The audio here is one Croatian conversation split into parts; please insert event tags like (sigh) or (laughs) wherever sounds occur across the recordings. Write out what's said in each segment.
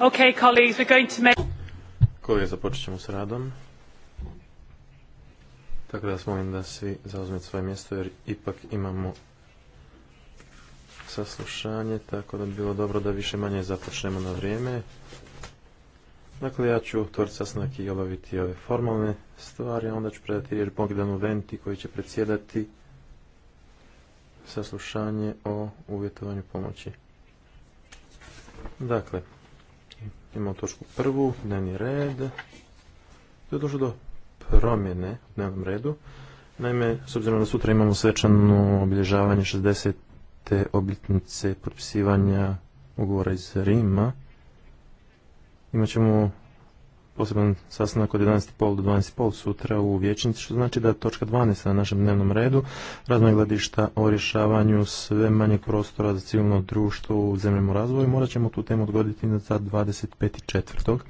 Okay, colleagues, we're going to Kolege, započet ćemo s radom. Tako da vas molim da svi zauzmete svoje mjesto jer ipak imamo saslušanje, tako da bi bilo dobro da više manje započnemo na vrijeme. Dakle, ja ću otvoriti sastanak i obaviti ove formalne stvari, a onda ću predati jer Bogdanu Venti koji će predsjedati saslušanje o uvjetovanju pomoći. Dakle, Imamo točku prvu, dnevni red. To je došlo do promjene u dnevnom redu. Naime, s obzirom da sutra imamo svečano obilježavanje 60. obljetnice potpisivanja ugovora iz Rima, imat ćemo poseban sastanak od 11.30 do 12.30 sutra u vječnici, što znači da je točka 12 na našem dnevnom redu, razmogladišta o rješavanju sve manjeg prostora za civilno društvo u zemljem razvoju. Morat ćemo tu temu odgoditi na 25. četvrtog.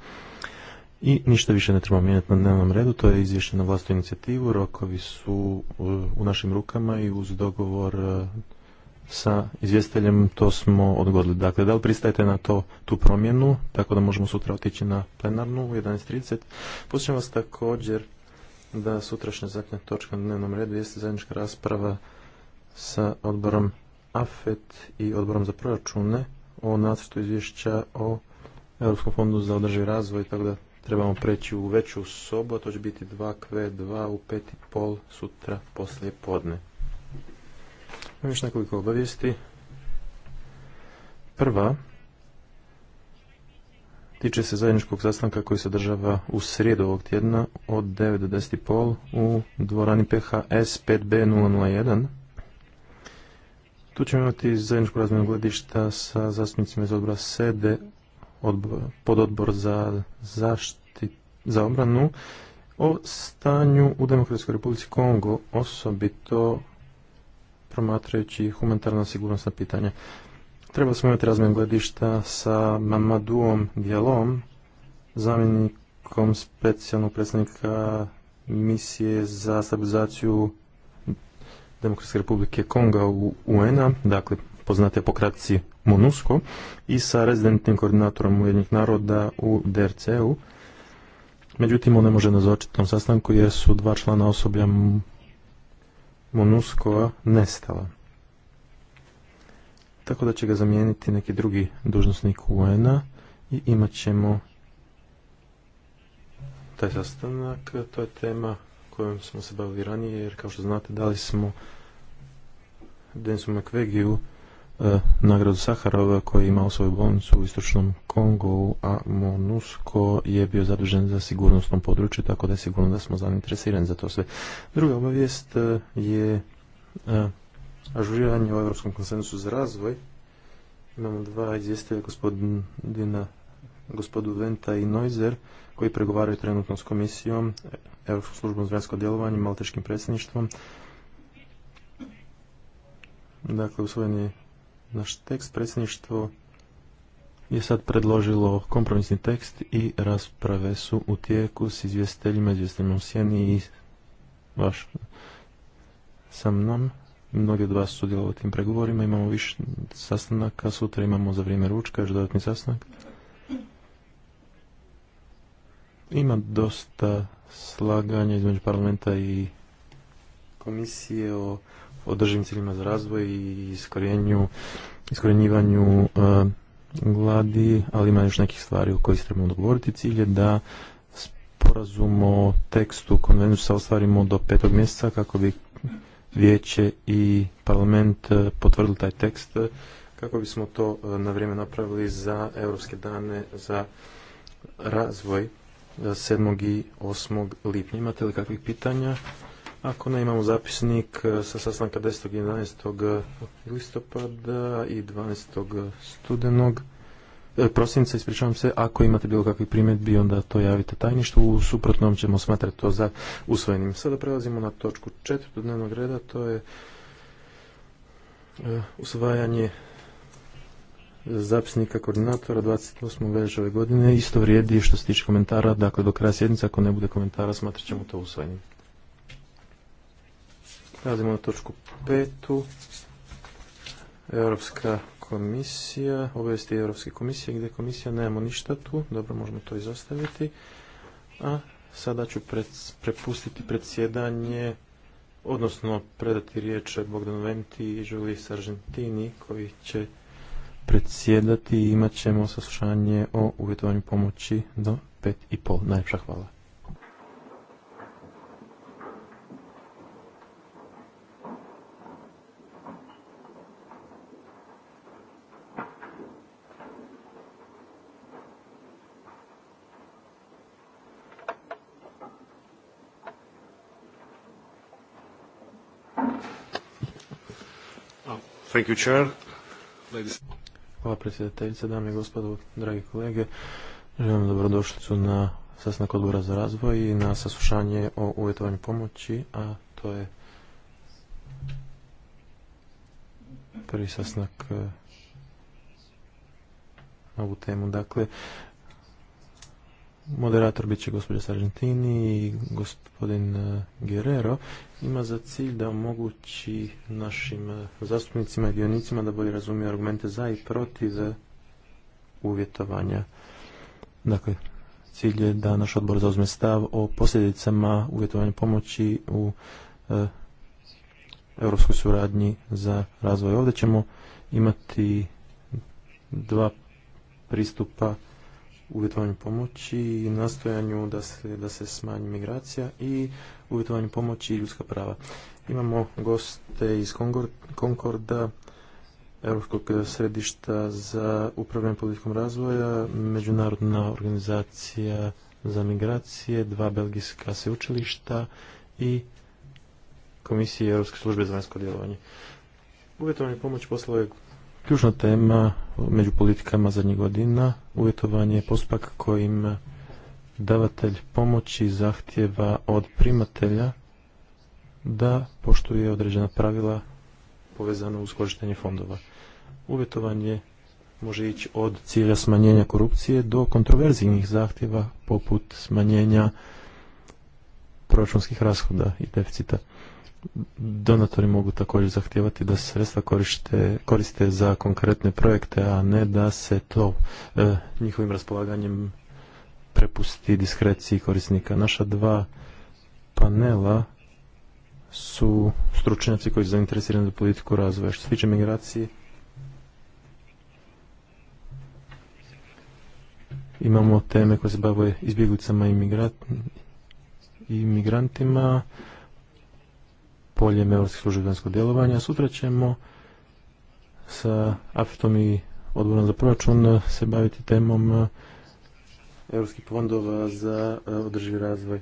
I ništa više ne trebamo mijenjati na dnevnom redu, to je izvješće na vlastnu inicijativu, rokovi su e, u našim rukama i uz dogovor e, sa izvjestiteljem to smo odgodili. Dakle, da li pristajete na to, tu promjenu, tako da možemo sutra otići na plenarnu u 11.30. Pustim vas također da sutrašnja zadnja točka na dnevnom redu jeste zajednička rasprava sa odborom AFET i odborom za proračune o nacrtu izvješća o Europskom fondu za održivi razvoj, tako da trebamo preći u veću sobu, a to će biti 2 kve 2 u pol sutra poslije podne ima još nekoliko obavijesti. Prva tiče se zajedničkog sastanka koji se održava u srijedu ovog tjedna od 9 do 10.30 u dvorani PHS 5B001. Tu ćemo imati zajedničku razmjenu gledišta sa zastupnicima iz odbora SEDE, pod odbor, za zaštitu za obranu, o stanju u Demokratskoj republici Kongo, osobito promatrajući humanitarno sigurnosna pitanja. Treba smo imati razmijen gledišta sa Mamaduom Dijalom, zamjenikom specijalnog predstavnika misije za stabilizaciju Demokratske republike Konga u un dakle poznate po kratci MONUSCO, i sa rezidentnim koordinatorom Ujednih naroda u DRC-u. Međutim, on ne može nazočiti tom sastanku jer su dva člana osoblja Monuskova nestala. Tako da će ga zamijeniti neki drugi dužnosnik un i imat ćemo taj sastanak. To je tema kojom smo se bavili ranije, jer kao što znate dali smo Denisu Makvegiju E, nagradu Saharova koji je imao svoju bolnicu u Istočnom Kongu, a Monusko je bio zadužen za sigurnosnom području, tako da je sigurno da smo zainteresirani za to sve. Druga obavijest e, je e, ažuriranje u Europskom konsensusu za razvoj. Imamo dva izvjestitelja gospodina gospodu Venta i Noizer koji pregovaraju trenutno s komisijom, Europskom službom za vanjsko djelovanje, malteškim predsjedništvom. Dakle, usvojen je naš tekst. Predsjedništvo je sad predložilo kompromisni tekst i rasprave su u tijeku s izvjestiteljima, izvjestiteljima u sjeni i vaš sa mnom. Mnogi od vas sudjelovali u tim pregovorima. Imamo više sastanaka. Sutra imamo za vrijeme ručka još dodatni sastanak. Ima dosta slaganja između parlamenta i komisije o održivim ciljima za razvoj i iskorjenjivanju e, gladi, ali ima još nekih stvari o kojih trebamo dogovoriti. Cilj je da sporazum o tekstu konvenciju ostvarimo do petog mjeseca kako bi vijeće i parlament e, potvrdili taj tekst e, kako bismo to na vrijeme napravili za Europske dane za razvoj 7. i 8. lipnja. Imate li kakvih pitanja? Ako ne imamo zapisnik eh, sa sastanka 10. 11. Eh, listopada i 12. Eh, studenog, prosinca, ispričavam se, ako imate bilo kakvih primjedbi, onda to javite tajništvu, u suprotnom ćemo smatrati to za usvojenim. Sada prelazimo na točku četvrtu dnevnog reda, to je usvajanje zapisnika koordinatora 28. veljače ove godine. Isto vrijedi što se tiče komentara, dakle do kraja sjednice, ako ne bude komentara, smatrat ćemo to usvojenim. Radimo na točku petu. Europska komisija, obavijesti Europske komisije, gdje komisija nemamo ništa tu, dobro možemo to izostaviti. A sada ću prepustiti predsjedanje, odnosno predati riječ Bogdan Venti i Julie Sargentini koji će predsjedati i imat ćemo saslušanje o uvjetovanju pomoći do pet i pol. Najljepša hvala. Hvala predsjedateljice, dame i gospodo, dragi kolege. Želim dobrodošlicu na sastanak odbora za razvoj i na saslušanje o uvjetovanju pomoći, a to je prvi sastanak eh, na ovu temu. Dakle, Moderator bit će gospođa Sargentini i gospodin e, Guerrero. Ima za cilj da omogući našim e, zastupnicima i dionicima da bolje razumiju argumente za i protiv uvjetovanja. Dakle, cilj je da naš odbor zauzme stav o posljedicama uvjetovanja pomoći u e, europskoj suradnji za razvoj. Ovdje ćemo imati dva pristupa uvjetovanju pomoći i nastojanju da se, da se smanji migracija i uvjetovanju pomoći i ljudska prava. Imamo goste iz Konkorda, Europskog središta za upravljanje politikom razvoja, Međunarodna organizacija za migracije, dva belgijska sveučilišta i Komisije Europske službe za vanjsko djelovanje. Uvjetovanje pomoći poslao je Ključna tema među politikama zadnjih godina uvjetovanje je postupak kojim davatelj pomoći zahtjeva od primatelja da poštuje određena pravila povezana uz korištenje fondova. Uvjetovanje može ići od cilja smanjenja korupcije do kontroverzijnih zahtjeva poput smanjenja proračunskih rashoda i deficita donatori mogu također zahtijevati da se sredstva koriste, koriste za konkretne projekte, a ne da se to e, njihovim raspolaganjem prepusti diskreciji korisnika. Naša dva panela su stručnjaci koji su zainteresirani za politiku razvoja. Što se tiče migracije, imamo teme koje se bave izbjeglicama i, migrat, i migrantima poljem Europske službenskog djelovanja. Sutra ćemo sa aftom i odborom za proračun se baviti temom europskih fondova za e, održivi razvoj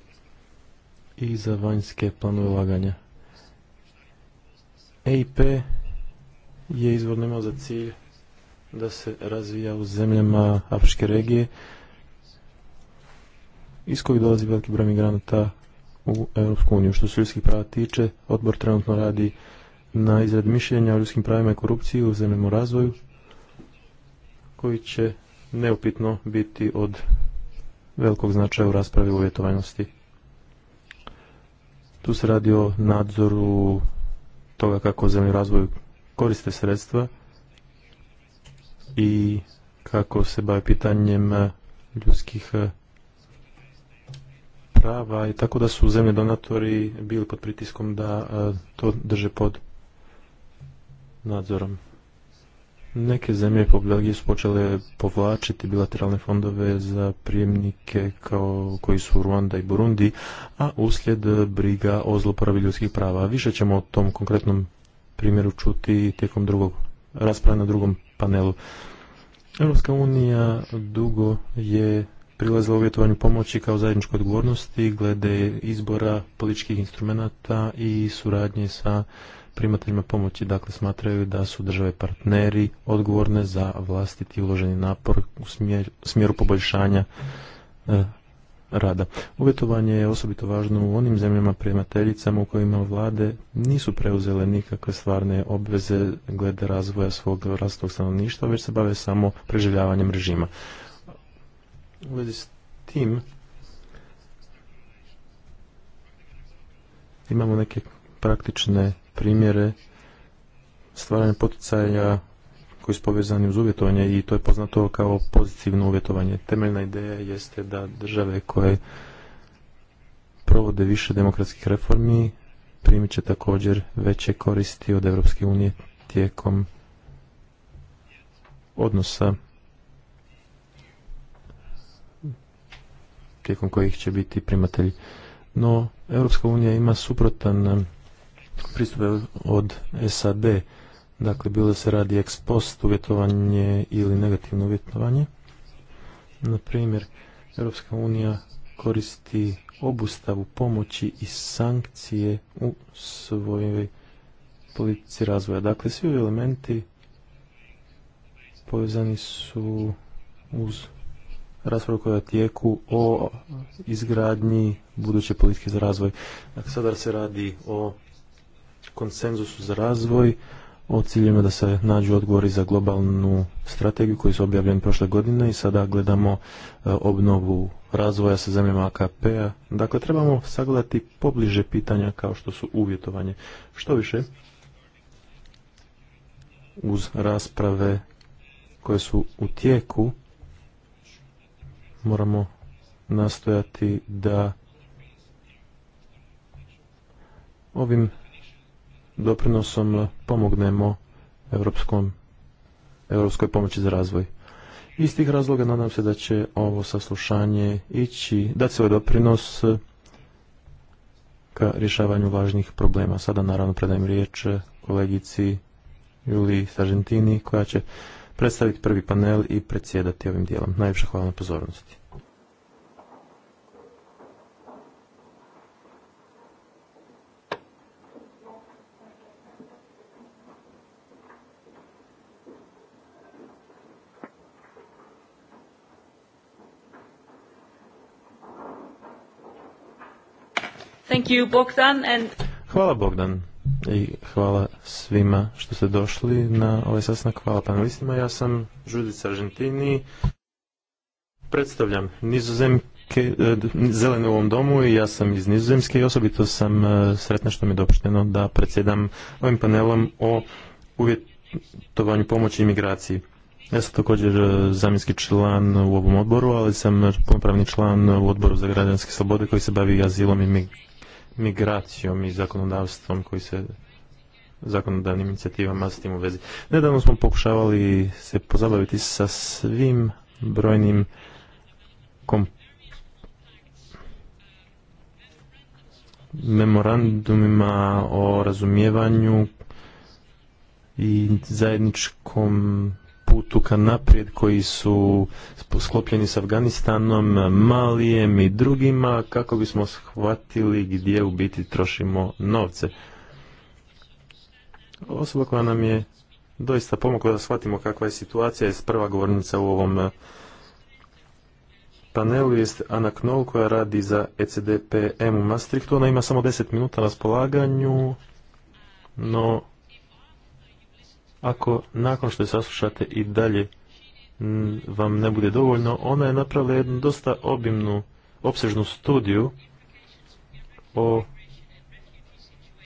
i za vanjske planove ulaganja. EIP je izvorno imao za cilj da se razvija u zemljama Afričke regije iz kojih dolazi veliki broj migranata u Europsku Što se ljudskih prava tiče, odbor trenutno radi na izradi mišljenja o ljudskim pravima i korupciji u zemljemu razvoju, koji će neupitno biti od velikog značaja u raspravi uvjetovanosti. Tu se radi o nadzoru toga kako zemlji razvoju koriste sredstva i kako se bave pitanjem ljudskih prava i tako da su zemlje donatori bili pod pritiskom da e, to drže pod nadzorom. Neke zemlje po Belgiji su počele povlačiti bilateralne fondove za prijemnike kao koji su Ruanda i Burundi, a uslijed briga o zloporabi ljudskih prava. Više ćemo o tom konkretnom primjeru čuti tijekom drugog rasprave na drugom panelu. Europska unija dugo je prilazila uvjetovanju pomoći kao zajedničkoj odgovornosti glede izbora političkih instrumenata i suradnje sa primateljima pomoći. Dakle, smatraju da su države partneri odgovorne za vlastiti uloženi napor u smjeru poboljšanja e, rada. Uvjetovanje je osobito važno u onim zemljama primateljicama u kojima vlade nisu preuzele nikakve stvarne obveze glede razvoja svog rastog stanovništva, već se bave samo preživljavanjem režima u vezi s tim imamo neke praktične primjere stvaranja poticaja koji su povezani uz uvjetovanje i to je poznato kao pozitivno uvjetovanje. Temeljna ideja jeste da države koje provode više demokratskih reformi primit će također veće koristi od Europske unije tijekom odnosa tijekom kojih će biti primatelji. No, Europska unija ima suprotan pristup od SAD, dakle bilo se radi ex post uvjetovanje ili negativno uvjetovanje. Na primjer, Europska unija koristi obustavu pomoći i sankcije u svojoj politici razvoja. Dakle, svi elementi povezani su uz raspravu koja je tijeku o izgradnji buduće politike za razvoj. Dakle, sada se radi o konsenzusu za razvoj, o ciljima da se nađu odgovori za globalnu strategiju koji su objavljeni prošle godine i sada gledamo e, obnovu razvoja sa zemljama AKP-a. Dakle, trebamo sagledati pobliže pitanja kao što su uvjetovanje. Što više, uz rasprave koje su u tijeku moramo nastojati da ovim doprinosom pomognemo europskom, europskoj pomoći za razvoj. Iz tih razloga nadam se da će ovo saslušanje ići, dati svoj doprinos ka rješavanju važnih problema. Sada naravno predajem riječ kolegici Juliji Sargentini koja će predstaviti prvi panel i predsjedati ovim dijelom. Najljepša hvala na pozornosti. Thank you, Bogdan, and... Hvala Bogdan i hvala svima što ste došli na ovaj sastanak. Hvala panelistima. Ja sam Žudic Argentini. Predstavljam nizozemke, e, zelene u ovom domu i ja sam iz nizozemske i osobito sam e, sretna što mi je dopušteno da predsjedam ovim panelom o uvjetovanju pomoći imigraciji. Ja sam također e, zamjenski član u ovom odboru, ali sam punopravni član u odboru za građanske slobode koji se bavi azilom i migracijom i zakonodavstvom koji se zakonodavnim inicijativama s tim u vezi. Nedavno smo pokušavali se pozabaviti sa svim brojnim memorandumima o razumijevanju i zajedničkom putu ka naprijed koji su sklopljeni s Afganistanom, Malijem i drugima kako bismo shvatili gdje u biti trošimo novce. Osoba koja nam je doista pomogla da shvatimo kakva je situacija je prva govornica u ovom eh, panelu je Ana Knoll koja radi za ECDPM u Maastrichtu. Ona ima samo 10 minuta na raspolaganju, no ako nakon što je saslušate i dalje vam ne bude dovoljno, ona je napravila jednu dosta obimnu, opsežnu studiju o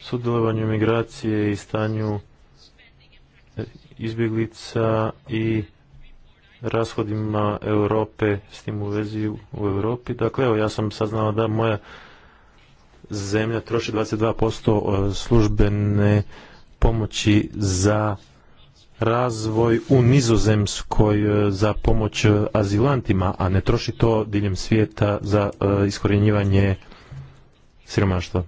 sudjelovanju migracije i stanju e, izbjeglica i rashodima Europe s tim u vezi u Europi. Dakle, evo, ja sam saznala da moja zemlja troši 22% e, službene pomoći za razvoj u Nizozemskoj e, za pomoć e, azilantima, a ne troši to diljem svijeta za e, iskorjenjivanje siromaštva.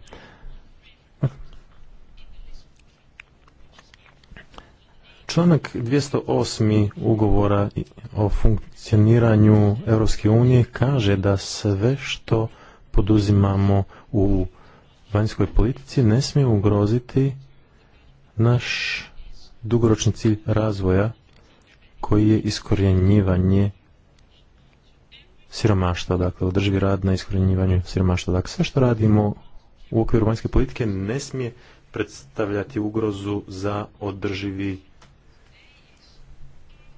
Članak 208. ugovora o funkcioniranju Europske unije kaže da sve što poduzimamo u vanjskoj politici ne smije ugroziti naš dugoročni cilj razvoja koji je iskorjenjivanje siromaštva, dakle održivi rad na iskorjenjivanju siromaštva. Dakle, sve što radimo u okviru vanjske politike ne smije predstavljati ugrozu za održivi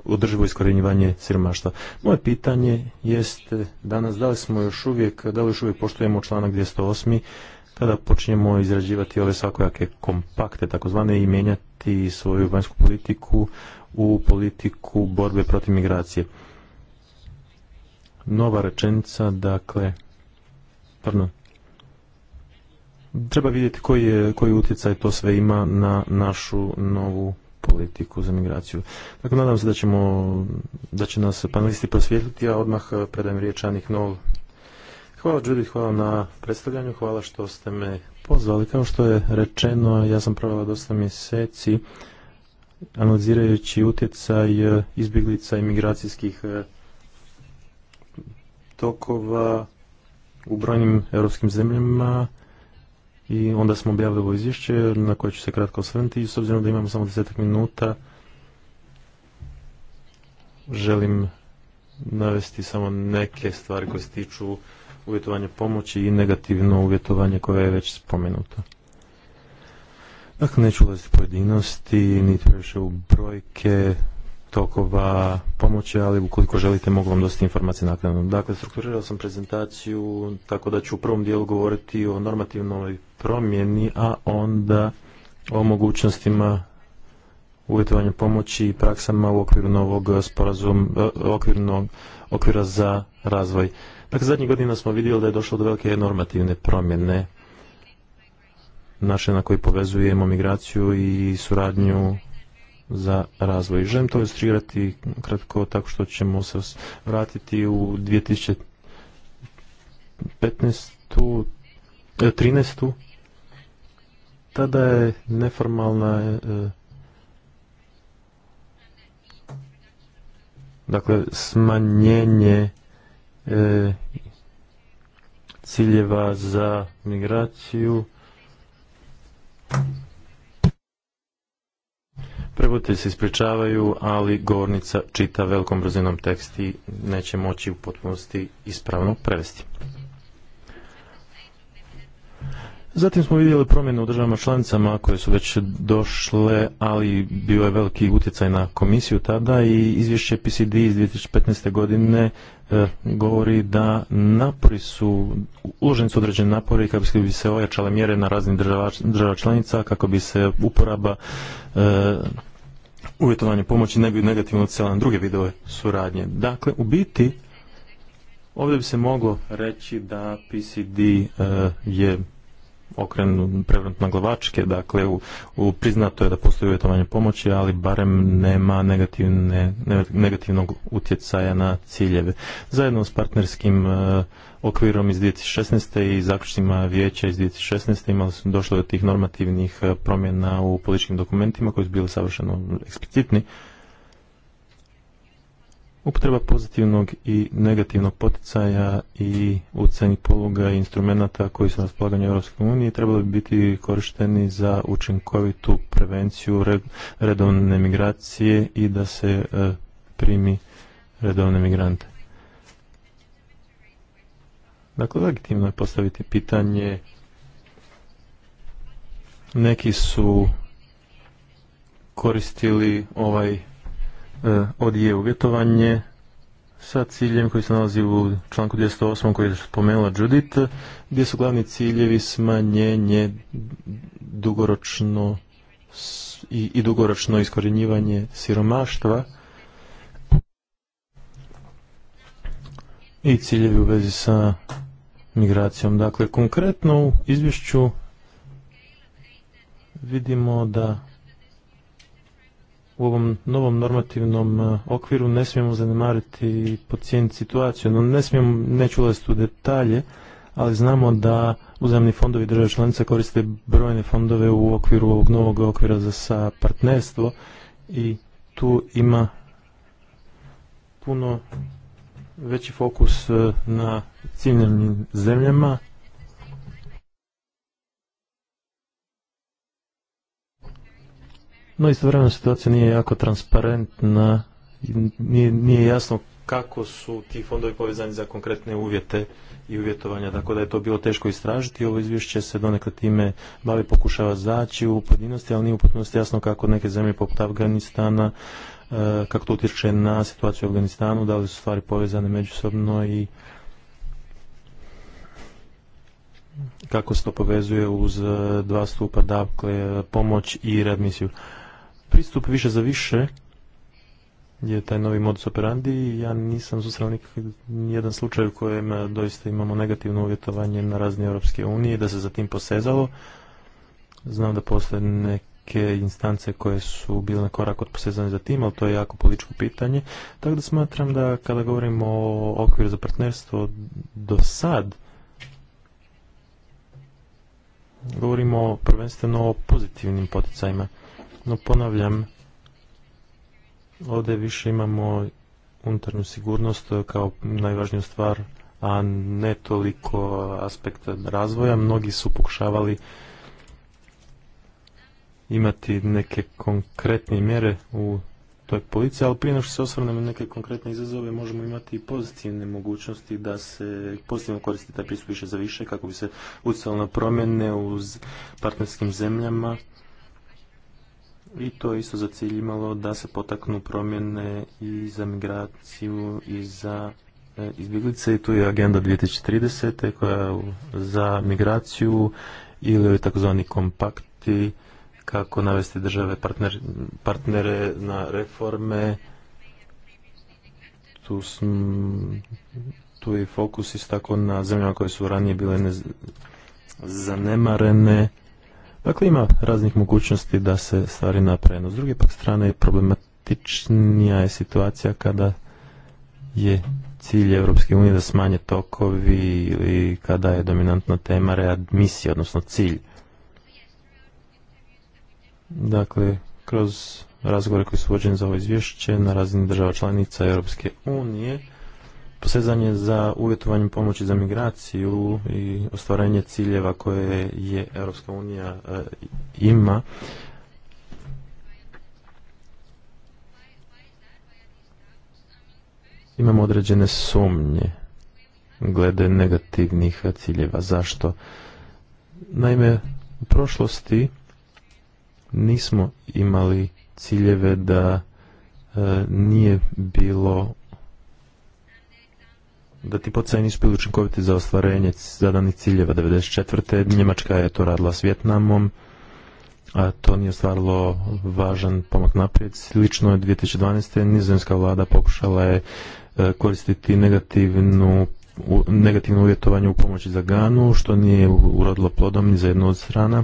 održivo iskorjenjivanje siromaštva. Moje pitanje jeste danas da li smo još uvijek, da li još uvijek poštujemo članak 208 kada počinjemo izrađivati ove svakojake kompakte takozvane i mijenjati svoju vanjsku politiku u politiku borbe protiv migracije. Nova rečenica, dakle, pardon, treba vidjeti koji, koji utjecaj to sve ima na našu novu politiku za migraciju. Dakle, nadam se da ćemo, da će nas panelisti prosvjetliti, a odmah eh, predajem riječ Anik Nol Hvala Judith, hvala na predstavljanju, hvala što ste me pozvali. Kao što je rečeno, ja sam provela dosta mjeseci analizirajući utjecaj e, izbjeglica i migracijskih e, tokova u brojnim europskim zemljama i onda smo objavili ovo izvješće na koje ću se kratko osvrnuti i s obzirom da imamo samo desetak minuta želim navesti samo neke stvari koje se tiču uvjetovanje pomoći i negativno uvjetovanje koje je već spomenuto. Dakle, neću ulaziti pojedinosti, niti više u brojke tokova pomoći, ali ukoliko želite mogu vam dosta informacije nakon. Dakle, strukturirao sam prezentaciju tako da ću u prvom dijelu govoriti o normativnoj promjeni, a onda o mogućnostima uvjetovanja pomoći i praksama u okviru novog sporazum, eh, okvirnog, okvira za razvoj. Dakle, zadnjih godina smo vidjeli da je došlo do velike normativne promjene naše na koji povezujemo migraciju i suradnju za razvoj. Želim to ilustrirati kratko tako što ćemo se vratiti u 2015. 13. E, Tada je neformalna e, e, dakle smanjenje E, ciljeva za migraciju. Prevoditelji se ispričavaju, ali govornica čita velikom brzinom tekst i neće moći u potpunosti ispravno prevesti. Zatim smo vidjeli promjene u državama članicama koje su već došle, ali bio je veliki utjecaj na komisiju tada i izvješće PCD iz 2015. godine e, govori da napori su, uloženi su određeni napori kako bi se ojačale mjere na raznim država, država članica, kako bi se uporaba e, uvjetovanje pomoći ne bi negativno utjecala na druge vidove suradnje. Dakle, u biti Ovdje bi se moglo reći da PCD e, je okrenu prevrnut na glavačke, dakle u, u, priznato je da postoji uvjetovanje pomoći, ali barem nema negativne, negativnog utjecaja na ciljeve. Zajedno s partnerskim e, okvirom iz 2016. i zaključcima vijeća iz 2016. imali su došlo do tih normativnih e, promjena u političkim dokumentima koji su bili savršeno eksplicitni Upotreba pozitivnog i negativnog poticaja i ucenih poluga i instrumenta koji su na raspolaganju Europske unije trebali bi biti korišteni za učinkovitu prevenciju redovne migracije i da se e, primi redovne migrante. Dakle, legitimno je postaviti pitanje neki su koristili ovaj E, odije uvjetovanje sa ciljem koji se nalazi u članku 208 koji je spomenula Judith, gdje su glavni ciljevi smanjenje dugoročno i, i dugoročno iskorjenjivanje siromaštva i ciljevi u vezi sa migracijom. Dakle, konkretno u izvješću vidimo da u ovom novom normativnom e, okviru ne smijemo zanemariti i podcijeniti situaciju. No, ne smijemo, neću ulaziti u detalje, ali znamo da uzemni fondovi države članice koriste brojne fondove u okviru ovog novog okvira za sa partnerstvo i tu ima puno veći fokus e, na ciljnim zemljama No istovremeno situacija nije jako transparentna, nije, nije jasno kako su ti fondovi povezani za konkretne uvjete i uvjetovanja, tako da je to bilo teško istražiti. Ovo izvješće se donekle time bavi, pokušava zaći u pojedinosti, ali nije u potpunosti jasno kako neke zemlje poput Afganistana, e, kako to utječe na situaciju u Afganistanu, da li su stvari povezane međusobno i kako se to povezuje uz e, dva stupa, dakle, pomoć i readmisiju pristup više za više je taj novi modus operandi. Ja nisam susreo nijedan slučaj u kojem e, doista imamo negativno uvjetovanje na razne Europske unije da se za tim posezalo. Znam da postoje neke instance koje su bile na korak od posezanja za tim, ali to je jako političko pitanje. Tako da smatram da kada govorimo o okviru za partnerstvo do sad, govorimo prvenstveno o pozitivnim poticajima. No ponavljam, ovdje više imamo unutarnju sigurnost kao najvažniju stvar, a ne toliko aspekt razvoja. Mnogi su pokušavali imati neke konkretne mjere u toj policiji, ali prije nego što se osvrnemo na neke konkretne izazove, možemo imati i pozitivne mogućnosti da se pozitivno koristi taj pristup više za više kako bi se utjecalo na promjene u partnerskim zemljama i to je isto za cilj imalo da se potaknu promjene i za migraciju i za e, izbjeglice i tu je agenda 2030. koja je za migraciju ili takozvani kompakti kako navesti države partnere na reforme tu, sm, tu je fokus isto tako na zemljama koje su ranije bile zanemarene Dakle, ima raznih mogućnosti da se stvari naprave. S druge pak strane, problematičnija je situacija kada je cilj Europske unije da smanje tokovi ili kada je dominantna tema readmisija, odnosno cilj. Dakle, kroz razgovore koji su vođeni za ovo izvješće na razini država članica Europske unije, posezanje za uvjetovanjem pomoći za migraciju i ostvarenje ciljeva koje je Europska unija eh, ima imamo određene sumnje glede negativnih ciljeva. Zašto? Naime, u prošlosti nismo imali ciljeve da eh, nije bilo da ti poticaji nisu bili učinkoviti za ostvarenje zadanih ciljeva 94. Njemačka je to radila s Vjetnamom, a to nije ostvarilo važan pomak naprijed. Slično je 2012. nizozemska vlada pokušala je e, koristiti negativnu negativno uvjetovanje u pomoći za Ganu, što nije urodilo plodom ni za jednu od strana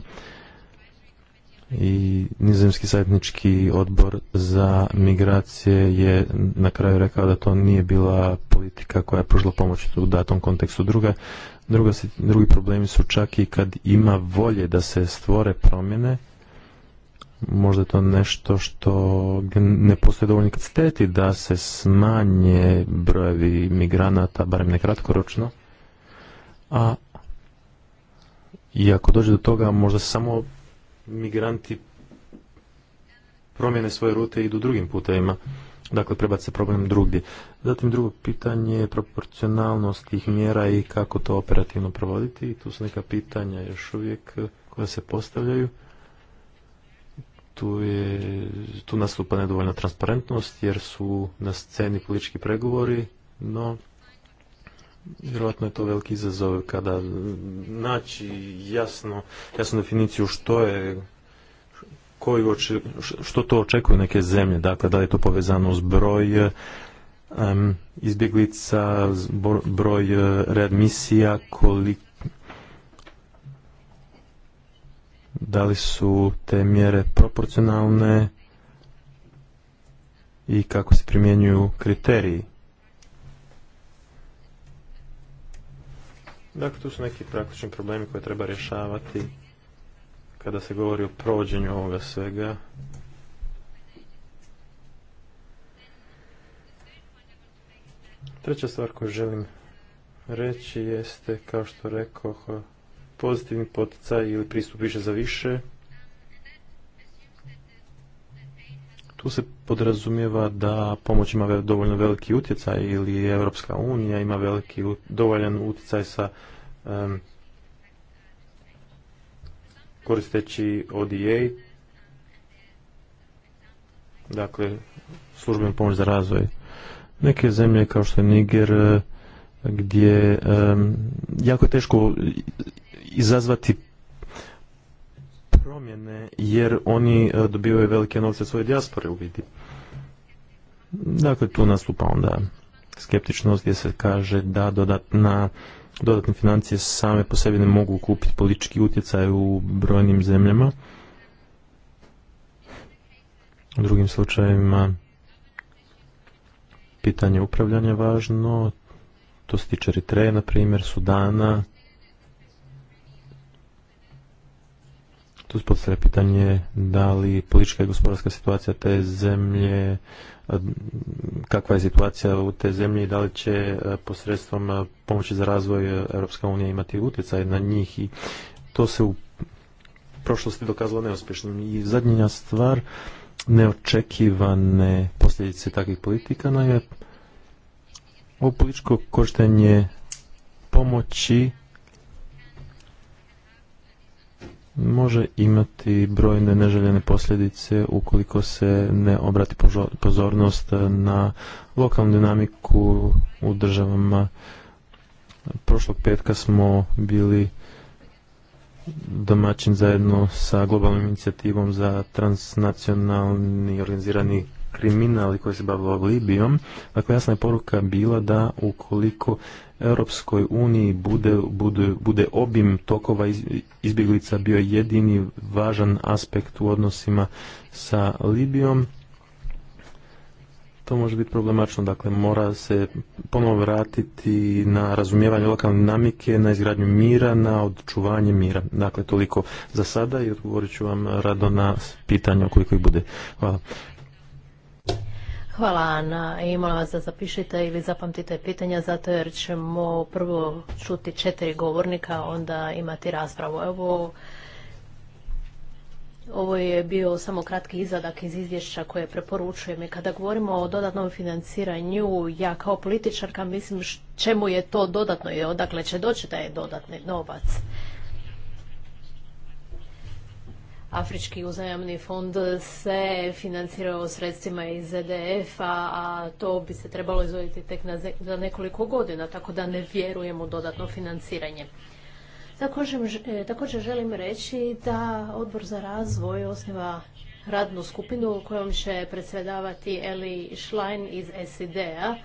i nizemski savjetnički odbor za migracije je na kraju rekao da to nije bila politika koja je pružila pomoć u datom kontekstu. Druga, drugi problemi su čak i kad ima volje da se stvore promjene, možda je to nešto što ne postoje dovoljni kapaciteti da se smanje brojevi migranata, barem ne kratkoročno, a i ako dođe do toga možda samo migranti promjene svoje rute i idu drugim putevima. Dakle, prebace se problem drugdje. Zatim drugo pitanje je proporcionalnost tih mjera i kako to operativno provoditi. I tu su neka pitanja još uvijek koja se postavljaju. Tu, je, tu nastupa nedovoljna transparentnost jer su na sceni politički pregovori, no Vjerojatno je to veliki izazov kada naći jasno, jasnu definiciju što je koji oči, što to očekuju neke zemlje, dakle da li je to povezano s broj izbjeglica, broj eh, readmisija, koliko da li su te mjere proporcionalne i kako se primjenjuju kriteriji. Dakle, tu su neki praktični problemi koje treba rješavati kada se govori o provođenju ovoga svega. Treća stvar koju želim reći jeste, kao što rekao, pozitivni poticaj ili pristup više za više. Tu se podrazumijeva da pomoć ima dovoljno veliki utjecaj ili Europska unija ima veliki, dovoljan utjecaj sa koristeći ODA, dakle službenu pomoć za razvoj. Neke zemlje kao što je Niger, e, gdje jako je teško izazvati promjene, jer oni e, dobivaju velike novce svoje dijaspore u vidi. Dakle, tu nastupa onda skeptičnost gdje se kaže da dodatna dodatne financije same po sebi ne mogu kupiti politički utjecaj u brojnim zemljama. U drugim slučajevima pitanje upravljanja je važno. To se tiče Eritreje, na primjer, Sudana, tu postavlja pitanje da li politička i gospodarska situacija te zemlje, kakva je situacija u te zemlje i da li će posredstvom pomoći za razvoj Europska unija imati utjecaj na njih i to se u prošlosti dokazalo neuspješnim. I zadnja stvar, neočekivane posljedice takvih politika, no je ovo političko korištenje pomoći može imati brojne neželjene posljedice ukoliko se ne obrati pozornost na lokalnu dinamiku u državama. Prošlog petka smo bili domaćin zajedno sa globalnom inicijativom za transnacionalni organizirani kriminal i koji se bavilo Libijom. Dakle, jasna je poruka bila da ukoliko Europskoj uniji bude, bude, bude obim tokova izbjeglica bio jedini važan aspekt u odnosima sa Libijom, to može biti problematično, dakle mora se ponovo vratiti na razumijevanje lokalne dinamike, na izgradnju mira, na odčuvanje mira. Dakle, toliko za sada i odgovorit ću vam rado na pitanje koliko ih bude. Hvala. Hvala Ana i molim vas da zapišite ili zapamtite pitanja zato jer ćemo prvo čuti četiri govornika, onda imati raspravu. Evo, ovo je bio samo kratki izadak iz izvješća koje preporučujem i kada govorimo o dodatnom financiranju, ja kao političarka mislim čemu je to dodatno i odakle će doći taj dodatni novac. Afrički uzajamni fond se financirao sredstvima iz EDF-a, a to bi se trebalo izvoditi tek na, za nekoliko godina, tako da ne vjerujemo u dodatno financiranje. Također, e, također želim reći da Odbor za razvoj osniva radnu skupinu kojom će predsjedavati Eli Schlein iz SID-a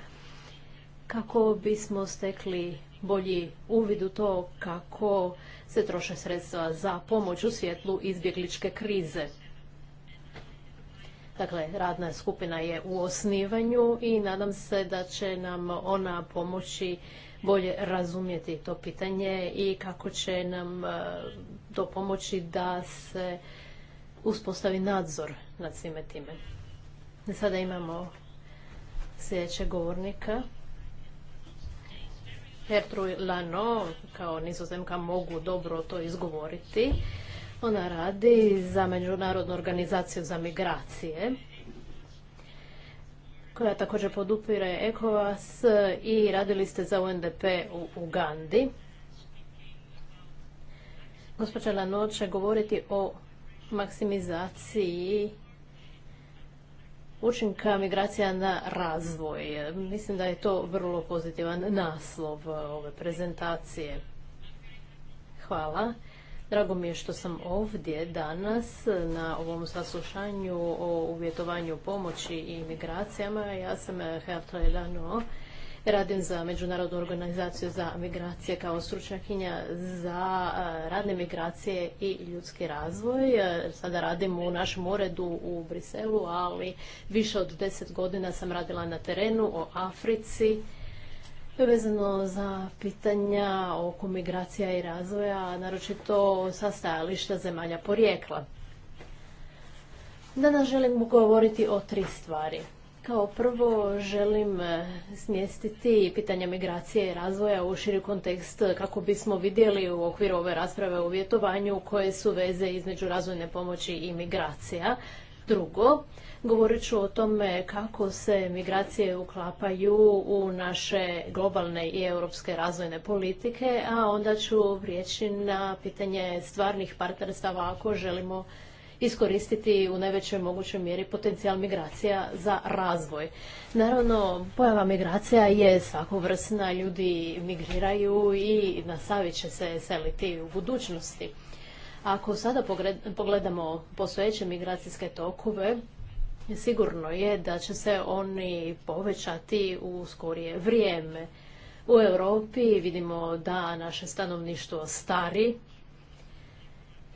kako bismo stekli bolji uvid u to kako se troše sredstva za pomoć u svjetlu izbjegličke krize. Dakle, radna skupina je u osnivanju i nadam se da će nam ona pomoći bolje razumjeti to pitanje i kako će nam e, to pomoći da se uspostavi nadzor nad svime time. Sada imamo sljedećeg govornika la Lano, kao nizozemka mogu dobro to izgovoriti. Ona radi za Međunarodnu organizaciju za migracije koja također podupire ECOWAS i radili ste za UNDP u Ugandi. Gospođa Lano će govoriti o maksimizaciji učinka migracija na razvoj. Mislim da je to vrlo pozitivan naslov e, ove prezentacije. Hvala. Drago mi je što sam ovdje danas na ovom saslušanju o uvjetovanju pomoći i migracijama. Ja sam Hertha Elano Radim za Međunarodnu organizaciju za migracije kao stručnjakinja za e, radne migracije i ljudski razvoj. E, sada radim u našem uredu u Briselu, ali više od deset godina sam radila na terenu o Africi. Vezano za pitanja oko migracija i razvoja, naročito sa stajališta zemalja porijekla. Danas želim govoriti o tri stvari. Kao prvo želim e, smjestiti pitanje migracije i razvoja u širi kontekst kako bismo vidjeli u okviru ove rasprave o uvjetovanju koje su veze između razvojne pomoći i migracija. Drugo, govorit ću o tome kako se migracije uklapaju u naše globalne i europske razvojne politike, a onda ću prijeći na pitanje stvarnih partnerstava ako želimo iskoristiti u najvećoj mogućoj mjeri potencijal migracija za razvoj. Naravno, pojava migracija je svakovrsna, ljudi migriraju i nastavit će se seliti u budućnosti. Ako sada pogledamo postojeće migracijske tokove, sigurno je da će se oni povećati u skorije vrijeme. U Europi vidimo da naše stanovništvo stari,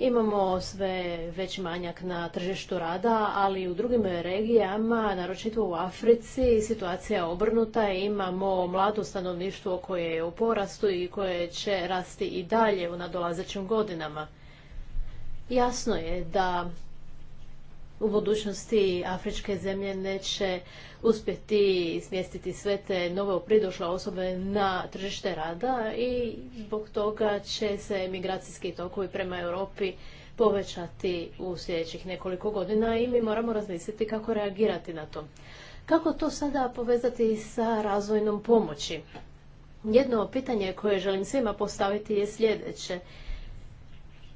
Imamo sve već manjak na tržištu rada, ali u drugim regijama, naročito u Africi, situacija je obrnuta. Imamo mlado stanovništvo koje je u porastu i koje će rasti i dalje u nadolazećim godinama. Jasno je da u budućnosti afričke zemlje neće uspjeti smjestiti sve te nove pridošle osobe na tržište rada i zbog toga će se migracijski tokovi prema Europi povećati u sljedećih nekoliko godina i mi moramo razmisliti kako reagirati na to. Kako to sada povezati sa razvojnom pomoći? Jedno pitanje koje želim svima postaviti je sljedeće.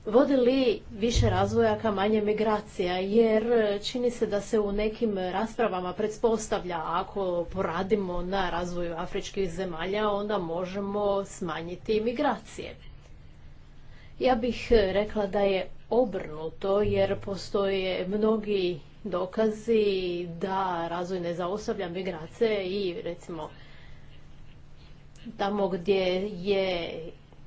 Vodi li više razvoja ka manje migracija, jer e, čini se da se u nekim raspravama pretpostavlja ako poradimo na razvoju afričkih zemalja, onda možemo smanjiti migracije. Ja bih e, rekla da je obrnuto, jer postoje mnogi dokazi da razvoj ne zaustavlja migracije i recimo tamo gdje je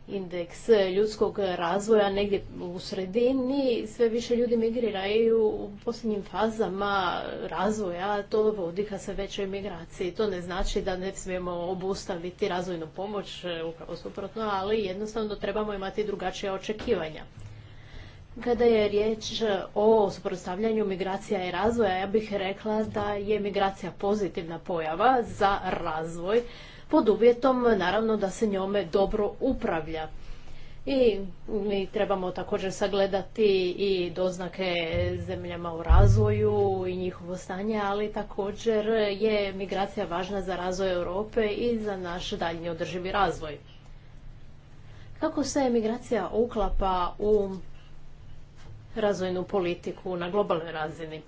indeks ljudskog razvoja negdje u sredini, sve više ljudi migriraju u posljednjim fazama razvoja, to vodi ka sve većoj migraciji. To ne znači da ne smijemo obustaviti razvojnu pomoć, e, upravo suprotno, ali jednostavno trebamo imati drugačija očekivanja. Kada je riječ o suprotstavljanju migracija i razvoja, ja bih rekla da je migracija pozitivna pojava za razvoj, pod uvjetom naravno da se njome dobro upravlja. I mi trebamo također sagledati i doznake zemljama u razvoju i njihovo stanje, ali također je migracija važna za razvoj Europe i za naš daljnji održivi razvoj. Kako se migracija uklapa u razvojnu politiku na globalnoj razini?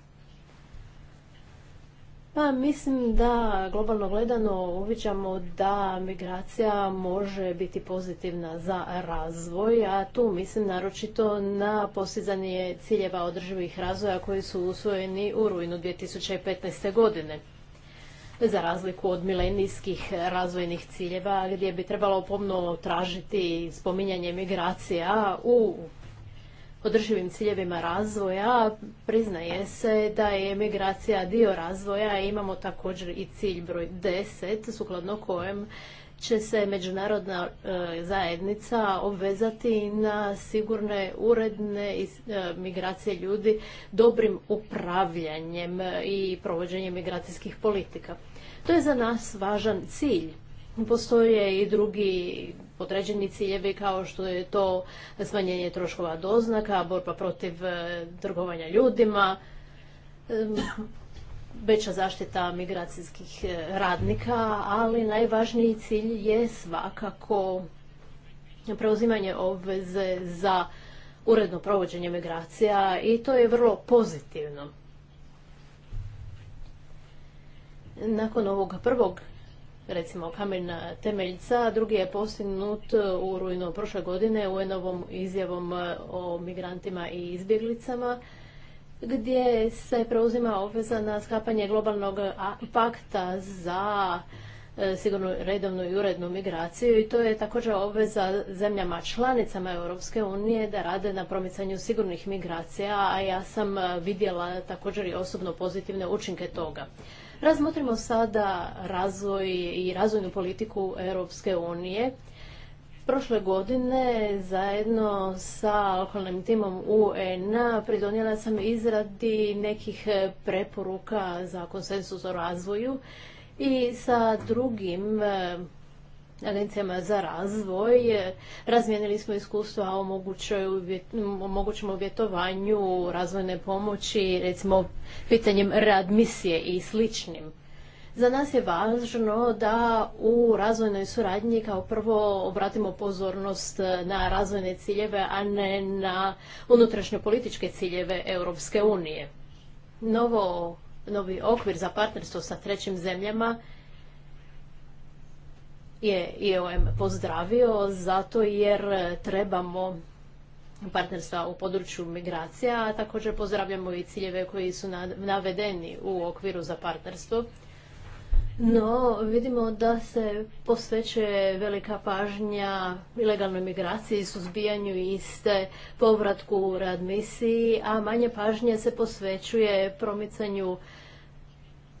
Pa mislim da globalno gledano uviđamo da migracija može biti pozitivna za razvoj, a tu mislim naročito na postizanje ciljeva održivih razvoja koji su usvojeni u rujnu 2015. godine za razliku od milenijskih razvojnih ciljeva gdje bi trebalo pomno tražiti spominjanje migracija u održivim ciljevima razvoja priznaje se da je migracija dio razvoja i imamo također i cilj broj 10 sukladno kojem će se međunarodna e, zajednica obvezati na sigurne, uredne e, migracije ljudi dobrim upravljanjem e, i provođenjem migracijskih politika. To je za nas važan cilj Postoje i drugi podređeni ciljevi kao što je to smanjenje troškova doznaka, borba protiv e, trgovanja ljudima, e, veća zaštita migracijskih e, radnika, ali najvažniji cilj je svakako preuzimanje obveze za uredno provođenje migracija i to je vrlo pozitivno. Nakon ovog prvog recimo kamena temeljca, drugi je postignut u rujnu prošle godine u enovom izjavom e, o migrantima i izbjeglicama gdje se preuzima obveza na skapanje globalnog pakta za e, sigurno redovnu i urednu migraciju i to je također obveza zemljama članicama Europske unije da rade na promicanju sigurnih migracija, a ja sam e, vidjela također i osobno pozitivne učinke toga. Razmotrimo sada razvoj i razvojnu politiku Europske unije. Prošle godine zajedno sa lokalnim timom UN-a pridonijela sam izradi nekih preporuka za konsensus o razvoju i sa drugim agencijama za razvoj. Razmijenili smo iskustva o mogućem uvjetovanju razvojne pomoći, recimo pitanjem readmisije i sličnim. Za nas je važno da u razvojnoj suradnji kao prvo obratimo pozornost na razvojne ciljeve, a ne na unutrašnje političke ciljeve Europske unije. Novo, novi okvir za partnerstvo sa trećim zemljama je IOM pozdravio zato jer trebamo partnerstva u području migracija, a također pozdravljamo i ciljeve koji su navedeni u okviru za partnerstvo. No, vidimo da se posvećuje velika pažnja ilegalnoj migraciji, suzbijanju iste, povratku u rad misiji, a manje pažnje se posvećuje promicanju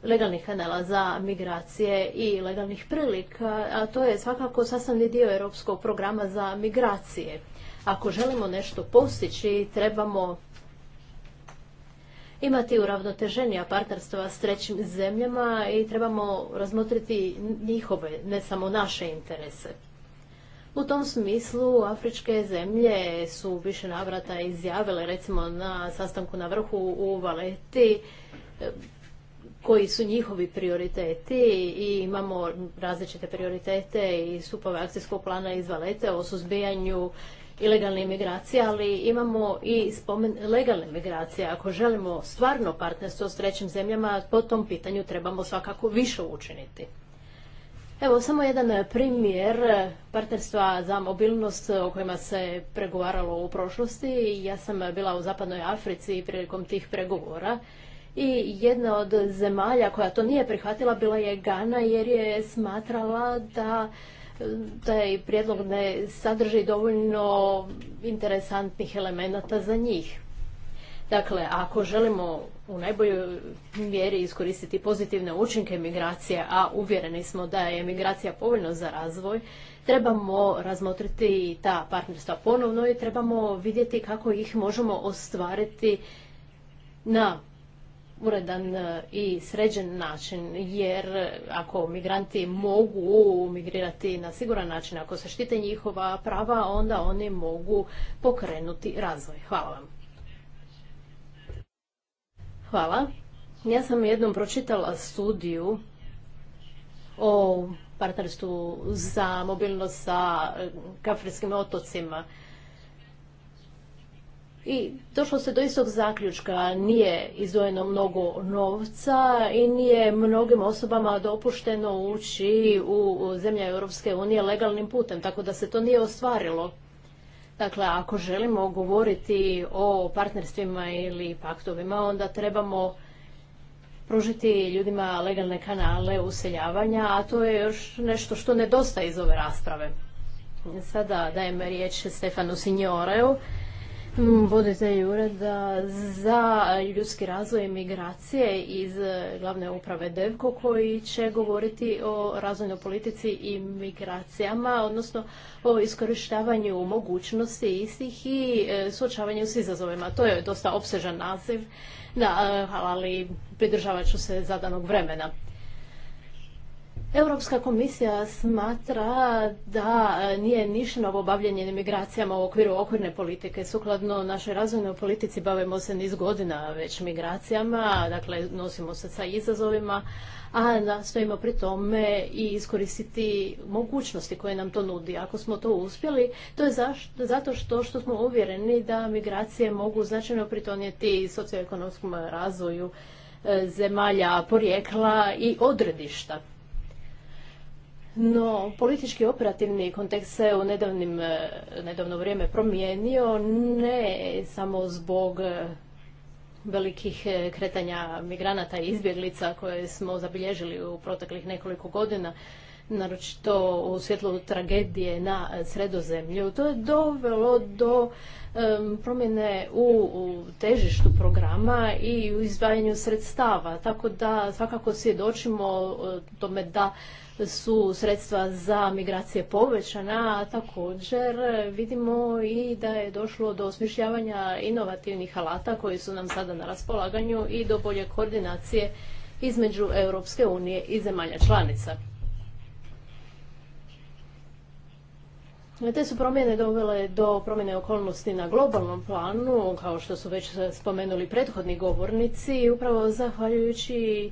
legalnih kanala za migracije i legalnih prilika, a to je svakako sastavni dio europskog programa za migracije. Ako želimo nešto postići, trebamo imati uravnoteženija partnerstva s trećim zemljama i trebamo razmotriti njihove, ne samo naše interese. U tom smislu afričke zemlje su više navrata izjavile, recimo na sastanku na vrhu u Valeti, koji su njihovi prioriteti i imamo različite prioritete i stupove akcijskog plana iz Valete o suzbijanju ilegalne imigracije, ali imamo i spomen legalne imigracije. Ako želimo stvarno partnerstvo s trećim zemljama, po tom pitanju trebamo svakako više učiniti. Evo, samo jedan primjer partnerstva za mobilnost o kojima se pregovaralo u prošlosti. Ja sam bila u Zapadnoj Africi prilikom tih pregovora i jedna od zemalja koja to nije prihvatila bila je Gana jer je smatrala da taj prijedlog ne sadrži dovoljno interesantnih elemenata za njih. Dakle, ako želimo u najboljoj mjeri iskoristiti pozitivne učinke migracije, a uvjereni smo da je migracija povoljna za razvoj, trebamo razmotriti ta partnerstva ponovno i trebamo vidjeti kako ih možemo ostvariti na uredan e, i sređen način, jer e, ako migranti mogu migrirati na siguran način, ako se štite njihova prava, onda oni mogu pokrenuti razvoj. Hvala vam. Hvala. Ja sam jednom pročitala studiju o partnerstvu za mobilnost sa e, kafirskim otocima. I došlo se do istog zaključka, nije izvojeno mnogo novca i nije mnogim osobama dopušteno ući u zemlje Europske unije legalnim putem, tako da se to nije ostvarilo. Dakle, ako želimo govoriti o partnerstvima ili paktovima, onda trebamo pružiti ljudima legalne kanale useljavanja, a to je još nešto što nedostaje iz ove rasprave. Sada dajem riječ Stefanu Signoreu, Vode i ureda za ljudski razvoj migracije iz glavne uprave DEVKO koji će govoriti o razvojnoj politici i migracijama, odnosno o iskorištavanju mogućnosti istih i e, suočavanju s izazovima. To je dosta obsežan naziv, e, ali pridržavat ću se zadanog vremena. Europska komisija smatra da e, nije ništa novo bavljenje migracijama u okviru okvirne politike. Sukladno našoj razvojnoj politici bavimo se niz godina već migracijama, dakle nosimo se sa izazovima, a nastojimo pri tome i iskoristiti mogućnosti koje nam to nudi. Ako smo to uspjeli, to je zato što, što smo uvjereni da migracije mogu značajno pritonijeti socioekonomskom razvoju e, zemalja, porijekla i odredišta. No, politički operativni kontekst se u nedavnim, e, nedavno vrijeme promijenio, ne samo zbog e, velikih e, kretanja migranata i izbjeglica koje smo zabilježili u proteklih nekoliko godina, naročito u svjetlu tragedije na sredozemlju. To je dovelo do promjene u, u težištu programa i u izdvajanju sredstava, tako da svakako svjedočimo tome da su sredstva za migracije povećana, a također vidimo i da je došlo do osmišljavanja inovativnih alata koji su nam sada na raspolaganju i do bolje koordinacije između Europske unije i zemalja članica. Te su promjene dovele do promjene okolnosti na globalnom planu, kao što su već spomenuli prethodni govornici, upravo zahvaljujući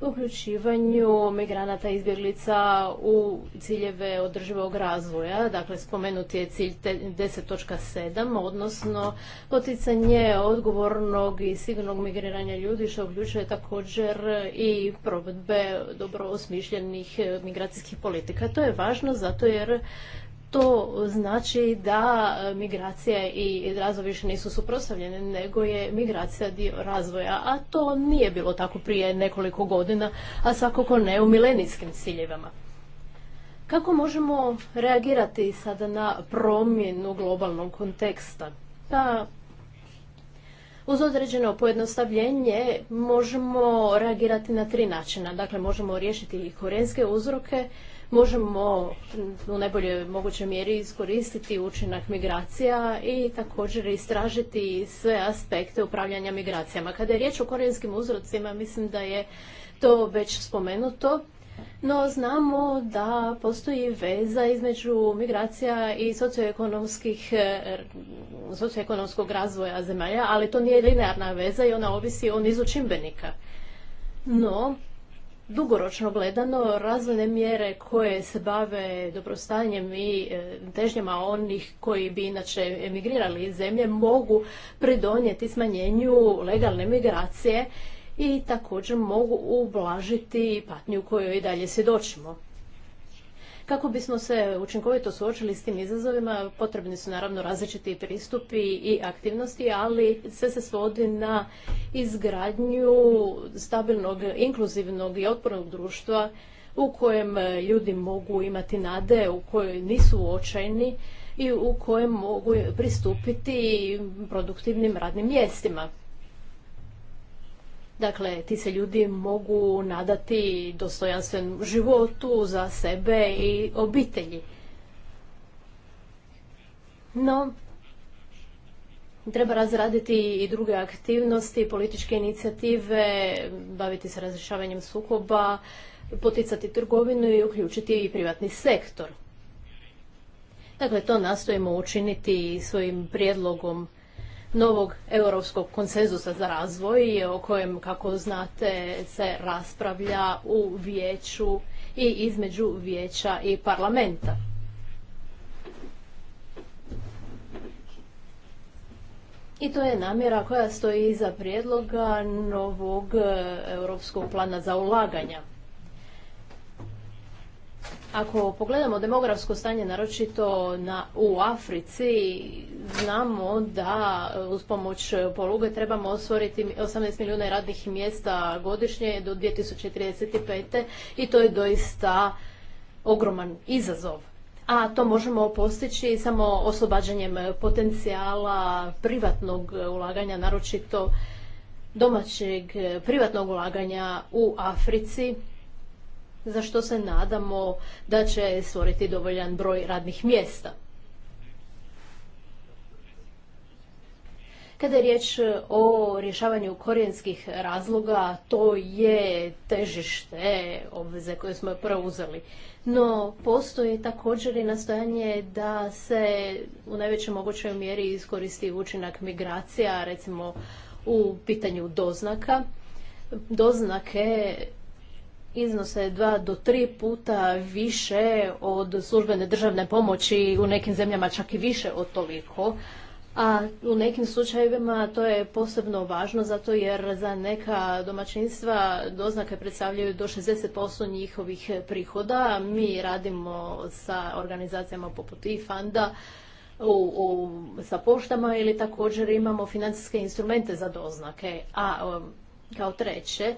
uključivanju migranata i izbjeglica u ciljeve održivog razvoja. Dakle, spomenuti je cilj 10.7, odnosno poticanje odgovornog i sigurnog migriranja ljudi, što uključuje također i provedbe dobro osmišljenih migracijskih politika. To je važno zato jer to znači da e, migracija i razvoj više nisu suprotstavljene, nego je migracija dio razvoja, a to nije bilo tako prije nekoliko godina, a svakako ne u milenijskim ciljevama. Kako možemo reagirati sada na promjenu globalnog konteksta? Pa, uz određeno pojednostavljenje možemo reagirati na tri načina. Dakle, možemo riješiti i korenske uzroke, možemo u najboljoj mogućoj mjeri iskoristiti učinak migracija i također istražiti sve aspekte upravljanja migracijama. Kada je riječ o korijenskim uzrocima, mislim da je to već spomenuto. No znamo da postoji veza između migracija i socioekonomskih, socioekonomskog razvoja zemalja, ali to nije linearna veza i ona ovisi o nizu čimbenika. No, dugoročno gledano razvojne mjere koje se bave dobrostanjem i e, težnjama onih koji bi inače emigrirali iz zemlje mogu pridonijeti smanjenju legalne migracije i također mogu ublažiti patnju kojoj i dalje svjedočimo. Kako bismo se učinkovito suočili s tim izazovima, potrebni su naravno različiti pristupi i aktivnosti, ali sve se svodi na izgradnju stabilnog, inkluzivnog i otpornog društva u kojem ljudi mogu imati nade, u kojoj nisu očajni i u kojem mogu pristupiti produktivnim radnim mjestima. Dakle, ti se ljudi mogu nadati dostojanstven životu za sebe i obitelji. No, treba razraditi i druge aktivnosti, političke inicijative, baviti se razrješavanjem sukoba, poticati trgovinu i uključiti i privatni sektor. Dakle, to nastojimo učiniti svojim prijedlogom novog europskog konsenzusa za razvoj o kojem, kako znate, se raspravlja u vijeću i između vijeća i parlamenta. I to je namjera koja stoji iza prijedloga novog eh, europskog plana za ulaganja. Ako pogledamo demografsko stanje, naročito na, u Africi, znamo da e, uz pomoć poluge trebamo osvoriti 18 milijuna radnih mjesta godišnje do 2035. i to je doista ogroman izazov. A to možemo postići samo oslobađanjem potencijala privatnog ulaganja, naročito domaćeg privatnog ulaganja u Africi za što se nadamo da će stvoriti dovoljan broj radnih mjesta. Kada je riječ o rješavanju korijenskih razloga, to je težište obveze koje smo preuzeli. No, postoji također i nastojanje da se u najvećoj mogućoj mjeri iskoristi učinak migracija, recimo u pitanju doznaka. Doznake iznose dva do tri puta više od službene državne pomoći, u nekim zemljama čak i više od toliko. A u nekim slučajevima to je posebno važno zato jer za neka domaćinstva doznake predstavljaju do 60% njihovih prihoda. Mi radimo sa organizacijama poput i fanda u, sa poštama ili također imamo financijske instrumente za doznake. A um, kao treće,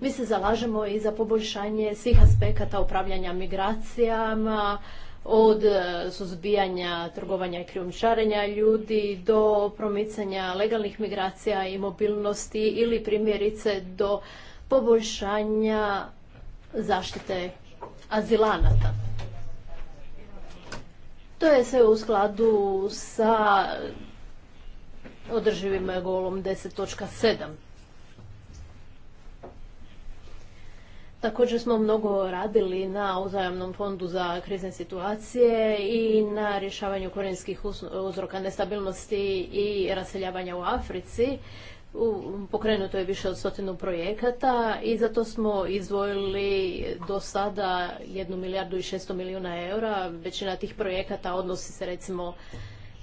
mi se zalažemo i za poboljšanje svih aspekata upravljanja migracijama, od e, suzbijanja trgovanja i krijumčarenja ljudi do promicanja legalnih migracija i mobilnosti ili primjerice do poboljšanja zaštite azilanata. To je sve u skladu sa održivim golom 10.7. Također smo mnogo radili na uzajamnom fondu za krizne situacije i na rješavanju korijenskih uzroka nestabilnosti i raseljavanja u Africi. Pokrenuto je više od stotinu projekata i zato smo izdvojili do sada jednu milijardu i 600 milijuna eura. Većina tih projekata odnosi se recimo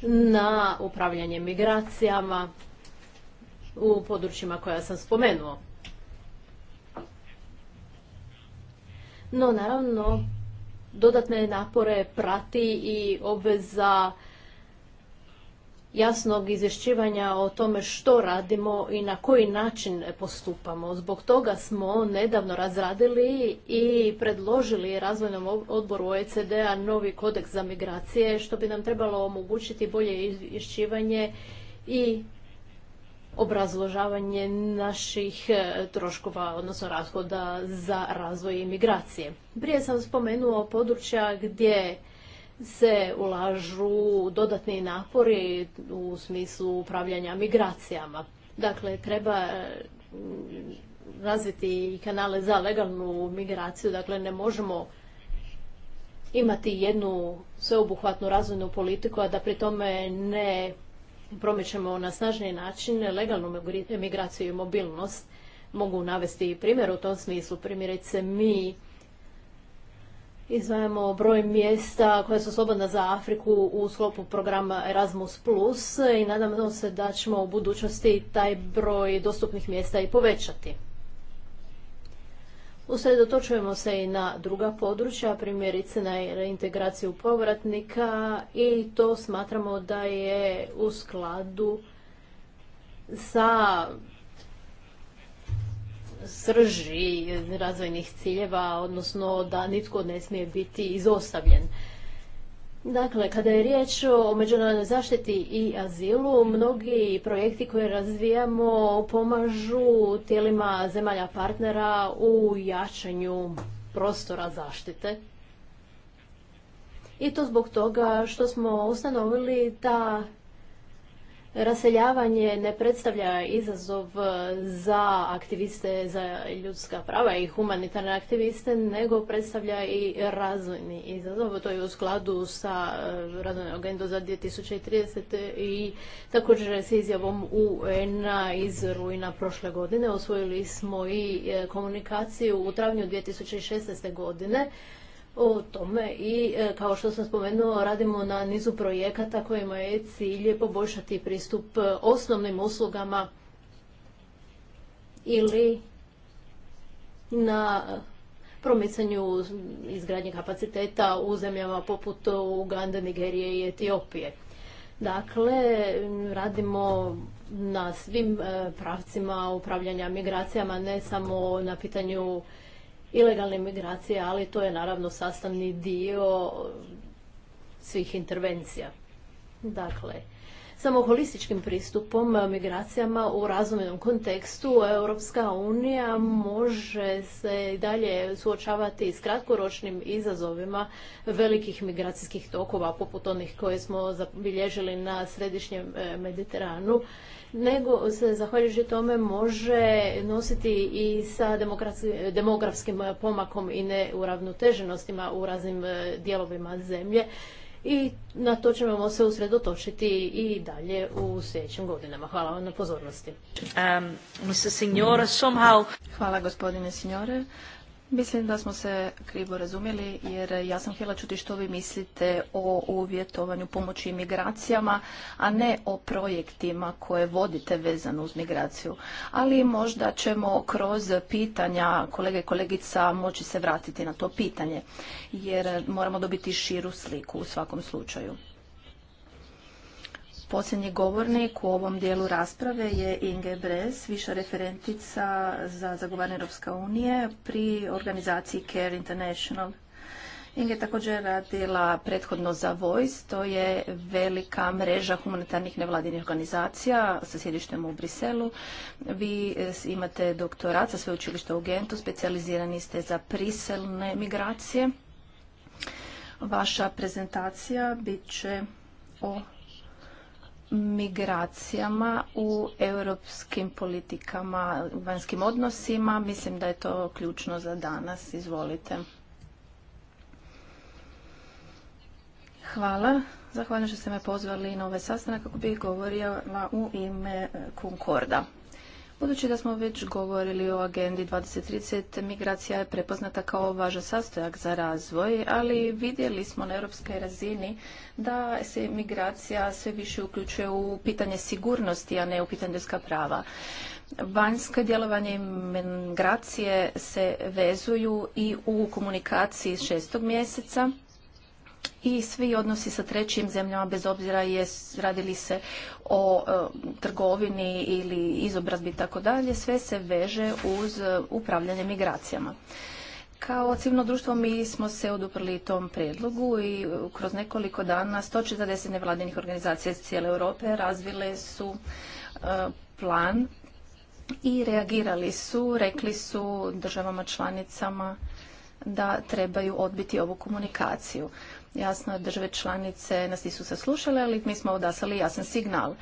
na upravljanje migracijama u područjima koja sam spomenuo. No, naravno, dodatne napore prati i obveza jasnog izvješćivanja o tome što radimo i na koji način postupamo. Zbog toga smo nedavno razradili i predložili razvojnom odboru OECD-a novi kodeks za migracije, što bi nam trebalo omogućiti bolje izvješćivanje i obrazložavanje naših e, troškova, odnosno rashoda za razvoj i migracije. Prije sam spomenuo područja gdje se ulažu dodatni napori u smislu upravljanja migracijama. Dakle, treba e, razviti i kanale za legalnu migraciju, dakle ne možemo imati jednu sveobuhvatnu razvojnu politiku, a da pri tome ne promičemo na snažniji način legalnu migraciju i mobilnost. Mogu navesti i primjer u tom smislu. Primjerice, mi izvajamo broj mjesta koja su slobodna za Afriku u sklopu programa Erasmus+, i nadamo se da ćemo u budućnosti taj broj dostupnih mjesta i povećati. Usredotočujemo se i na druga područja, primjerice na reintegraciju povratnika i to smatramo da je u skladu sa srži razvojnih ciljeva, odnosno da nitko ne smije biti izostavljen. Dakle, kada je riječ o međunarodnoj zaštiti i azilu, mnogi projekti koje razvijamo pomažu tijelima zemalja partnera u jačanju prostora zaštite. I to zbog toga što smo ustanovili da Raseljavanje ne predstavlja izazov e, za aktiviste za ljudska prava i humanitarne aktiviste, nego predstavlja i razvojni izazov. To je u skladu sa e, razvojnom agendom za 2030 i također s izjavom UN-a iz rujna prošle godine. Osvojili smo i e, komunikaciju u travnju 2016. godine o tome i e, kao što sam spomenuo radimo na nizu projekata kojima je cilj poboljšati pristup e, osnovnim uslugama ili na promicanju izgradnje kapaciteta u zemljama poput Uganda, Nigerije i Etiopije. Dakle, radimo na svim e, pravcima upravljanja migracijama, ne samo na pitanju ilegalne migracije, ali to je naravno sastavni dio svih intervencija. Dakle, samo holističkim pristupom migracijama u razumnom kontekstu Europska unija može se i dalje suočavati s kratkoročnim izazovima velikih migracijskih tokova poput onih koje smo zabilježili na središnjem eh, Mediteranu nego se zahvaljujući tome može nositi i sa demografskim e, pomakom i neuravnoteženostima u raznim e, dijelovima zemlje i na to ćemo se usredotočiti i dalje u sljedećim godinama. Hvala vam na pozornosti. Um, Hvala gospodine Signore. Mislim da smo se krivo razumjeli jer ja sam htjela čuti što vi mislite o uvjetovanju pomoći migracijama, a ne o projektima koje vodite vezano uz migraciju. Ali možda ćemo kroz pitanja kolege i kolegica moći se vratiti na to pitanje jer moramo dobiti širu sliku u svakom slučaju. Posljednji govornik u ovom dijelu rasprave je Inge Brez, viša referentica za zagovaranje Europske unije pri organizaciji Care International. Inge je također radila prethodno za Voice, to je velika mreža humanitarnih nevladinih organizacija sa sjedištem u Briselu. Vi eh, imate doktorat sa sveučilišta u Gentu, specijalizirani ste za priselne migracije. Vaša prezentacija bit će o migracijama u europskim politikama, vanjskim odnosima. Mislim da je to ključno za danas. Izvolite. Hvala. Zahvaljujem što ste me pozvali na ovaj sastanak kako bih govorila u ime Concorda. Budući da smo već govorili o agendi 2030, migracija je prepoznata kao važan sastojak za razvoj, ali vidjeli smo na europskoj razini da se migracija sve više uključuje u pitanje sigurnosti, a ne u pitanje ljudska prava. Vanjsko djelovanje i migracije se vezuju i u komunikaciji šestog mjeseca i svi odnosi sa trećim zemljama bez obzira je radili se o e, trgovini ili izobrazbi i tako dalje, sve se veže uz e, upravljanje migracijama. Kao civilno društvo mi smo se oduprli tom predlogu i e, kroz nekoliko dana 140 nevladinih organizacija iz cijele Europe razvile su plan i reagirali su, rekli su državama članicama da trebaju odbiti ovu komunikaciju. Jasno, države članice nas nisu saslušale, ali mi smo odasali jasan signal.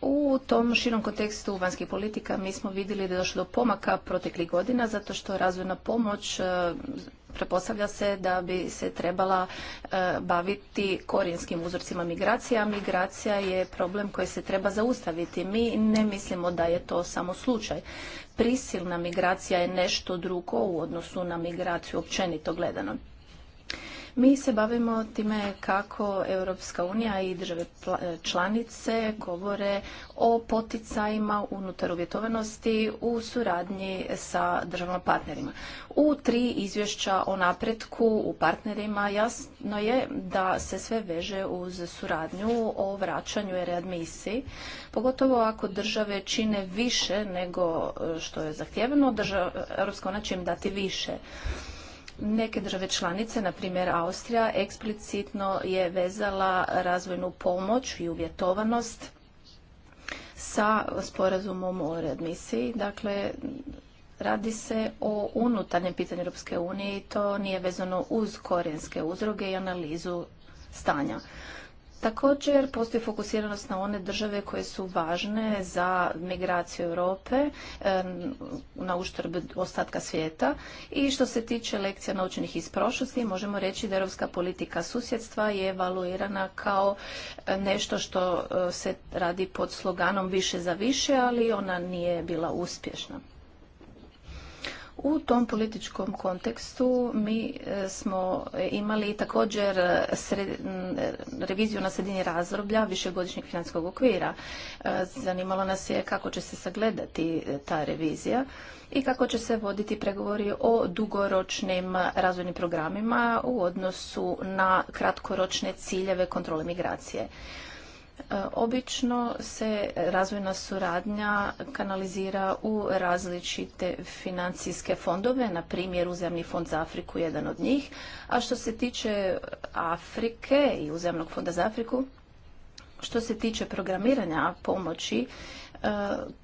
U tom širom kontekstu vanjskih politika mi smo vidjeli da je došlo do pomaka proteklih godina zato što razvojna pomoć e, prepostavlja se da bi se trebala e, baviti korijenskim uzorcima migracija. Migracija je problem koji se treba zaustaviti. Mi ne mislimo da je to samo slučaj. Prisilna migracija je nešto drugo u odnosu na migraciju općenito gledano. Mi se bavimo time kako Europska unija i države članice govore o poticajima unutar uvjetovanosti u suradnji sa državama partnerima. U tri izvješća o napretku u partnerima jasno je da se sve veže uz suradnju o vraćanju i readmisiji, pogotovo ako države čine više nego što je zahtjevano, Europska unija će im dati više. Neke države članice, na primjer Austrija, eksplicitno je vezala razvojnu pomoć i uvjetovanost sa sporazumom o readmisiji. Dakle, radi se o unutarnjem pitanju Europske unije i to nije vezano uz korijenske uzroge i analizu stanja. Također postoji fokusiranost na one države koje su važne za migraciju Europe na uštrb ostatka svijeta i što se tiče lekcija naučenih iz prošlosti možemo reći da europska politika susjedstva je evaluirana kao nešto što e, se radi pod sloganom više za više, ali ona nije bila uspješna. U tom političkom kontekstu mi e, smo e, imali također e, reviziju na sredini razdoblja višegodišnjeg financijskog okvira. Zanimalo nas je kako će se sagledati ta revizija i kako će se voditi pregovori o dugoročnim razvojnim programima u odnosu na kratkoročne ciljeve kontrole migracije. E, obično se razvojna suradnja kanalizira u različite financijske fondove, na primjer Uzemni fond za Afriku jedan od njih, a što se tiče Afrike i Uzemnog fonda za Afriku, što se tiče programiranja pomoći, e,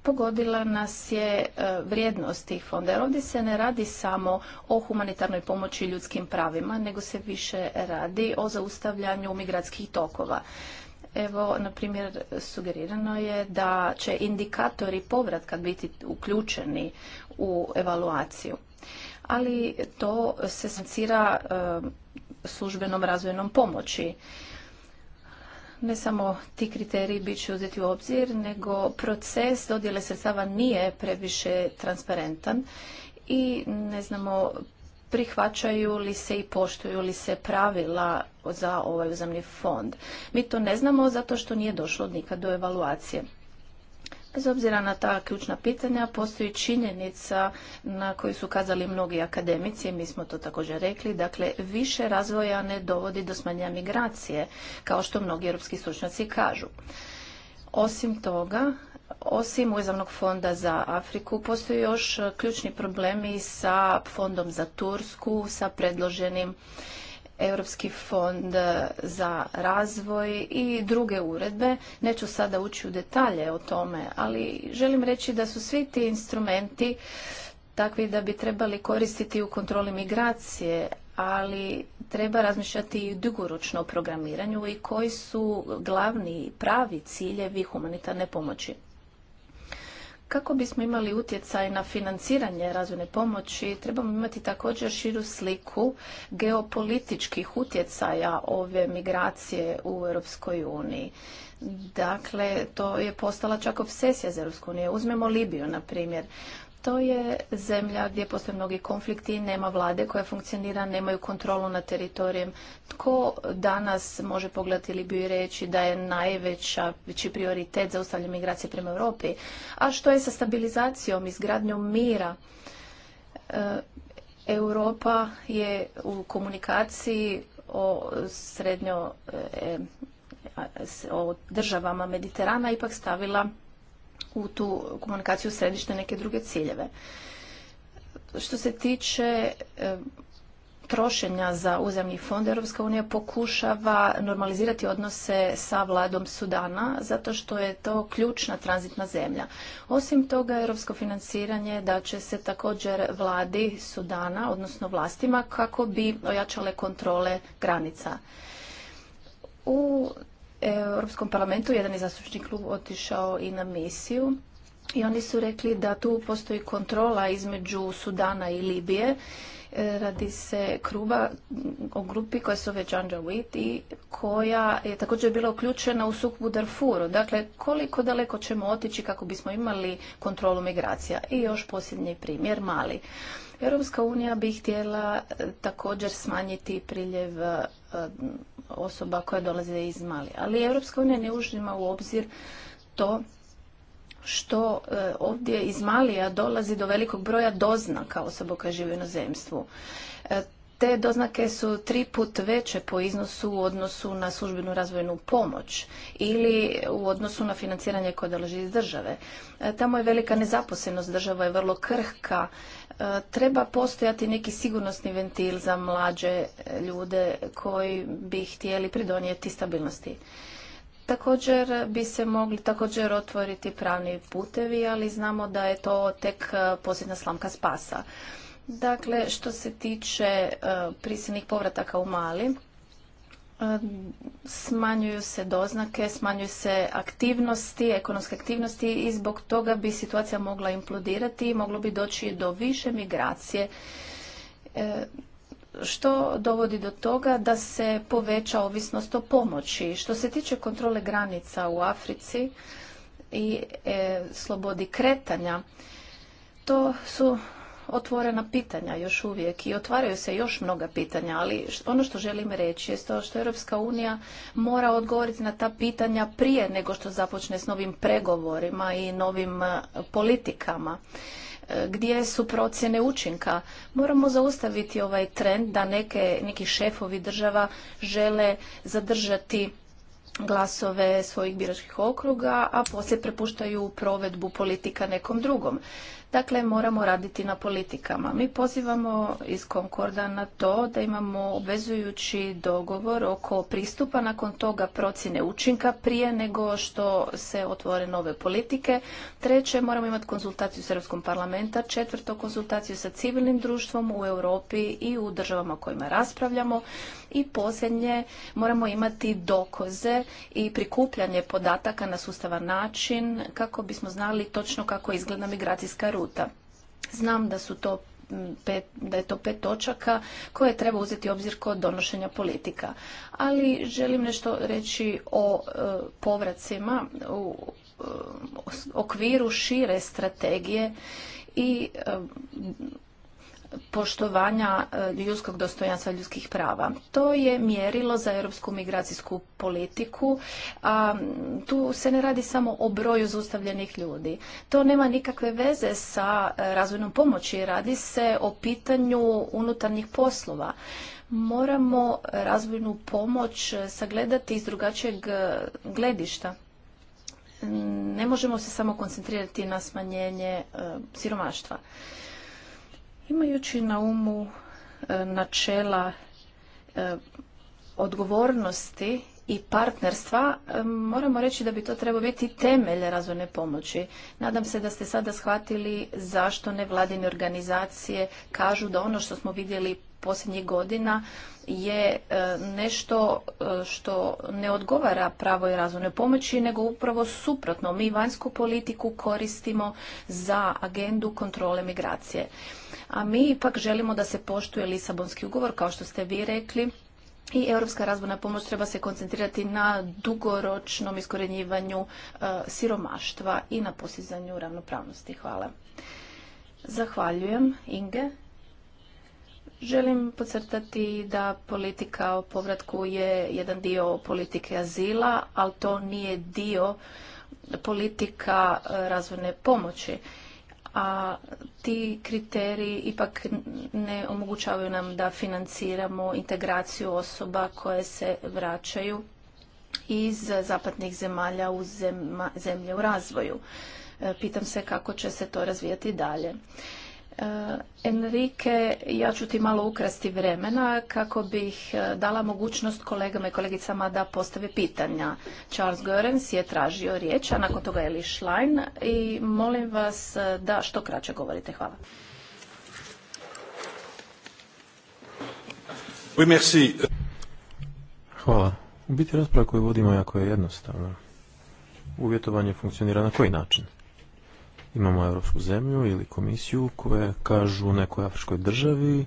pogodila nas je e, vrijednost tih fonda. Jer ovdje se ne radi samo o humanitarnoj pomoći i ljudskim pravima, nego se više radi o zaustavljanju migratskih tokova. Evo, na primjer, sugerirano je da će indikatori povratka biti uključeni u evaluaciju. Ali to se sancira eh, službenom razvojnom pomoći. Ne samo ti kriteriji bit će uzeti u obzir, nego proces dodjele sredstava nije previše transparentan i ne znamo prihvaćaju li se i poštuju li se pravila za ovaj uzemni fond. Mi to ne znamo zato što nije došlo nikad do evaluacije. Bez obzira na ta ključna pitanja, postoji činjenica na koju su kazali mnogi akademici, mi smo to također rekli, dakle više razvoja ne dovodi do smanja migracije, kao što mnogi europski stručnjaci kažu. Osim toga, osim Uzavnog fonda za Afriku, postoji još e, ključni problemi sa fondom za Tursku, sa predloženim Europski fond e, za razvoj i druge uredbe. Neću sada ući u detalje o tome, ali želim reći da su svi ti instrumenti takvi da bi trebali koristiti u kontroli migracije, ali treba razmišljati i dugoročno o programiranju i koji su glavni pravi ciljevi humanitarne pomoći. Kako bismo imali utjecaj na financiranje razvojne pomoći, trebamo imati također širu sliku geopolitičkih utjecaja ove migracije u Europskoj uniji. Dakle, to je postala čak obsesija za Europsku uniju. Uzmemo Libiju, na primjer. To je zemlja gdje postoje mnogi konflikti, nema vlade koja funkcionira, nemaju kontrolu nad teritorijem. Tko danas može pogledati ili bi reći da je najveća veći prioritet ustavljanje migracije prema Europi? A što je sa stabilizacijom, izgradnjom mira? E, Europa je u komunikaciji o srednjo e, o državama Mediterana ipak stavila u tu komunikaciju središte neke druge ciljeve. Što se tiče e, trošenja za uzemni fond, Europska unija pokušava normalizirati odnose sa vladom Sudana, zato što je to ključna tranzitna zemlja. Osim toga, europsko financiranje da će se također vladi Sudana, odnosno vlastima, kako bi ojačale kontrole granica. U E, Europskom parlamentu jedan je zastupnički klub otišao i na misiju i oni su rekli da tu postoji kontrola između Sudana i Libije. E, radi se kruba o grupi koja se zove Janjawid i koja je također bila uključena u sukbu Darfuru. Dakle, koliko daleko ćemo otići kako bismo imali kontrolu migracija? I još posljednji primjer, Mali. Europska unija bi htjela e, također smanjiti priljev e, osoba koje dolaze iz Mali. Ali Europska unija ne užima u obzir to što e, ovdje iz Malija dolazi do velikog broja doznaka osoba koje žive u inozemstvu. Te doznake su tri put veće po iznosu u odnosu na službenu razvojnu pomoć ili u odnosu na financiranje koje dolazi iz države. Tamo je velika nezaposlenost, država je vrlo krhka E, treba postojati neki sigurnosni ventil za mlađe e, ljude koji bi htjeli pridonijeti stabilnosti. Također bi se mogli također otvoriti pravni putevi, ali znamo da je to tek e, posljedna slamka spasa. Dakle, što se tiče prisilnih povrataka u Mali, smanjuju se doznake, smanjuju se aktivnosti, ekonomske aktivnosti i zbog toga bi situacija mogla implodirati i moglo bi doći do više migracije što dovodi do toga da se poveća ovisnost o pomoći. Što se tiče kontrole granica u Africi i e, slobodi kretanja, to su otvorena pitanja još uvijek i otvaraju se još mnoga pitanja, ali ono što želim reći je to što Europska unija mora odgovoriti na ta pitanja prije nego što započne s novim pregovorima i novim e, politikama e, gdje su procjene učinka. Moramo zaustaviti ovaj trend da neke, neki šefovi država žele zadržati glasove svojih biračkih okruga, a poslije prepuštaju provedbu politika nekom drugom. Dakle, moramo raditi na politikama. Mi pozivamo iz Konkorda na to da imamo obvezujući dogovor oko pristupa, nakon toga procjene učinka prije nego što se otvore nove politike. Treće, moramo imati konzultaciju s Europskom parlamenta. Četvrto, konzultaciju sa civilnim društvom u Europi i u državama kojima raspravljamo. I posljednje, moramo imati dokoze i prikupljanje podataka na sustavan način kako bismo znali točno kako izgleda migracijska ruta. Znam da su to Pet, da je to pet točaka koje treba uzeti u obzir kod donošenja politika. Ali želim nešto reći o e, povracima u e, okviru šire strategije i e, poštovanja e, ljudskog dostojanstva ljudskih prava. To je mjerilo za europsku migracijsku politiku. A, tu se ne radi samo o broju zustavljenih ljudi. To nema nikakve veze sa e, razvojnom pomoći. Radi se o pitanju unutarnjih poslova. Moramo razvojnu pomoć e, sagledati iz drugačijeg gledišta. Ne možemo se samo koncentrirati na smanjenje siromaštva. Imajući na umu e, načela e, odgovornosti i partnerstva, e, moramo reći da bi to trebao biti temelj razvojne pomoći. Nadam se da ste sada shvatili zašto nevladine organizacije kažu da ono što smo vidjeli posljednjih godina je nešto što ne odgovara pravoj razvojnoj pomoći, nego upravo suprotno. Mi vanjsku politiku koristimo za agendu kontrole migracije a mi ipak želimo da se poštuje Lisabonski ugovor, kao što ste vi rekli, i Europska razvojna pomoć treba se koncentrirati na dugoročnom iskorenjivanju e, siromaštva i na postizanju ravnopravnosti. Hvala. Zahvaljujem, Inge. Želim podcrtati da politika o povratku je jedan dio politike azila, ali to nije dio politika e, razvojne pomoći a ti kriteriji ipak ne omogućavaju nam da financiramo integraciju osoba koje se vraćaju iz zapadnih zemalja u zemlje u razvoju. E, pitam se kako će se to razvijati dalje. Eh, Enrique, ja ću ti malo ukrasti vremena kako bih eh, dala mogućnost kolegama i kolegicama da postave pitanja. Charles Goerens je tražio riječ, a nakon toga je Schlein i molim vas eh, da što kraće govorite. Hvala. Hvala. U biti rasprava koju vodimo jako je jednostavna. Uvjetovanje funkcionira na koji način? Imamo Europsku zemlju ili komisiju koje kažu nekoj afričkoj državi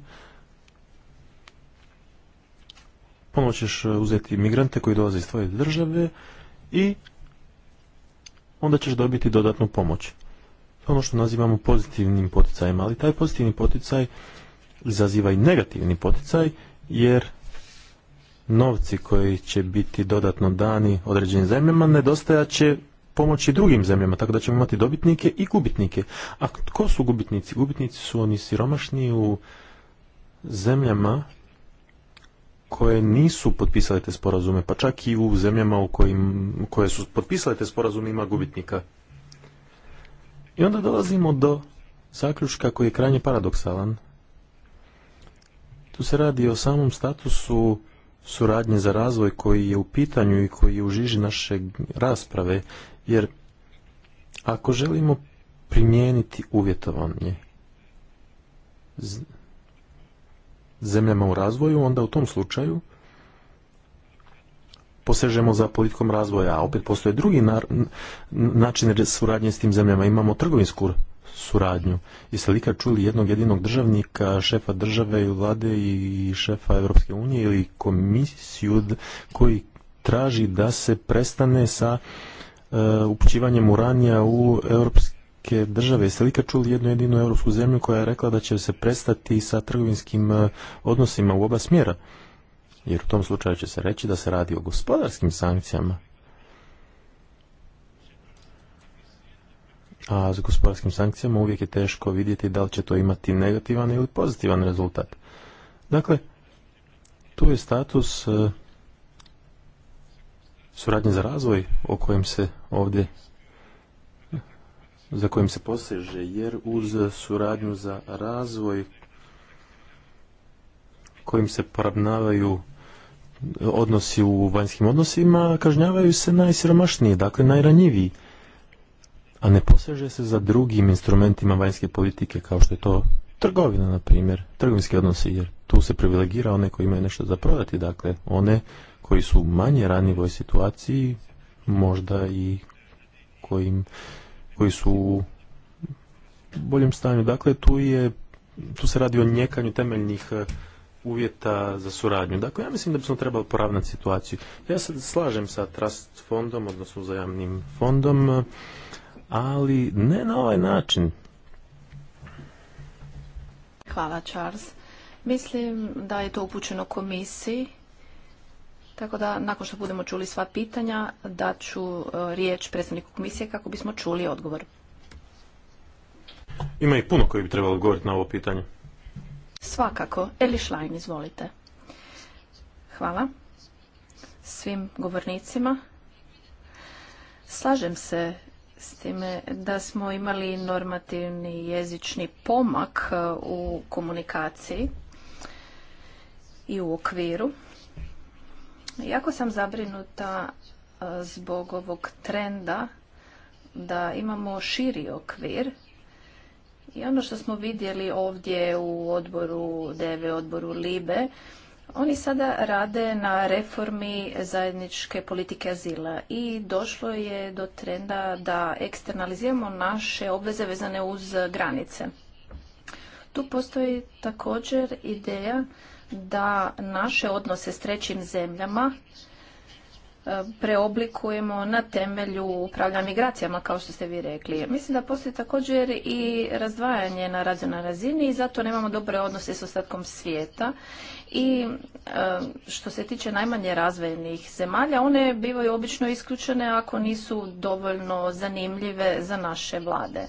ponovno ćeš e, uzeti migrante koji dolaze iz tvoje države i onda ćeš dobiti dodatnu pomoć. Ono što nazivamo pozitivnim poticajima, ali taj pozitivni poticaj izaziva i negativni poticaj, jer novci koji će biti dodatno dani određenim zemljama nedostajat će pomoći drugim zemljama, tako da ćemo imati dobitnike i gubitnike. A ko su gubitnici? Gubitnici su oni siromašni u zemljama koje nisu potpisale te sporazume, pa čak i u zemljama u kojim, koje su potpisale te sporazume ima gubitnika. I onda dolazimo do zaključka koji je krajnje paradoksalan. Tu se radi o samom statusu suradnje za razvoj koji je u pitanju i koji je u žiži naše rasprave, jer ako želimo primijeniti uvjetovanje zemljama u razvoju, onda u tom slučaju posežemo za politikom razvoja, a opet postoje drugi način suradnje s tim zemljama. Imamo trgovinsku suradnju. Jeste li ikad čuli jednog jedinog državnika, šefa države i vlade i šefa Europske unije ili komisiju koji traži da se prestane sa e, upućivanjem uranija u europske države. Jeste li ikad čuli jednu jedinu europsku zemlju koja je rekla da će se prestati sa trgovinskim e, odnosima u oba smjera? Jer u tom slučaju će se reći da se radi o gospodarskim sankcijama A s gospodarskim sankcijama uvijek je teško vidjeti da li će to imati negativan ili pozitivan rezultat. Dakle, tu je status e, suradnje za razvoj o kojem se ovdje za kojim se poseže, jer uz suradnju za razvoj kojim se poravnavaju odnosi u vanjskim odnosima, kažnjavaju se najsiromašniji, dakle najranjiviji a ne poseže se za drugim instrumentima vanjske politike kao što je to trgovina, na primjer, trgovinski odnosi, jer tu se privilegira one koji imaju nešto za prodati, dakle, one koji su u manje ranivoj situaciji, možda i koji su u boljem stanju. Dakle, tu, je, tu se radi o njekanju temeljnih eh, uvjeta za suradnju. Dakle, ja mislim da bismo trebali poravnati situaciju. Ja se slažem sa Trust fondom, odnosno uzajamnim fondom ali ne na ovaj način. Hvala Charles. Mislim da je to upućeno komisiji, tako da nakon što budemo čuli sva pitanja daću e, riječ predstavniku komisije kako bismo čuli odgovor. Ima i puno koji bi trebalo odgovoriti na ovo pitanje. Svakako. Eli Schlein, izvolite. Hvala svim govornicima. Slažem se s time da smo imali normativni jezični pomak e, u komunikaciji i u okviru. Jako sam zabrinuta e, zbog ovog trenda da imamo širi okvir i ono što smo vidjeli ovdje u odboru DEVE, odboru LIBE, oni sada rade na reformi zajedničke politike azila i došlo je do trenda da eksternaliziramo naše obveze vezane uz granice. Tu postoji također ideja da naše odnose s trećim zemljama preoblikujemo na temelju upravljanja migracijama, kao što ste vi rekli. Mislim da postoji također i razdvajanje na na razini i zato nemamo dobre odnose s ostatkom svijeta. I što se tiče najmanje razvojenih zemalja, one bivaju obično isključene ako nisu dovoljno zanimljive za naše vlade.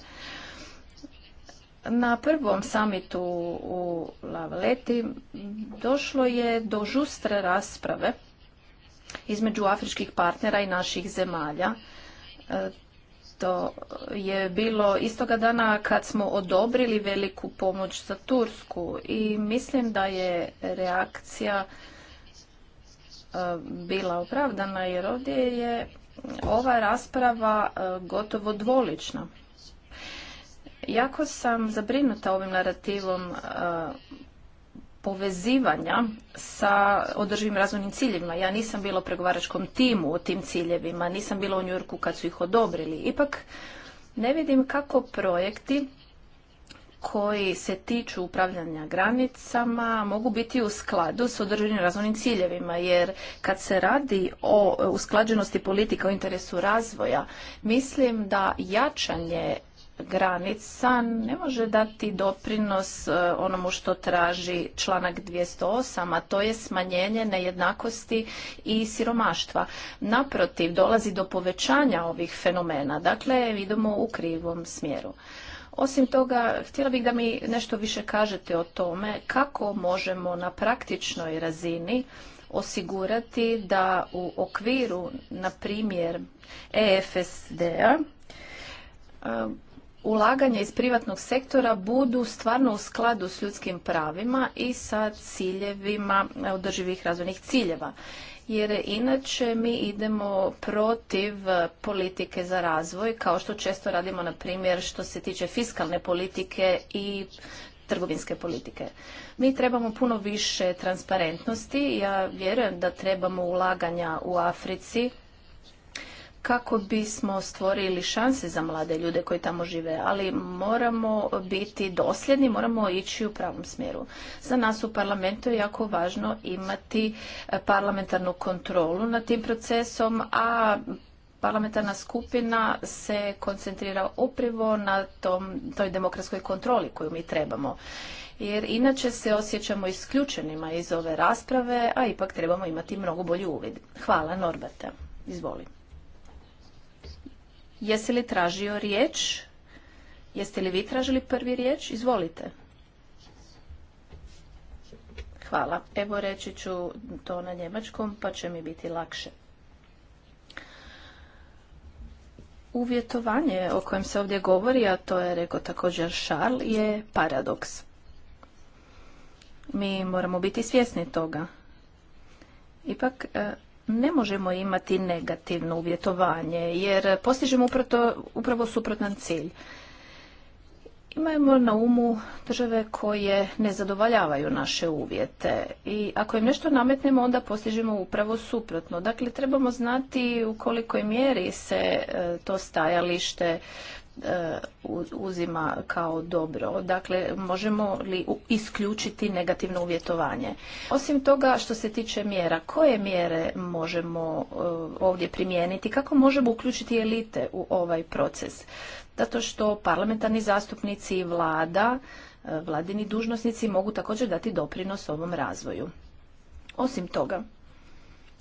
Na prvom samitu u Lavaleti došlo je do žustre rasprave između afričkih partnera i naših zemalja. E, to je bilo istoga dana kad smo odobrili veliku pomoć za Tursku i mislim da je reakcija e, bila opravdana jer ovdje je ova rasprava e, gotovo dvolična. Jako sam zabrinuta ovim narativom povezivanja sa održivim razvojnim ciljevima. Ja nisam bila u pregovaračkom timu o tim ciljevima, nisam bila u Njurku kad su ih odobrili. Ipak ne vidim kako projekti koji se tiču upravljanja granicama mogu biti u skladu s održivim razvojnim ciljevima, jer kad se radi o usklađenosti politika u interesu razvoja, mislim da jačanje granica ne može dati doprinos e, onomu što traži članak 208, a to je smanjenje nejednakosti i siromaštva. Naprotiv, dolazi do povećanja ovih fenomena, dakle idemo u krivom smjeru. Osim toga, htjela bih da mi nešto više kažete o tome kako možemo na praktičnoj razini osigurati da u okviru, na primjer, EFSD-a, ulaganja iz privatnog sektora budu stvarno u skladu s ljudskim pravima i sa ciljevima e, održivih razvojnih ciljeva. Jer inače mi idemo protiv politike za razvoj, kao što često radimo, na primjer, što se tiče fiskalne politike i trgovinske politike. Mi trebamo puno više transparentnosti. Ja vjerujem da trebamo ulaganja u Africi, kako bismo stvorili šanse za mlade ljude koji tamo žive, ali moramo biti dosljedni, moramo ići u pravom smjeru. Za nas u parlamentu je jako važno imati e, parlamentarnu kontrolu nad tim procesom, a parlamentarna skupina se koncentrira upravo na tom, toj demokratskoj kontroli koju mi trebamo. Jer inače se osjećamo isključenima iz ove rasprave, a ipak trebamo imati mnogo bolji uvid. Hvala Norberta. Izvoli. Jesi li tražio riječ? Jeste li vi tražili prvi riječ? Izvolite. Hvala. Evo reći ću to na njemačkom pa će mi biti lakše. Uvjetovanje o kojem se ovdje govori, a to je rekao također Šarl, je paradoks. Mi moramo biti svjesni toga. Ipak e, ne možemo imati negativno uvjetovanje jer postižemo upravo suprotan cilj. Imajmo na umu države koje ne zadovoljavaju naše uvjete i ako im nešto nametnemo onda postižemo upravo suprotno. Dakle, trebamo znati u kolikoj mjeri se e, to stajalište E, uzima kao dobro. Dakle, možemo li isključiti negativno uvjetovanje? Osim toga, što se tiče mjera, koje mjere možemo e, ovdje primijeniti? Kako možemo uključiti elite u ovaj proces? Zato što parlamentarni zastupnici i vlada, e, vladini dužnosnici mogu također dati doprinos ovom razvoju. Osim toga,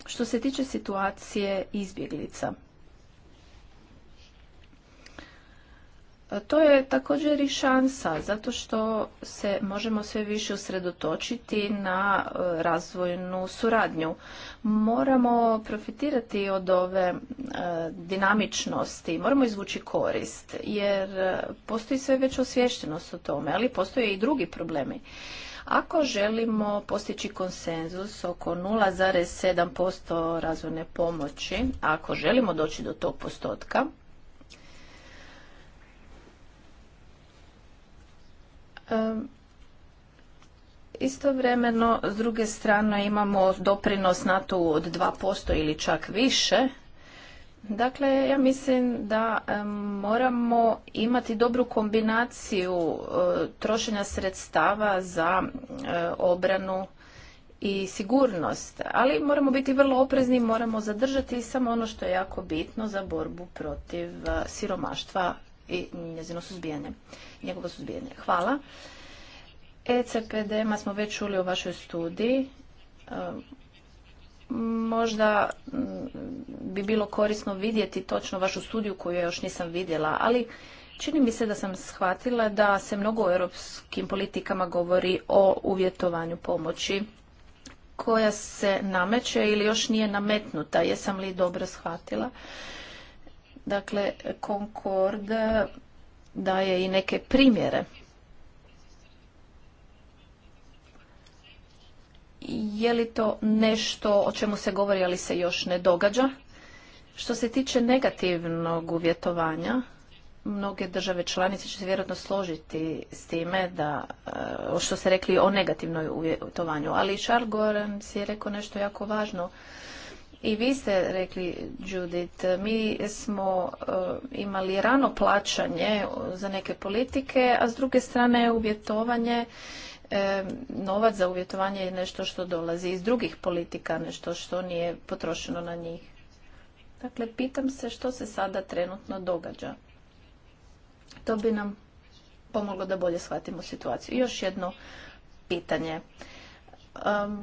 što se tiče situacije izbjeglica, To je također i šansa, zato što se možemo sve više usredotočiti na e, razvojnu suradnju. Moramo profitirati od ove e, dinamičnosti, moramo izvući korist, jer e, postoji sve veća osviještenost o tome, ali postoje i drugi problemi. Ako želimo postići konsenzus oko 0,7% razvojne pomoći, ako želimo doći do tog postotka, Istovremeno, s druge strane, imamo doprinos nato od 2% ili čak više. Dakle, ja mislim da moramo imati dobru kombinaciju e, trošenja sredstava za e, obranu i sigurnost, ali moramo biti vrlo oprezni, moramo zadržati samo ono što je jako bitno za borbu protiv e, siromaštva i njezino suzbijanje, njegovo suzbijanje. Hvala. ECPD-ma smo već čuli o vašoj studiji. E, možda mm, bi bilo korisno vidjeti točno vašu studiju koju još nisam vidjela, ali čini mi se da sam shvatila da se mnogo u europskim politikama govori o uvjetovanju pomoći koja se nameće ili još nije nametnuta. Jesam li dobro shvatila? Dakle, Concord daje i neke primjere. Je li to nešto o čemu se govori, ali se još ne događa? Što se tiče negativnog uvjetovanja, mnoge države članice će se vjerojatno složiti s time da, e, što ste rekli o negativnoj uvjetovanju, ali Charles Gorens je rekao nešto jako važno i vi ste rekli, Judith, mi smo eh, imali rano plaćanje za neke politike, a s druge strane uvjetovanje eh, novac za uvjetovanje je nešto što dolazi iz drugih politika, nešto što nije potrošeno na njih. Dakle, pitam se što se sada trenutno događa. To bi nam pomoglo da bolje shvatimo situaciju. I još jedno pitanje.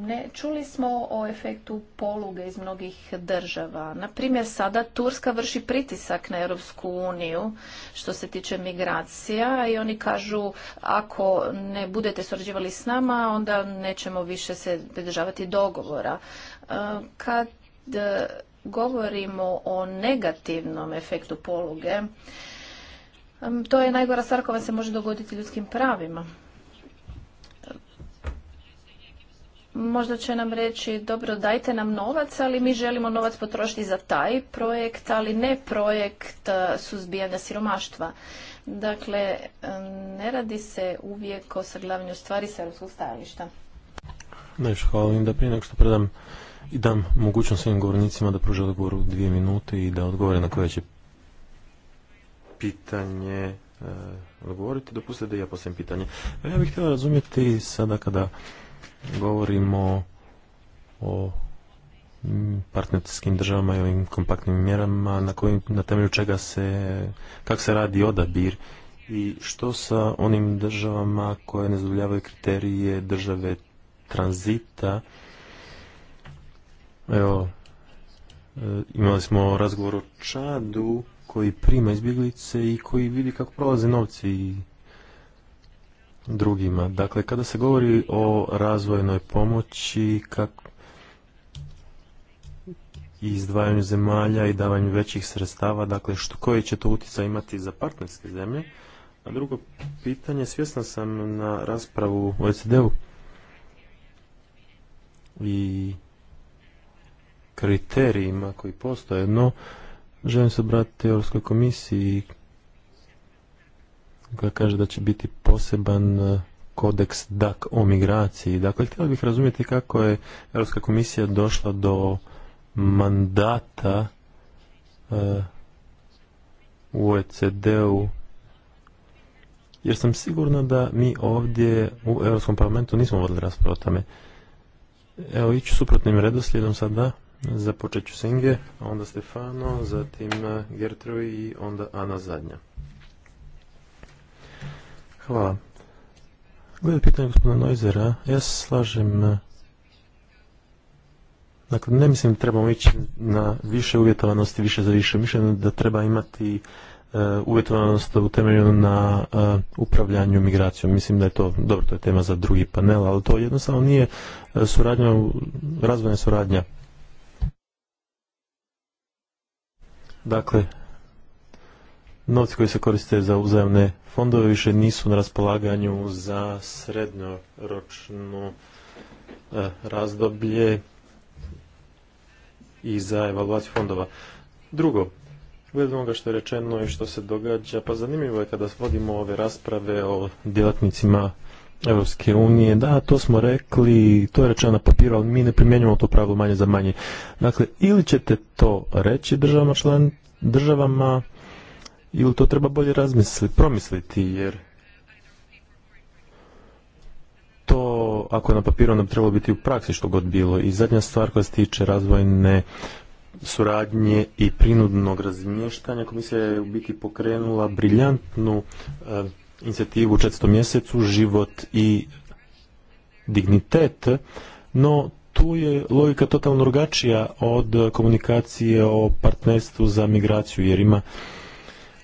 Ne, čuli smo o efektu poluge iz mnogih država. Na primjer, sada Turska vrši pritisak na Europsku uniju što se tiče migracija i oni kažu ako ne budete surađivali s nama, onda nećemo više se pridržavati dogovora. Kad e, govorimo o negativnom efektu poluge, to je najgora stvar koja se može dogoditi ljudskim pravima. možda će nam reći dobro dajte nam novac, ali mi želimo novac potrošiti za taj projekt, ali ne projekt e, suzbijanja siromaštva. Dakle, ne radi se uvijek o saglavanju stvari sa europskog stajališta. Najviše hvala da prije nego što predam i dam mogućnost svim govornicima da pruže odgovor u dvije minute i da odgovore na koje će pitanje e, odgovoriti. Dopustite da ja postavim pitanje. Ja bih htjela razumjeti sada kada govorimo o partnerskim državama i ovim kompaktnim mjerama na, kojim, na temelju čega se, kako se radi odabir i što sa onim državama koje ne zadovoljavaju kriterije države tranzita. Evo, e, imali smo razgovor o Čadu koji prima izbjeglice i koji vidi kako prolaze novci drugima. Dakle, kada se govori o razvojnoj pomoći kak i izdvajanju zemalja i davanju većih sredstava, dakle što, koji će to utjecaj imati za partnerske zemlje. A drugo pitanje, svjesna sam na raspravu o oecd u i kriterijima koji postoje, no želim se obratiti Europskoj komisiji koja kaže da će biti poseban e, kodeks DAC o migraciji. Dakle, htjela bih razumjeti kako je Europska komisija došla do mandata e, u OECD-u jer sam sigurno da mi ovdje u Europskom parlamentu nismo vodili raspravu o tome. Evo, iću suprotnim redoslijedom sada. Započet ću Singe, onda Stefano, zatim e, Gertrude i onda Ana zadnja. Hvala. Gledaj pitanje gospodina Noizera, ja se slažem eh, Dakle, ne mislim da trebamo ići na više uvjetovanosti, više za više. Mislim da treba imati eh, uvjetovanost u na eh, upravljanju migracijom. Mislim da je to, dobro, to je tema za drugi panel, ali to jednostavno nije suradnja, razvojna suradnja. Dakle, novci koji se koriste za uzajemne fondove više nisu na raspolaganju za srednjoročno e, razdoblje i za evaluaciju fondova. Drugo, gledamo onoga što je rečeno i što se događa, pa zanimljivo je kada svodimo ove rasprave o djelatnicima Europske unije, da, to smo rekli, to je rečeno na papiru, ali mi ne primjenjujemo to pravo manje za manje. Dakle, ili ćete to reći državama član, državama ili to treba bolje razmisliti, promisliti, jer to, ako je na papiru, onda bi trebalo biti u praksi što god bilo. I zadnja stvar koja se tiče razvojne suradnje i prinudnog razmještanja, komisija je u biti pokrenula briljantnu eh, inicijativu u četvrtom mjesecu, život i dignitet, no tu je logika totalno drugačija od komunikacije o partnerstvu za migraciju, jer ima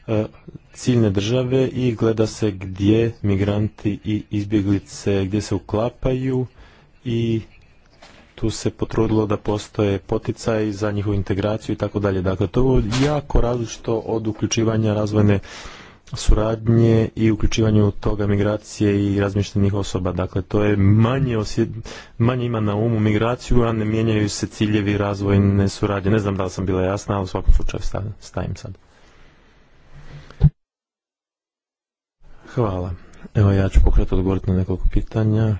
E, ciljne države i gleda se gdje migranti i izbjeglice, gdje se uklapaju i tu se potrudilo da postoje poticaj za njihovu integraciju i tako dalje. Dakle, to je jako različito od uključivanja razvojne suradnje i uključivanju toga migracije i razmišljenih osoba. Dakle, to je manje, manje ima na umu migraciju, a ne mijenjaju se ciljevi razvojne suradnje. Ne znam da li sam bila jasna, ali u svakom slučaju stavim sad. Hvala. Evo ja ću pokrat odgovoriti na nekoliko pitanja.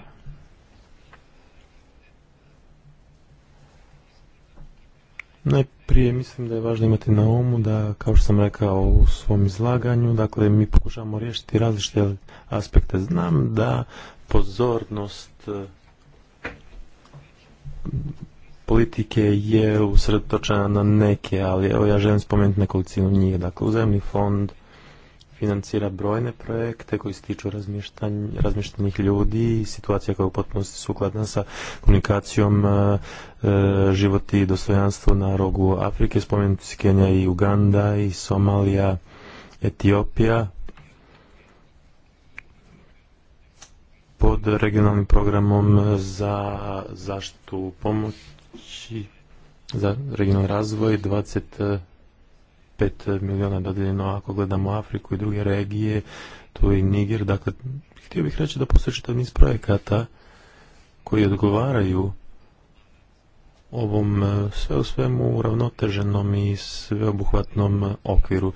Najprije mislim da je važno imati na umu da, kao što sam rekao u svom izlaganju, dakle mi pokušavamo riješiti različite aspekte. Znam da pozornost e, politike je usredotočena na neke, ali evo ja želim spomenuti nekolicinu njih. Dakle, uzemni fond, financira brojne projekte koji se tiču razmještenih ljudi i situacija koja je u potpunosti sukladna sa komunikacijom e, e, život i dostojanstvo na rogu Afrike, spomenuti Kenija i Uganda i Somalija, Etiopija, pod regionalnim programom za zaštitu pomoći, za regionalni razvoj 20 5 milijuna dodeljeno ako gledamo Afriku i druge regije, tu i Niger. Dakle, htio bih reći da postoji čitav niz projekata koji odgovaraju ovom e, sve u svemu uravnoteženom i sveobuhvatnom okviru.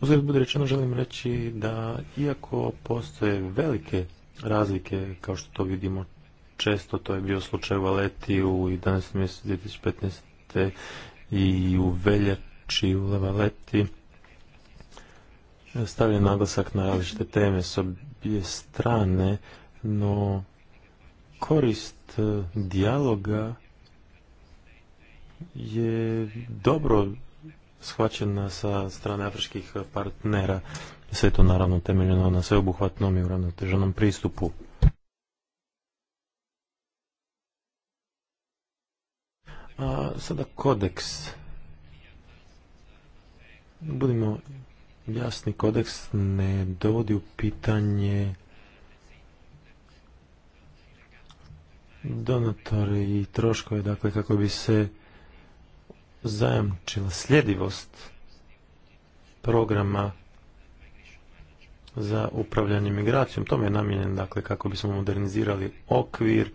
Uzgled bude rečeno želim reći da iako postoje velike razlike kao što to vidimo često, to je bio slučaj u Aleti u 11. mjesecu 2015. i u veljet Znači, u Levaleti stavlja naglasak na različite teme s obje strane, no korist e, dijaloga je dobro shvaćena sa strane afričkih partnera. Sve to naravno temeljeno na sveobuhvatnom i uravnoteženom pristupu. A, sada kodeks budimo jasni, kodeks ne dovodi u pitanje donatore i troškove, dakle kako bi se zajamčila sljedivost programa za upravljanje migracijom. Tome je namijenjen, dakle, kako bismo modernizirali okvir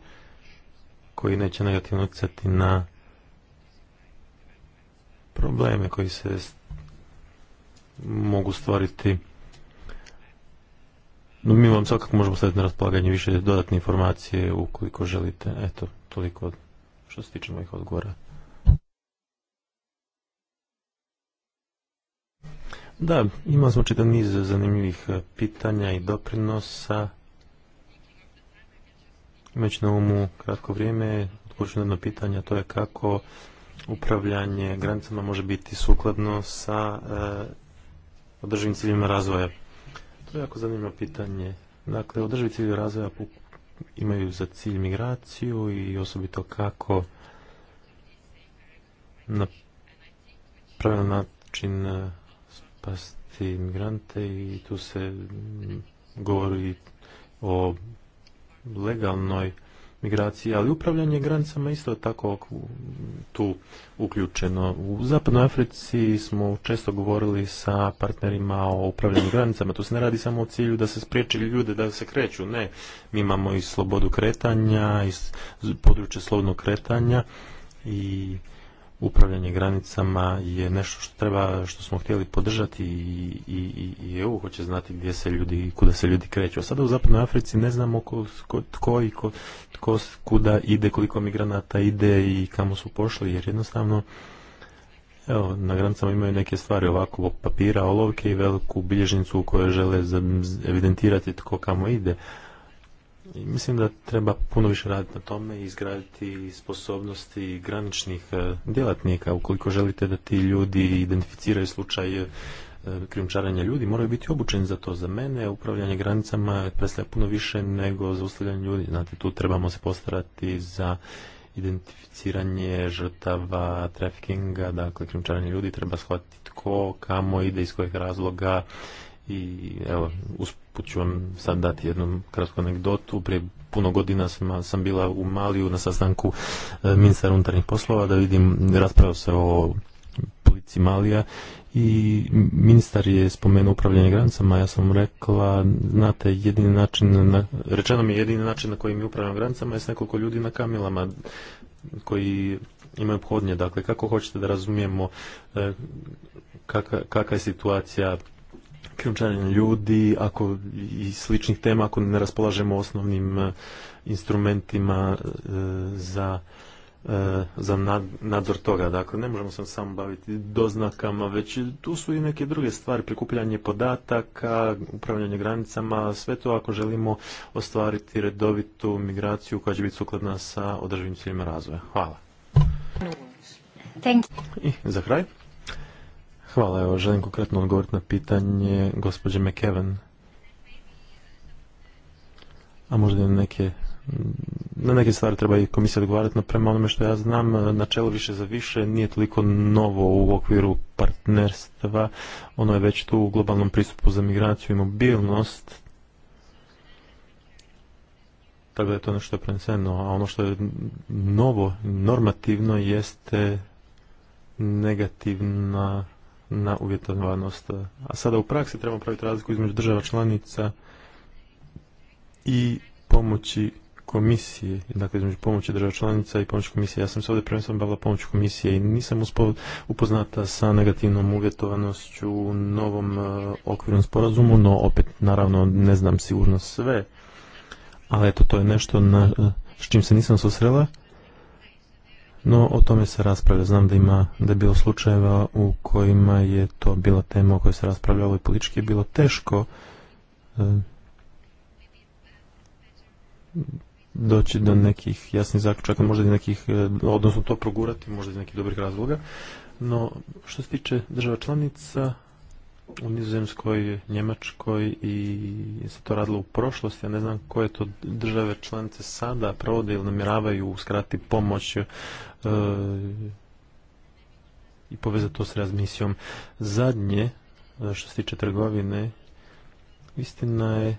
koji neće negativno utjecati na probleme koji se mogu stvariti. No, mi vam svakako možemo staviti na raspolaganje više dodatne informacije ukoliko želite. Eto, toliko što se tiče mojih odgovora. Da, imali smo čitav niz zanimljivih e, pitanja i doprinosa. Imajući na umu kratko vrijeme, odgovorit jedno pitanje, to je kako upravljanje granicama može biti sukladno sa e, održivim ciljima razvoja. To je jako zanimljivo pitanje. Dakle, održivi cilj razvoja imaju za cilj migraciju i osobito kako na pravilan način e, spasti migrante i tu se govori o legalnoj migracije, ali upravljanje granicama isto tako tu uključeno. U Zapadnoj Africi smo često govorili sa partnerima o upravljanju granicama. Tu se ne radi samo o cilju da se spriječi ljude da se kreću. Ne, mi imamo i slobodu kretanja, i područje slobodnog kretanja i upravljanje granicama je nešto što treba, što smo htjeli podržati i, i, i EU hoće znati gdje se ljudi, kuda se ljudi kreću. A sada u Zapadnoj Africi ne znamo ko, tko i ko, tko, kuda ide, koliko migranata ide i kamo su pošli, jer jednostavno Evo, na granicama imaju neke stvari ovako, papira, olovke i veliku bilježnicu u kojoj žele evidentirati tko kamo ide, Mislim da treba puno više raditi na tome i izgraditi sposobnosti graničnih e, djelatnika. Ukoliko želite da ti ljudi identificiraju slučaj e, krijumčaranja ljudi, moraju biti obučeni za to. Za mene upravljanje granicama predstavlja puno više nego zaustavljanje ljudi. Znate, tu trebamo se postarati za identificiranje žrtava trafikinga, dakle krijumčarenje ljudi, treba shvatiti tko, kamo ide, iz kojeg razloga i evo, uz Put ću vam sad dati jednu kratku anegdotu. Prije puno godina sam, sam bila u Maliju na sastanku e, ministra unutarnjih poslova da vidim, raspravio se o policiji Malija i ministar je spomenuo upravljanje granicama, ja sam rekla, znate, jedini način, na, rečeno mi je jedini način na koji mi upravljamo granicama je s nekoliko ljudi na kamilama koji imaju obhodnje. Dakle, kako hoćete da razumijemo e, kakva je situacija krijumčarenja ljudi ako, i sličnih tema ako ne raspolažemo osnovnim e, instrumentima e, za e, za nadzor toga. Dakle, ne možemo se samo baviti doznakama, već tu su i neke druge stvari, prikupljanje podataka, upravljanje granicama, sve to ako želimo ostvariti redovitu migraciju koja će biti sukladna sa održivim ciljima razvoja. Hvala. I za kraj. Hvala, evo, želim konkretno odgovoriti na pitanje gospođe McEwen. A možda neke, na neke stvari treba i komisija odgovarati, no prema onome što ja znam, načelo više za više nije toliko novo u okviru partnerstva, ono je već tu u globalnom pristupu za migraciju i mobilnost, tako da je to nešto ono preneseno, a ono što je novo, normativno, jeste negativna na uvjetovanost. A sada u praksi trebamo praviti razliku između država članica i pomoći komisije, dakle između pomoći država članica i pomoći komisije. Ja sam se ovdje prvenstveno bavila pomoći komisije i nisam upoznata sa negativnom uvjetovanošću u novom e, okvirnom sporazumu, no opet naravno ne znam sigurno sve, ali eto to je nešto e, s čim se nisam susrela no o tome se raspravlja. Znam da ima da je bilo slučajeva u kojima je to bila tema o kojoj se raspravljalo i politički je bilo teško eh, doći do nekih jasnih zaključaka, možda i nekih, eh, odnosno to progurati, možda iz nekih dobrih razloga. No, što se tiče država članica, u Nizozemskoj, Njemačkoj i se to radilo u prošlosti, ja ne znam koje to države članice sada provode ili namjeravaju uskrati pomoć e, i povezati to s razmisijom. Zadnje, e, što se tiče trgovine, istina je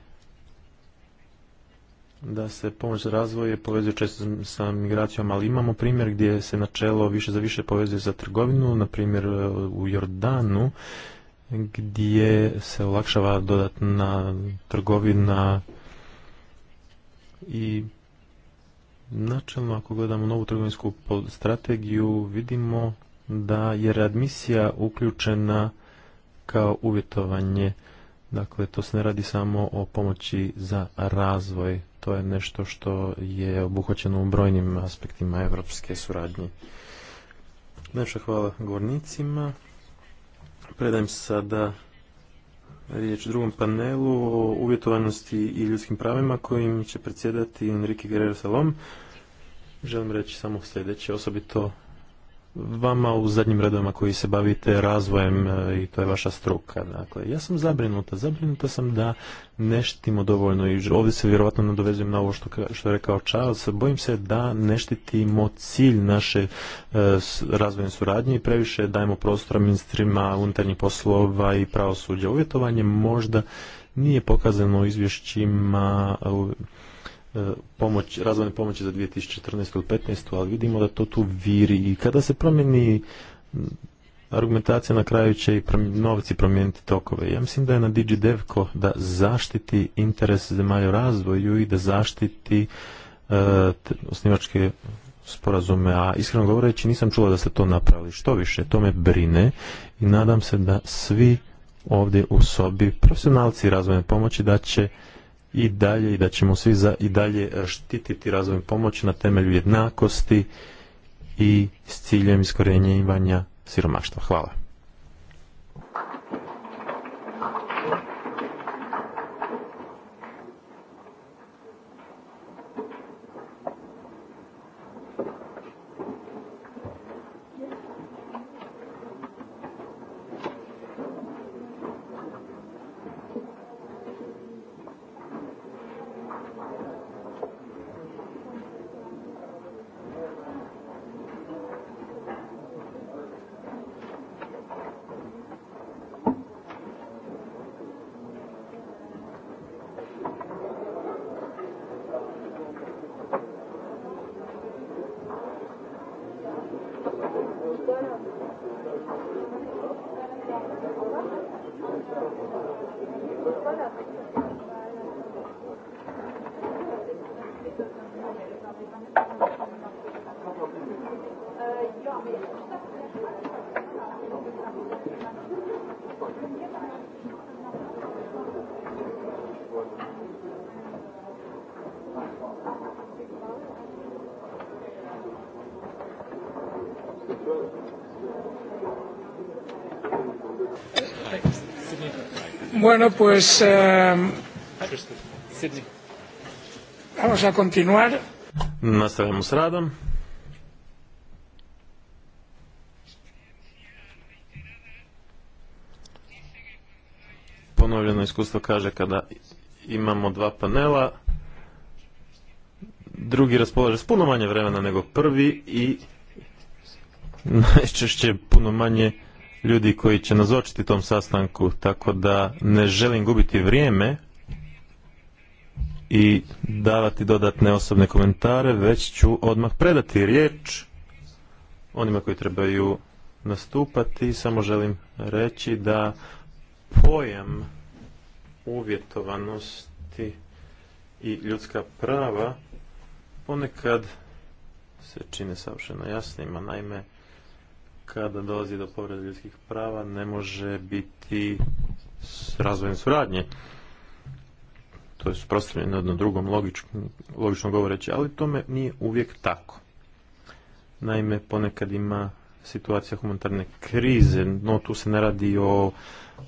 da se pomoć za razvoj povezio često sa migracijom, ali imamo primjer gdje se načelo više za više povezuje za trgovinu, na primjer e, u Jordanu gdje se olakšava dodatna trgovina i načelno ako gledamo novu trgovinsku strategiju vidimo da je readmisija uključena kao uvjetovanje. Dakle, to se ne radi samo o pomoći za razvoj. To je nešto što je obuhvaćeno u brojnim aspektima evropske suradnje. Najviše hvala govornicima. Predajem sada riječ drugom panelu o uvjetovanosti i ljudskim pravima kojim će predsjedati Enrique Guerrero Salom. Želim reći samo sljedeće, osobito vama u zadnjim redovima koji se bavite razvojem e, i to je vaša struka. Dakle, ja sam zabrinuta. Zabrinuta sam da ne štitimo dovoljno i ovdje se vjerojatno nadovezujem na ovo što, što je rekao Charles. Bojim se da ne štitimo cilj naše e, razvojne suradnje i previše dajemo prostora ministrima unutarnjih poslova i pravosuđa. Uvjetovanje možda nije pokazano u izvješćima E, pomoć, razvojne pomoći za 2014. ili 2015. ali vidimo da to tu viri i kada se promijeni argumentacija na kraju će i novci promijeniti tokove. Ja mislim da je na DigiDevko da zaštiti interes zemalja u razvoju i da zaštiti e, osnivačke sporazume, a iskreno govoreći nisam čula da ste to napravili. Što više, to me brine i nadam se da svi ovdje u sobi, profesionalci razvojne pomoći, da će i dalje i da ćemo svi za, i dalje e, štititi razvojnu pomoć na temelju jednakosti i s ciljem iskorenjivanja siromaštva. Hvala. Bueno, pues eh, vamos a continuar. s radom. Ponovljeno iskustvo kaže kada imamo dva panela, drugi raspolaže s puno manje vremena nego prvi i (laughs) najčešće puno manje ljudi koji će nazočiti tom sastanku, tako da ne želim gubiti vrijeme i davati dodatne osobne komentare, već ću odmah predati riječ onima koji trebaju nastupati. Samo želim reći da pojam uvjetovanosti i ljudska prava ponekad se čine savršeno jasnima. Naime, kada dolazi do povrede ljudskih prava ne može biti razvojne suradnje. To je suprotstavljeno jedno drugom logično, logično govoreći, ali tome nije uvijek tako. Naime, ponekad ima situacija humanitarne krize, no tu se ne radi o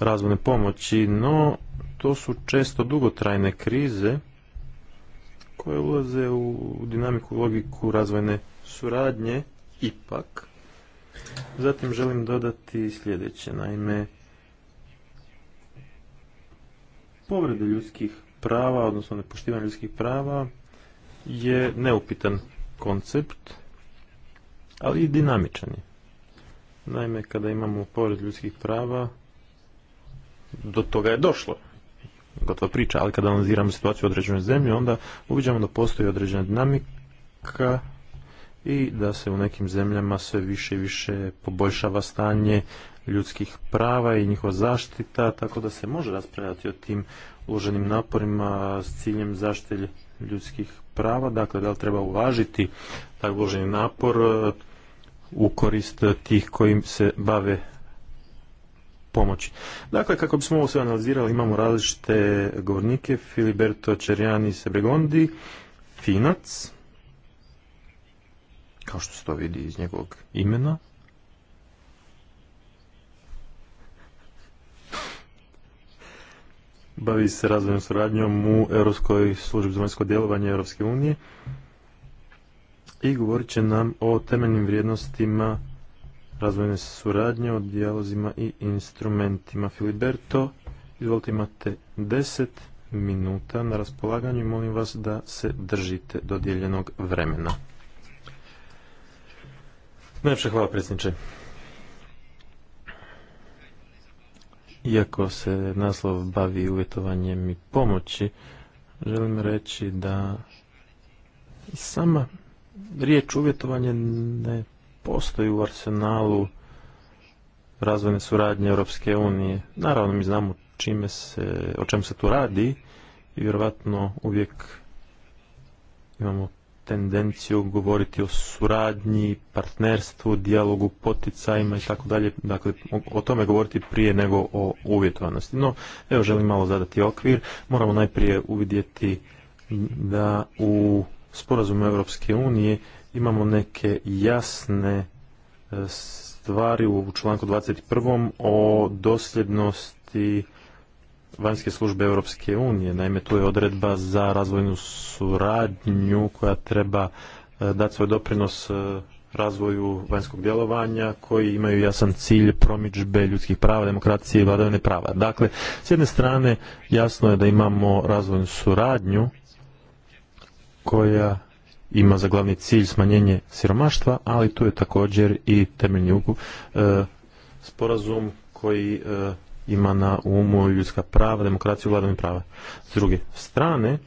razvojne pomoći, no to su često dugotrajne krize koje ulaze u dinamiku logiku razvojne suradnje, ipak Zatim želim dodati sljedeće, naime, povrede ljudskih prava, odnosno nepoštivanje ljudskih prava je neupitan koncept, ali i dinamičan je. Naime, kada imamo povred ljudskih prava, do toga je došlo. Gotova priča, ali kada analiziramo situaciju u određenoj zemlji, onda uviđamo da postoji određena dinamika i da se u nekim zemljama sve više i više poboljšava stanje ljudskih prava i njihova zaštita, tako da se može raspravljati o tim uloženim naporima s ciljem zaštite ljudskih prava, dakle da li treba uvažiti taj uloženi napor e, u korist tih kojim se bave pomoći. Dakle, kako bismo ovo sve analizirali, imamo različite govornike, Filiberto Čerjani Sebregondi, Finac, kao što se to vidi iz njegovog imena, bavi se razvojnom suradnjom u Europskoj službi za vanjsko djelovanje Europske unije i govorit će nam o temeljnim vrijednostima razvojne suradnje, o dijalozima i instrumentima. Filiberto, izvolite imate 10 minuta na raspolaganju i molim vas da se držite dodijeljenog vremena. Najpše hvala predsjedniče. Iako se naslov bavi uvjetovanjem i pomoći, želim reći da sama riječ uvjetovanje ne postoji u arsenalu razvojne suradnje Europske unije. Naravno, mi znamo čime se, o čem se tu radi i vjerojatno uvijek imamo tendenciju govoriti o suradnji, partnerstvu, dijalogu, poticajima i tako dalje. Dakle, o tome govoriti prije nego o uvjetovanosti. No, evo želim malo zadati okvir. Moramo najprije uvidjeti da u sporazumu Europske unije imamo neke jasne e, stvari u članku 21. o dosljednosti vanjske službe Europske unije. Naime, tu je odredba za razvojnu suradnju koja treba e, dati svoj doprinos e, razvoju vanjskog djelovanja koji imaju jasan cilj promidžbe ljudskih prava, demokracije i vladavine prava. Dakle, s jedne strane jasno je da imamo razvojnu suradnju koja ima za glavni cilj smanjenje siromaštva, ali tu je također i temeljni e, sporazum koji ima na umu ljudska prava, demokraciju, vladavine prava. S druge strane,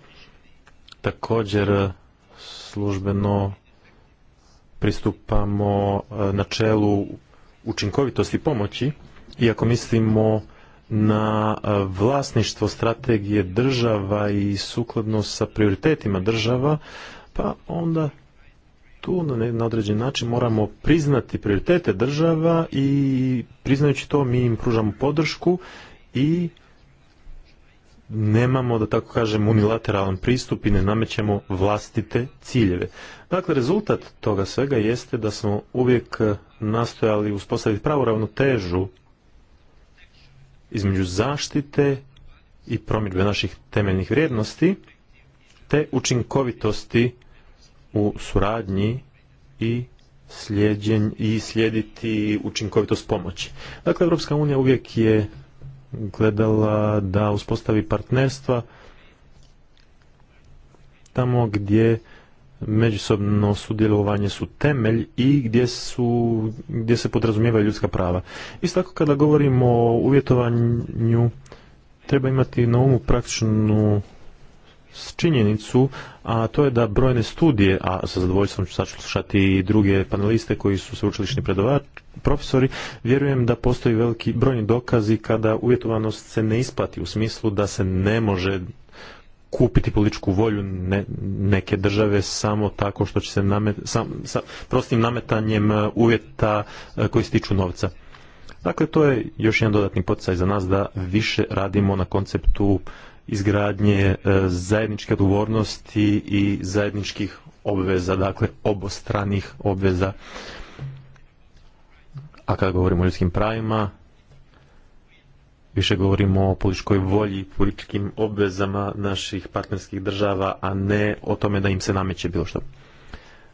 također službeno pristupamo e, načelu učinkovitosti pomoći, iako mislimo na e, vlasništvo strategije država i sukladno sa prioritetima država, pa onda tu na određen način moramo priznati prioritete država i priznajući to mi im pružamo podršku i nemamo, da tako kažem, unilateralan pristup i ne namećemo vlastite ciljeve. Dakle, rezultat toga svega jeste da smo uvijek nastojali uspostaviti pravu ravnotežu između zaštite i promidbe naših temeljnih vrijednosti te učinkovitosti u suradnji i slijedjen, i slijediti učinkovitost pomoći. Dakle, Europska unija uvijek je gledala da uspostavi partnerstva tamo gdje međusobno sudjelovanje su temelj i gdje, su, gdje se podrazumijevaju ljudska prava. Isto tako kada govorimo o uvjetovanju treba imati na umu praktičnu činjenicu, a to je da brojne studije, a sa zadovoljstvom ću sad slušati i druge paneliste koji su sveučilišni profesori, vjerujem da postoji veliki brojni dokazi kada uvjetovanost se ne isplati u smislu da se ne može kupiti političku volju neke države samo tako što će se namet, sam, sa prostim nametanjem e, uvjeta e, koji se tiču novca. Dakle, to je još jedan dodatni poticaj za nas da više radimo na konceptu izgradnje e, zajedničke odgovornosti i zajedničkih obveza, dakle obostranih obveza. A kada govorimo o ljudskim pravima, više govorimo o političkoj volji, političkim obvezama naših partnerskih država, a ne o tome da im se nameće bilo što.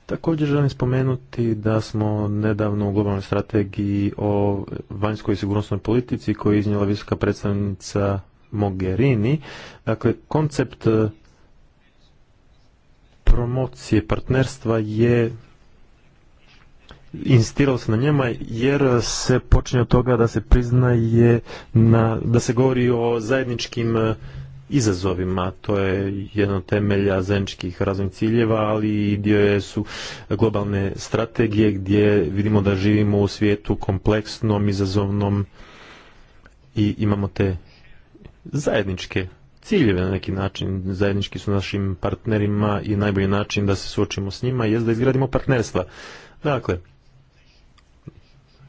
Također želim spomenuti da smo nedavno u globalnoj strategiji o vanjskoj sigurnosnoj politici koju je iznijela visoka predstavnica Mogherini. Dakle, koncept e, promocije partnerstva je insistirao se na njema jer se počinje od toga da se priznaje na, da se govori o zajedničkim e, izazovima, to je jedan od temelja zajedničkih razvojnih ciljeva, ali i dio je su globalne strategije gdje vidimo da živimo u svijetu kompleksnom, izazovnom i imamo te zajedničke ciljeve na neki način, zajednički su našim partnerima i najbolji način da se suočimo s njima je da izgradimo partnerstva. Dakle,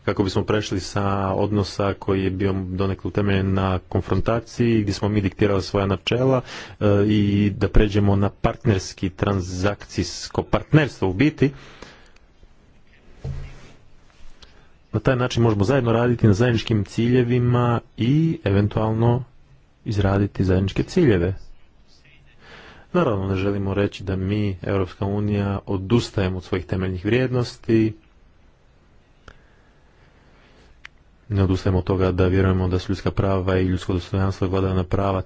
kako bismo prešli sa odnosa koji je bio donekle utemeljen na konfrontaciji, gdje smo mi diktirali svoja načela e, i da pređemo na partnerski transakcijsko partnerstvo u biti. Na taj način možemo zajedno raditi na zajedničkim ciljevima i eventualno izraditi zajedničke ciljeve. Naravno ne želimo reći da mi, Europska unija, odustajemo od svojih temeljnih vrijednosti, ne odustajemo od toga da vjerujemo da su ljudska prava i ljudsko dostojanstvo i prava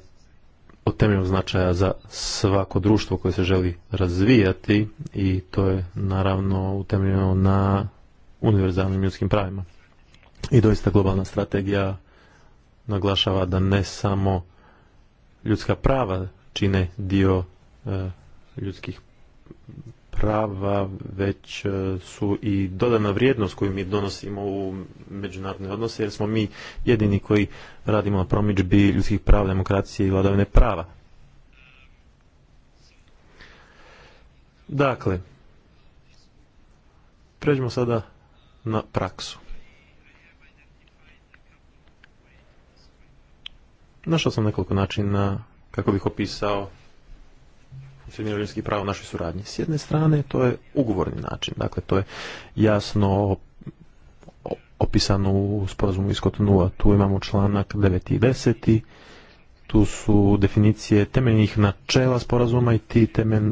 od temeljnog značaja za svako društvo koje se želi razvijati i to je naravno utemeljeno na univerzalnim ljudskim pravima. I doista globalna strategija naglašava da ne samo ljudska prava čine dio e, ljudskih prava, već e, su i dodana vrijednost koju mi donosimo u međunarodne odnose, jer smo mi jedini koji radimo na promičbi ljudskih prava, demokracije i vladavine prava. Dakle, pređemo sada na praksu. Našao sam nekoliko načina kako bih opisao funkcioniranje ljudskih prava u našoj suradnji. S jedne strane, to je ugovorni način. Dakle, to je jasno opisano u sporazumu iz Kotonua. Tu imamo članak 9. i 10. Tu su definicije temeljnih načela sporazuma i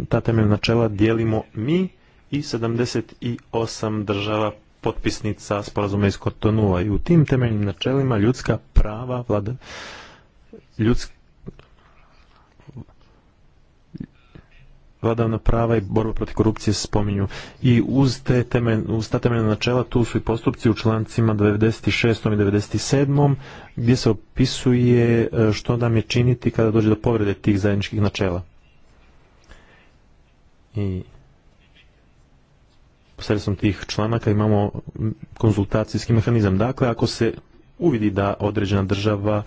ta temeljna načela dijelimo mi i 78 država potpisnica sporazuma iz Kotonua. I u tim temeljnim načelima ljudska prava, vlada, ljudski vladavna prava i borba protiv korupcije se spominju. I uz, ta temeljna načela tu su i postupci u člancima 96. i 97. gdje se opisuje e, što nam je činiti kada dođe do povrede tih zajedničkih načela. I posredstvom tih članaka imamo konzultacijski mehanizam. Dakle, ako se uvidi da određena država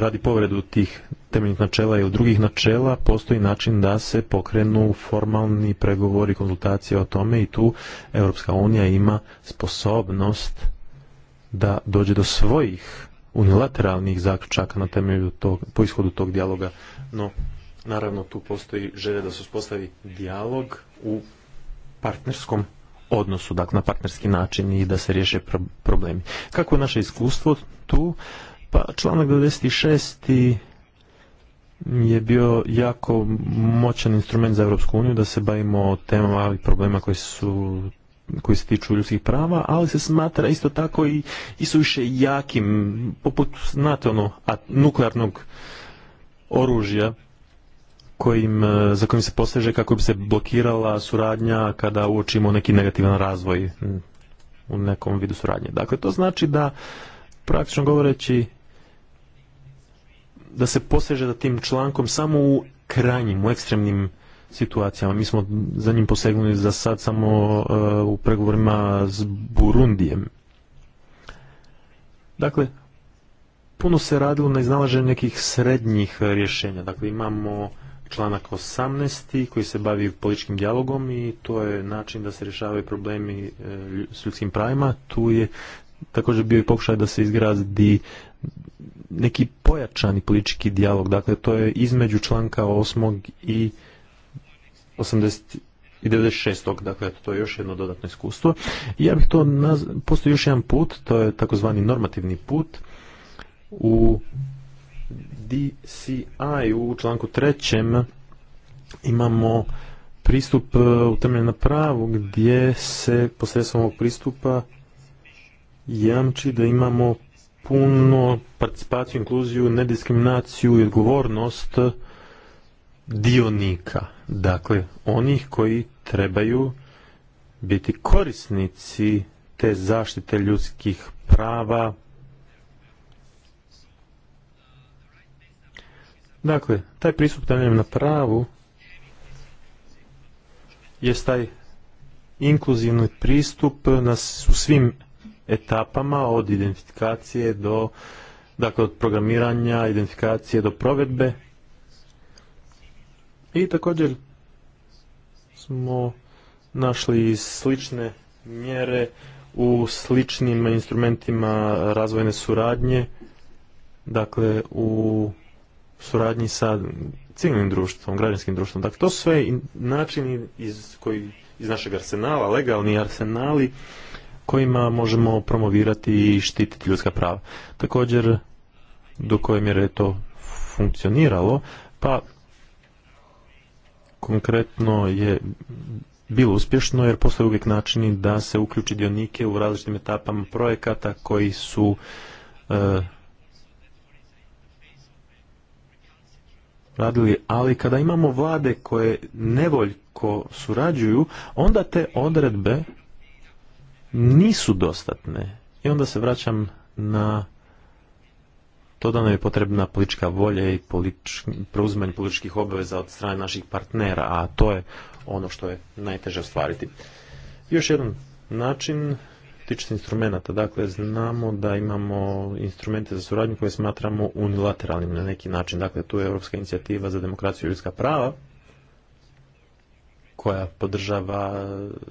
radi povredu tih temeljnih načela i u drugih načela, postoji način da se pokrenu formalni pregovori, konzultacije o tome i tu Europska unija ima sposobnost da dođe do svojih unilateralnih zaključaka na temelju tog, po ishodu tog dijaloga. No, naravno tu postoji želja da se uspostavi dijalog u partnerskom odnosu, dakle na partnerski način i da se riješe problemi. Kako je naše iskustvo tu? Pa članak 96. je bio jako moćan instrument za Europsku uniju da se bavimo temama i problema koji su koji se tiču ljudskih prava, ali se smatra isto tako i, i suviše jakim, poput, znate ono, nuklearnog oružja kojim, e, za kojim se poseže kako bi se blokirala suradnja kada uočimo neki negativan razvoj mm, u nekom vidu suradnje. Dakle, to znači da praktično govoreći da se poseže za tim člankom samo u krajnjim, u ekstremnim situacijama. Mi smo za njim posegnuli za sad samo uh, u pregovorima s Burundijem. Dakle, puno se radilo na iznalaženju nekih srednjih rješenja. Dakle, imamo članak 18. koji se bavi političkim dijalogom i to je način da se rješavaju problemi uh, s ljudskim pravima. Tu je također bio i pokušaj da se izgradi neki pojačani politički dijalog. Dakle, to je između članka 8. i 80 i 96. Dakle, to je još jedno dodatno iskustvo. Ja bih to naz... postoji još jedan put, to je takozvani normativni put u DCI u članku trećem imamo pristup e, utemeljen na pravu gdje se posredstvom ovog pristupa jamči da imamo puno participaciju, inkluziju, nediskriminaciju i odgovornost dionika. Dakle, onih koji trebaju biti korisnici te zaštite ljudskih prava. Dakle, taj pristup temeljem na pravu jest taj inkluzivni pristup u svim etapama od identifikacije do dakle od programiranja, identifikacije do provedbe. I također smo našli slične mjere u sličnim instrumentima razvojne suradnje, dakle u suradnji sa civilnim društvom, građanskim društvom. Dakle, to sve načini iz, koji, iz našeg arsenala, legalni arsenali kojima možemo promovirati i štititi ljudska prava. Također, do koje mjere je to funkcioniralo, pa konkretno je bilo uspješno jer postoje uvijek načini da se uključi dionike u različitim etapama projekata koji su e, radili, ali kada imamo vlade koje nevoljko surađuju, onda te odredbe nisu dostatne. I onda se vraćam na to da nam je potrebna politička volja i politički, preuzimanje političkih obaveza od strane naših partnera, a to je ono što je najteže ostvariti. Još jedan način tiče se instrumenta. Dakle, znamo da imamo instrumente za suradnju koje smatramo unilateralnim na neki način. Dakle, tu je Europska inicijativa za demokraciju i ljudska prava koja podržava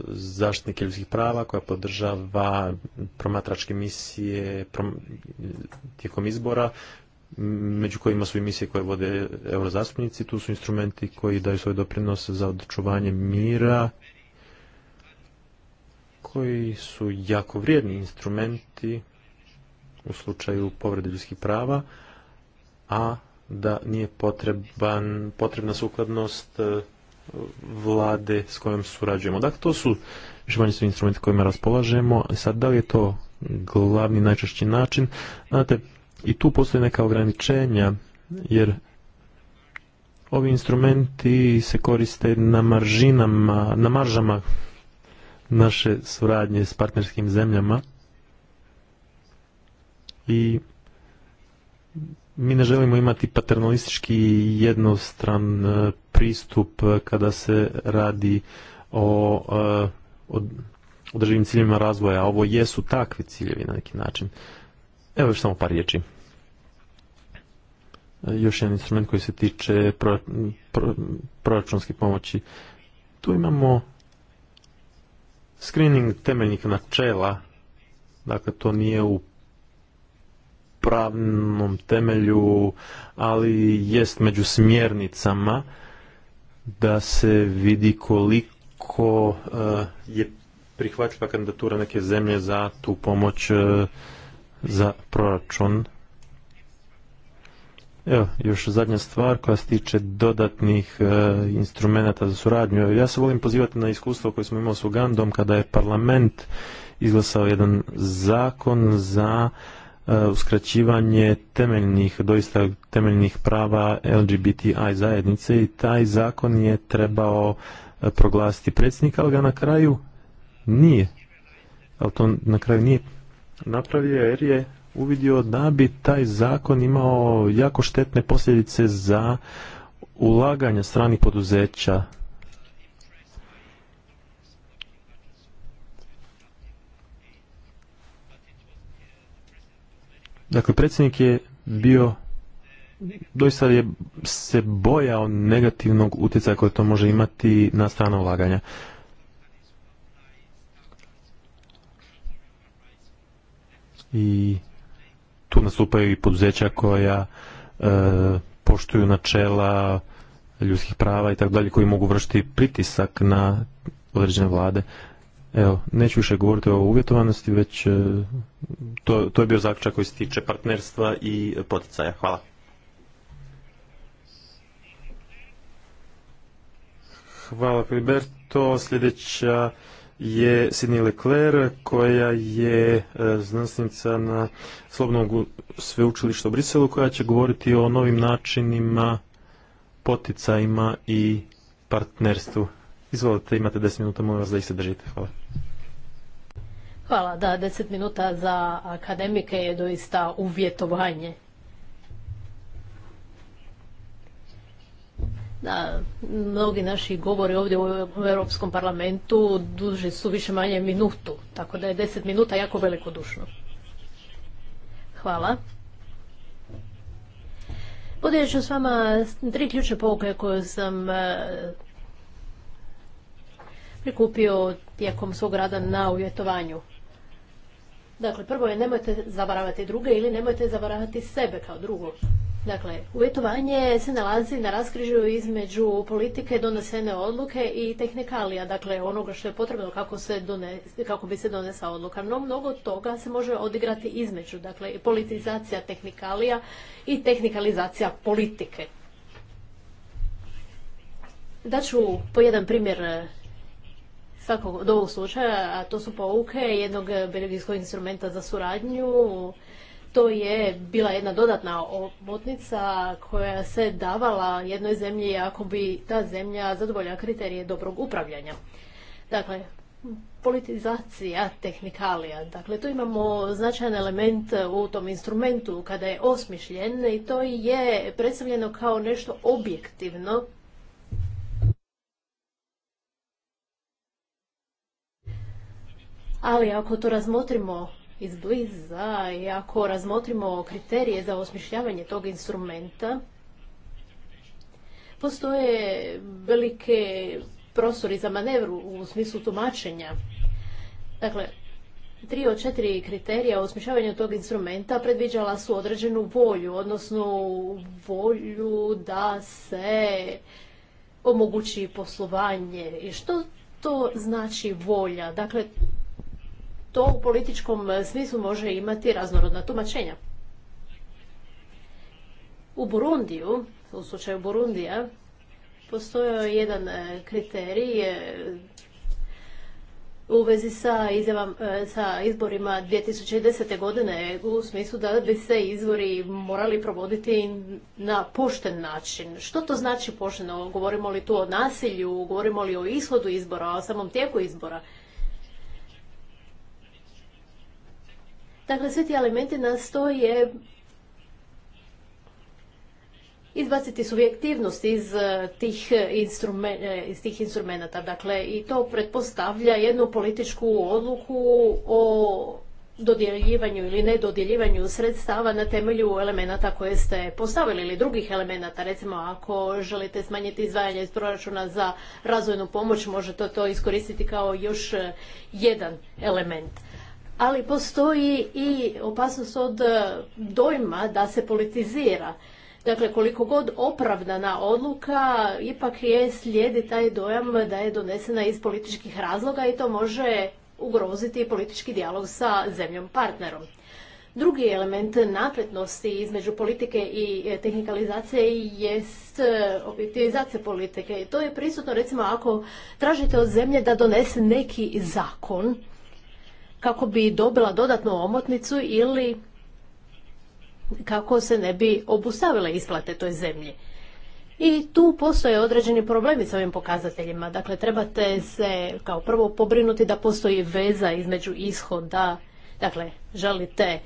zaštitnike ljudskih prava, koja podržava promatračke misije tijekom izbora, među kojima su i misije koje vode eurozastupnici, tu su instrumenti koji daju svoj doprinos za odčuvanje mira, koji su jako vrijedni instrumenti u slučaju povrede ljudskih prava, a da nije potreban, potrebna sukladnost vlade s kojom surađujemo. Dakle, to su više svi instrumenti kojima raspolažemo. E sad, da li je to glavni, najčešći način? Znate, i tu postoje neka ograničenja, jer ovi instrumenti se koriste na maržinama, na maržama naše suradnje s partnerskim zemljama i mi ne želimo imati paternalistički jednostran e, pristup e, kada se radi o e, održivim ciljevima razvoja. Ovo jesu takvi ciljevi na neki način. Evo još samo par riječi. Još jedan instrument koji se tiče proračunskih pomoći. Tu imamo screening temeljnih načela. Dakle, to nije u pravnom temelju, ali jest među smjernicama da se vidi koliko eh, je prihvatljiva kandidatura neke zemlje za tu pomoć eh, za proračun. Evo, još zadnja stvar koja se tiče dodatnih eh, instrumenata za suradnju. Ja se volim pozivati na iskustvo koje smo imali s Ugandom kada je parlament izglasao jedan zakon za E, uskraćivanje temeljnih, doista temeljnih prava LGBTI zajednice i taj zakon je trebao e, proglasiti predsjednik, ali ga na kraju nije. Ali to na kraju nije napravio jer je uvidio da bi taj zakon imao jako štetne posljedice za ulaganja stranih poduzeća Dakle, predsjednik je bio doista je se bojao negativnog utjecaja koje to može imati na strano ulaganja. I tu nastupaju i poduzeća koja e, poštuju načela ljudskih prava i tako dalje koji mogu vršiti pritisak na određene vlade. Evo, neću više govoriti o uvjetovanosti, već e, to, to je bio zaključak koji se tiče partnerstva i poticaja. Hvala. Hvala Filiberto. Sljedeća je Sidney Lecler, koja je e, znanstvenica na Slobnom sveučilištu u Briselu koja će govoriti o novim načinima, poticajima i partnerstvu. Izvolite, imate 10 minuta, molim vas da ih se držite. Hvala. Hvala, da, 10 minuta za akademike je doista uvjetovanje. Da, mnogi naši govori ovdje u Europskom parlamentu duži su više manje minutu, tako da je 10 minuta jako velikodušno. Hvala. Podijelit ću s vama tri ključne pouke koje sam prikupio tijekom svog rada na uvjetovanju. Dakle, prvo je nemojte zavaravati druge ili nemojte zavaravati sebe kao drugo. Dakle, uvjetovanje se nalazi na raskrižju između politike, donesene odluke i tehnikalija, dakle onoga što je potrebno kako, se kako bi se donesa odluka. No, mnogo toga se može odigrati između, dakle politizacija tehnikalija i tehnikalizacija politike. Daću po jedan primjer svakog od ovog slučaja, a to su pouke jednog belgijskog instrumenta za suradnju. To je bila jedna dodatna obotnica koja se davala jednoj zemlji ako bi ta zemlja zadovoljila kriterije dobrog upravljanja. Dakle, politizacija tehnikalija. Dakle, tu imamo značajan element u tom instrumentu kada je osmišljen i to je predstavljeno kao nešto objektivno Ali ako to razmotrimo izbliza i ako razmotrimo kriterije za osmišljavanje tog instrumenta, postoje velike prostori za manevru u smislu tumačenja. Dakle, tri od četiri kriterija u osmišljavanju tog instrumenta predviđala su određenu volju, odnosno volju da se omogući poslovanje. I što to znači volja? Dakle, to u političkom e, smislu može imati raznorodna tumačenja. U Burundiju, u slučaju Burundija, postojao jedan e, kriterij e, u vezi sa, izjavam, sa izborima 2010. godine u smislu da bi se izvori morali provoditi na pošten način. Što to znači pošteno? Govorimo li tu o nasilju, govorimo li o ishodu izbora, o samom tijeku izbora? Dakle, svi ti elementi nastoje izbaciti subjektivnost iz eh, tih, eh, eh, iz tih instrumenta. Dakle, i to pretpostavlja jednu političku odluku o dodjeljivanju ili ne dodjeljivanju sredstava na temelju elemenata koje ste postavili ili drugih elemenata. Recimo, ako želite smanjiti izdvajanje iz proračuna za razvojnu pomoć, možete to iskoristiti kao još jedan element ali postoji i opasnost od e, dojma da se politizira. Dakle, koliko god opravdana odluka, ipak je slijedi taj dojam da je donesena iz političkih razloga i to može ugroziti politički dijalog sa zemljom partnerom. Drugi element napretnosti između politike i e, tehnikalizacije jest e, objektivizacija politike. To je prisutno recimo ako tražite od zemlje da donese neki zakon, kako bi dobila dodatnu omotnicu ili kako se ne bi obustavile isplate toj zemlji. I tu postoje određeni problemi s ovim pokazateljima. Dakle, trebate se kao prvo pobrinuti da postoji veza između ishoda, dakle, želite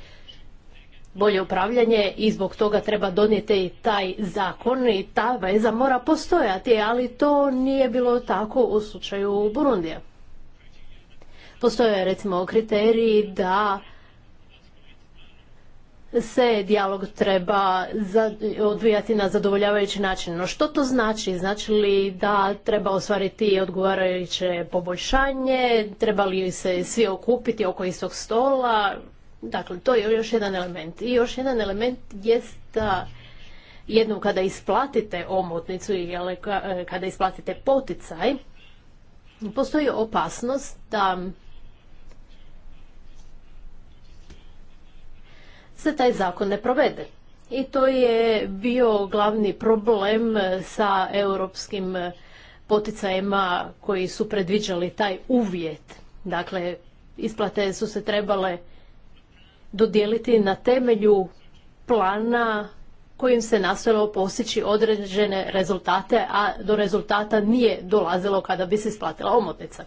bolje upravljanje i zbog toga treba donijeti i taj zakon i ta veza mora postojati, ali to nije bilo tako u slučaju Burundija. Postoje recimo kriteriji da se dijalog treba odvijati na zadovoljavajući način. No što to znači? Znači li da treba ostvariti odgovarajuće poboljšanje? Treba li se svi okupiti oko istog stola? Dakle, to je još jedan element. I još jedan element jest da jednom kada isplatite omotnicu ili e, kada isplatite poticaj, postoji opasnost da se taj zakon ne provede. I to je bio glavni problem sa europskim poticajima koji su predviđali taj uvjet. Dakle, isplate su se trebale dodijeliti na temelju plana kojim se nastojalo postići određene rezultate, a do rezultata nije dolazilo kada bi se isplatila omotnica.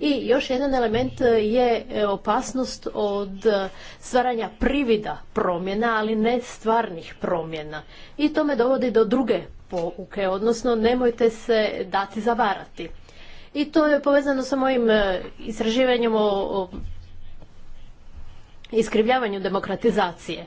I još jedan element e, je e, opasnost od e, stvaranja privida promjena, ali ne stvarnih promjena. I to me dovodi do druge pouke, odnosno nemojte se dati zavarati. I to je povezano sa mojim istraživanjem o iskrivljavanju demokratizacije.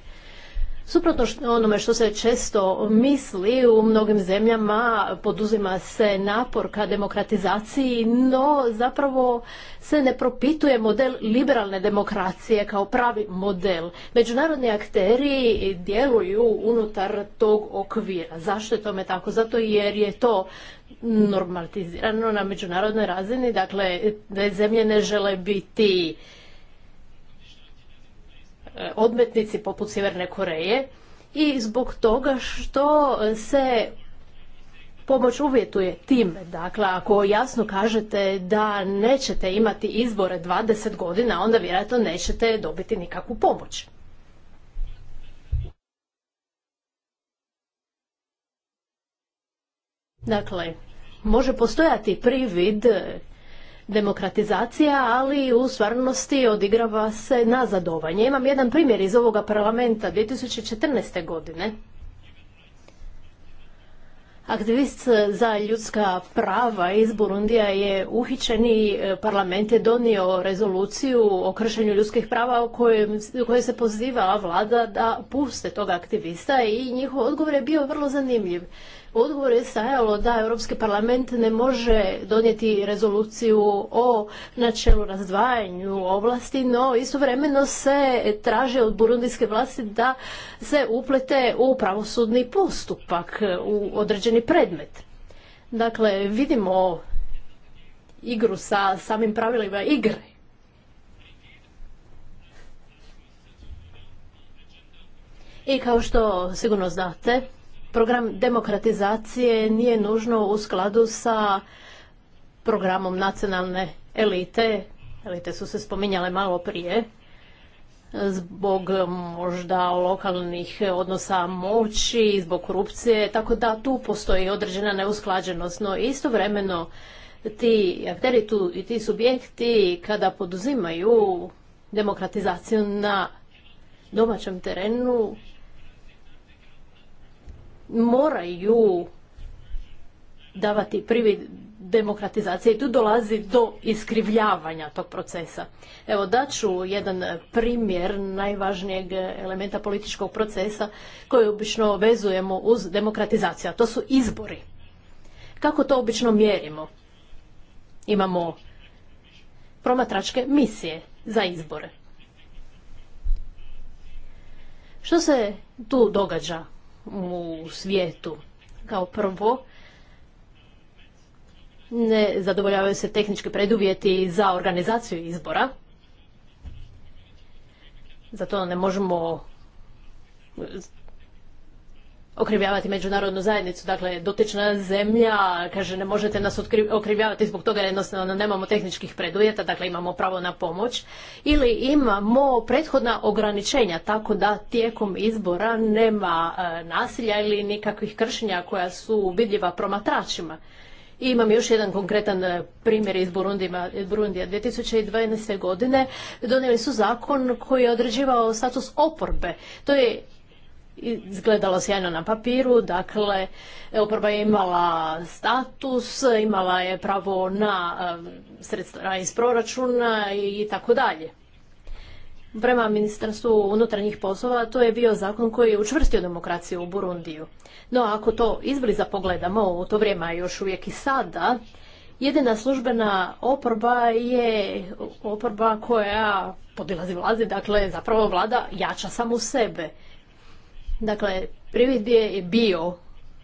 Suprotno onome što se često misli u mnogim zemljama poduzima se napor ka demokratizaciji, no zapravo se ne propituje model liberalne demokracije kao pravi model. Međunarodni akteri djeluju unutar tog okvira. Zašto je tome tako? Zato jer je to normalizirano na međunarodnoj razini, dakle zemlje ne žele biti E, odmetnici poput Sjeverne Koreje i zbog toga što se pomoć uvjetuje tim. Dakle, ako jasno kažete da nećete imati izbore 20 godina, onda vjerojatno nećete dobiti nikakvu pomoć. Dakle, može postojati privid demokratizacija, ali u stvarnosti odigrava se nazadovanje. Imam jedan primjer iz ovoga parlamenta 2014. godine. Aktivist za ljudska prava iz Burundija je uhićen i parlament je donio rezoluciju o kršenju ljudskih prava u kojoj se poziva vlada da puste toga aktivista i njihov odgovor je bio vrlo zanimljiv. U odgovoru je stajalo da Europski parlament ne može donijeti rezoluciju o načelu razdvajanju ovlasti, no istovremeno se traže od burundijske vlasti da se uplete u pravosudni postupak, u određeni predmet. Dakle, vidimo igru sa samim pravilima igre. I kao što sigurno znate, program demokratizacije nije nužno u skladu sa programom nacionalne elite. Elite su se spominjale malo prije zbog možda lokalnih odnosa moći, zbog korupcije, tako da tu postoji određena neusklađenost. No istovremeno ti akteri i ti subjekti kada poduzimaju demokratizaciju na domaćem terenu moraju davati privid demokratizacije i tu dolazi do iskrivljavanja tog procesa. Evo daću jedan primjer najvažnijeg elementa političkog procesa koji obično vezujemo uz demokratizaciju, a to su izbori. Kako to obično mjerimo? Imamo promatračke misije za izbore. Što se tu događa? u svijetu. Kao prvo, ne zadovoljavaju se tehnički preduvjeti za organizaciju izbora. Zato ne možemo okrivljavati međunarodnu zajednicu. Dakle, dotična zemlja, kaže, ne možete nas okrivljavati zbog toga jednostavno nemamo tehničkih predujeta, dakle imamo pravo na pomoć. Ili imamo prethodna ograničenja, tako da tijekom izbora nema e, nasilja ili nikakvih kršenja koja su vidljiva promatračima. I imam još jedan konkretan e, primjer iz Burundija. 2012. godine donijeli su zakon koji je određivao status oporbe. To je izgledalo sjajno na papiru, dakle oporba je imala status, imala je pravo na sredstva iz proračuna i tako dalje. Prema Ministarstvu unutarnjih poslova to je bio zakon koji je učvrstio demokraciju u Burundiju. No ako to izbliza pogledamo u to vrijeme, još uvijek i sada, jedina službena oporba je oporba koja podilazi vlazi, dakle zapravo vlada jača samu sebe. Dakle, privid je bio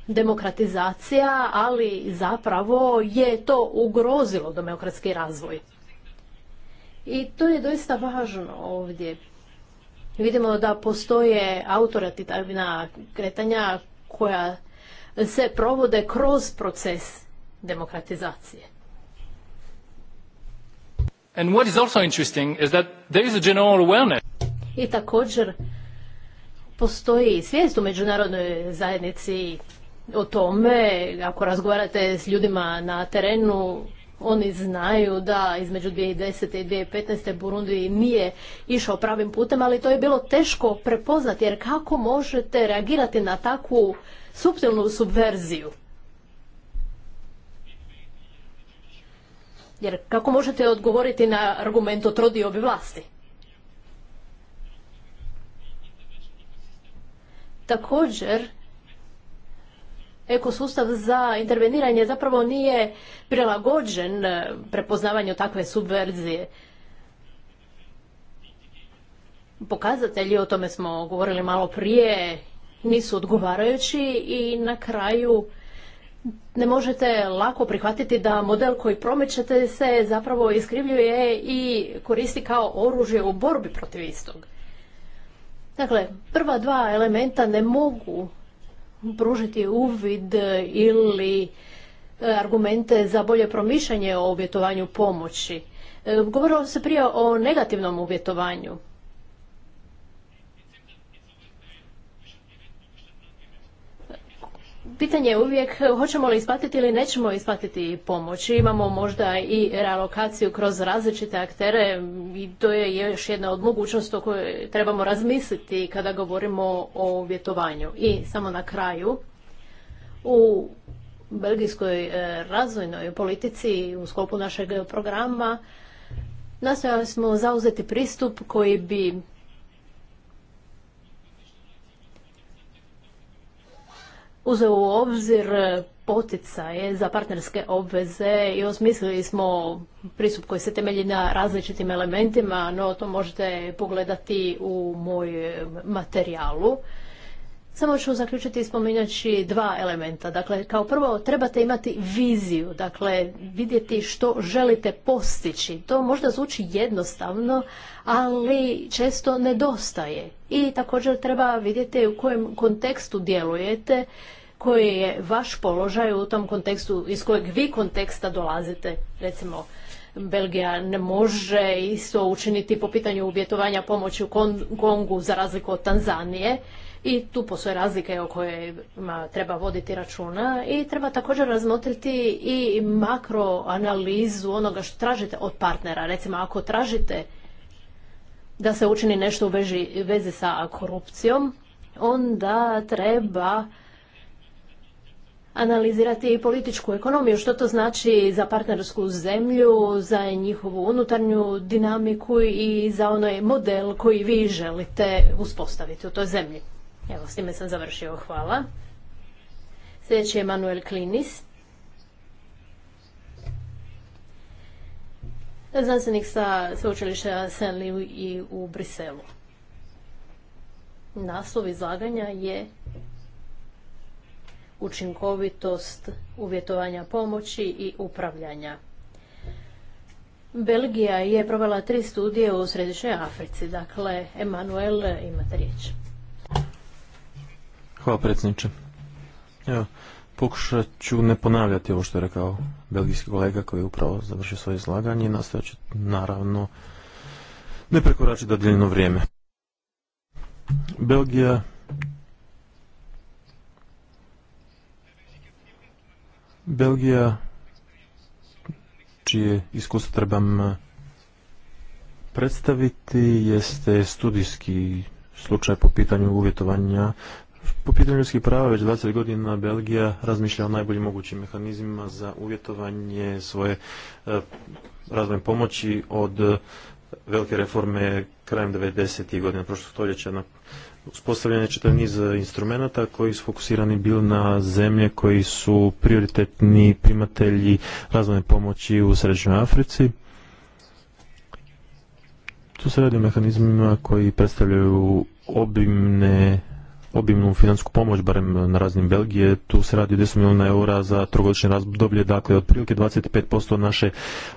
demokratizacija, ali zapravo je to ugrozilo demokratski razvoj. I to je doista važno ovdje. Vidimo da postoje autoritativna kretanja koja se provode kroz proces demokratizacije. And what is also interesting is that there is a general awareness. I također postoji svijest u međunarodnoj zajednici o tome, ako razgovarate s ljudima na terenu, oni znaju da između 2010. i 2015. Burundi nije išao pravim putem, ali to je bilo teško prepoznati, jer kako možete reagirati na takvu subtilnu subverziju? Jer kako možete odgovoriti na argument o trodiobi vlasti? Također, ekosustav za interveniranje zapravo nije prilagođen e, prepoznavanju takve subverzije. Pokazatelji, o tome smo govorili malo prije, nisu odgovarajući i na kraju ne možete lako prihvatiti da model koji promičete se zapravo iskrivljuje i koristi kao oružje u borbi protiv istog. Dakle, prva dva elementa ne mogu pružiti uvid ili e, argumente za bolje promišljanje o uvjetovanju pomoći. E, govorilo se prije o negativnom uvjetovanju. Pitanje je uvijek hoćemo li isplatiti ili nećemo isplatiti pomoć. Imamo možda i realokaciju kroz različite aktere i to je još jedna od mogućnosti o kojoj trebamo razmisliti kada govorimo o uvjetovanju. I samo na kraju, u belgijskoj e, razvojnoj politici u sklopu našeg programa nastojali smo zauzeti pristup koji bi uzeo u obzir e, poticaje za partnerske obveze i osmislili smo pristup koji se temelji na različitim elementima, no to možete pogledati u moj materijalu. Samo ću zaključiti spominjaći dva elementa. Dakle, kao prvo trebate imati viziju, dakle vidjeti što želite postići. To možda zvuči jednostavno, ali često nedostaje. I također treba vidjeti u kojem kontekstu djelujete, koji je vaš položaj u tom kontekstu, iz kojeg vi konteksta dolazite. Recimo, Belgija ne može isto učiniti po pitanju uvjetovanja pomoći u Kongu za razliku od Tanzanije i tu postoje razlike o kojima treba voditi računa i treba također razmotriti i makroanalizu onoga što tražite od partnera. Recimo ako tražite da se učini nešto u veži, vezi sa korupcijom, onda treba analizirati i političku ekonomiju, što to znači za partnersku zemlju, za njihovu unutarnju dinamiku i za onaj model koji vi želite uspostaviti u toj zemlji. Evo, s time sam završio. Hvala. Sljedeći je Manuel Klinis. Znanstvenik sa sveučilišta Senliju i u Briselu. Naslov izlaganja je učinkovitost uvjetovanja pomoći i upravljanja. Belgija je provela tri studije u Središnjoj Africi. Dakle, Emanuel, imate riječ. Hvala predsjedniče. Evo, pokušat ću ne ponavljati ovo što je rekao belgijski kolega koji je upravo završio svoje izlaganje i nastavit ću naravno ne prekoračiti dodijeljeno vrijeme. Belgija Belgija čije iskustvo trebam predstaviti jeste studijski slučaj po pitanju uvjetovanja po pitanju ljudskih prava već 20 godina Belgija razmišlja o najboljim mogućim mehanizmima za uvjetovanje svoje e, razvojne pomoći od e, velike reforme krajem 90. godina prošlog stoljeća na uspostavljen je čitav niz instrumenata koji su fokusirani bili na zemlje koji su prioritetni primatelji razvojne pomoći u Središnjoj Africi. Tu se radi o mehanizmima koji predstavljaju obimne obimnu financijsku pomoć, barem na raznim Belgije. Tu se radi 10 milijuna eura za trogodišnje razdoblje, dakle otprilike 25% naše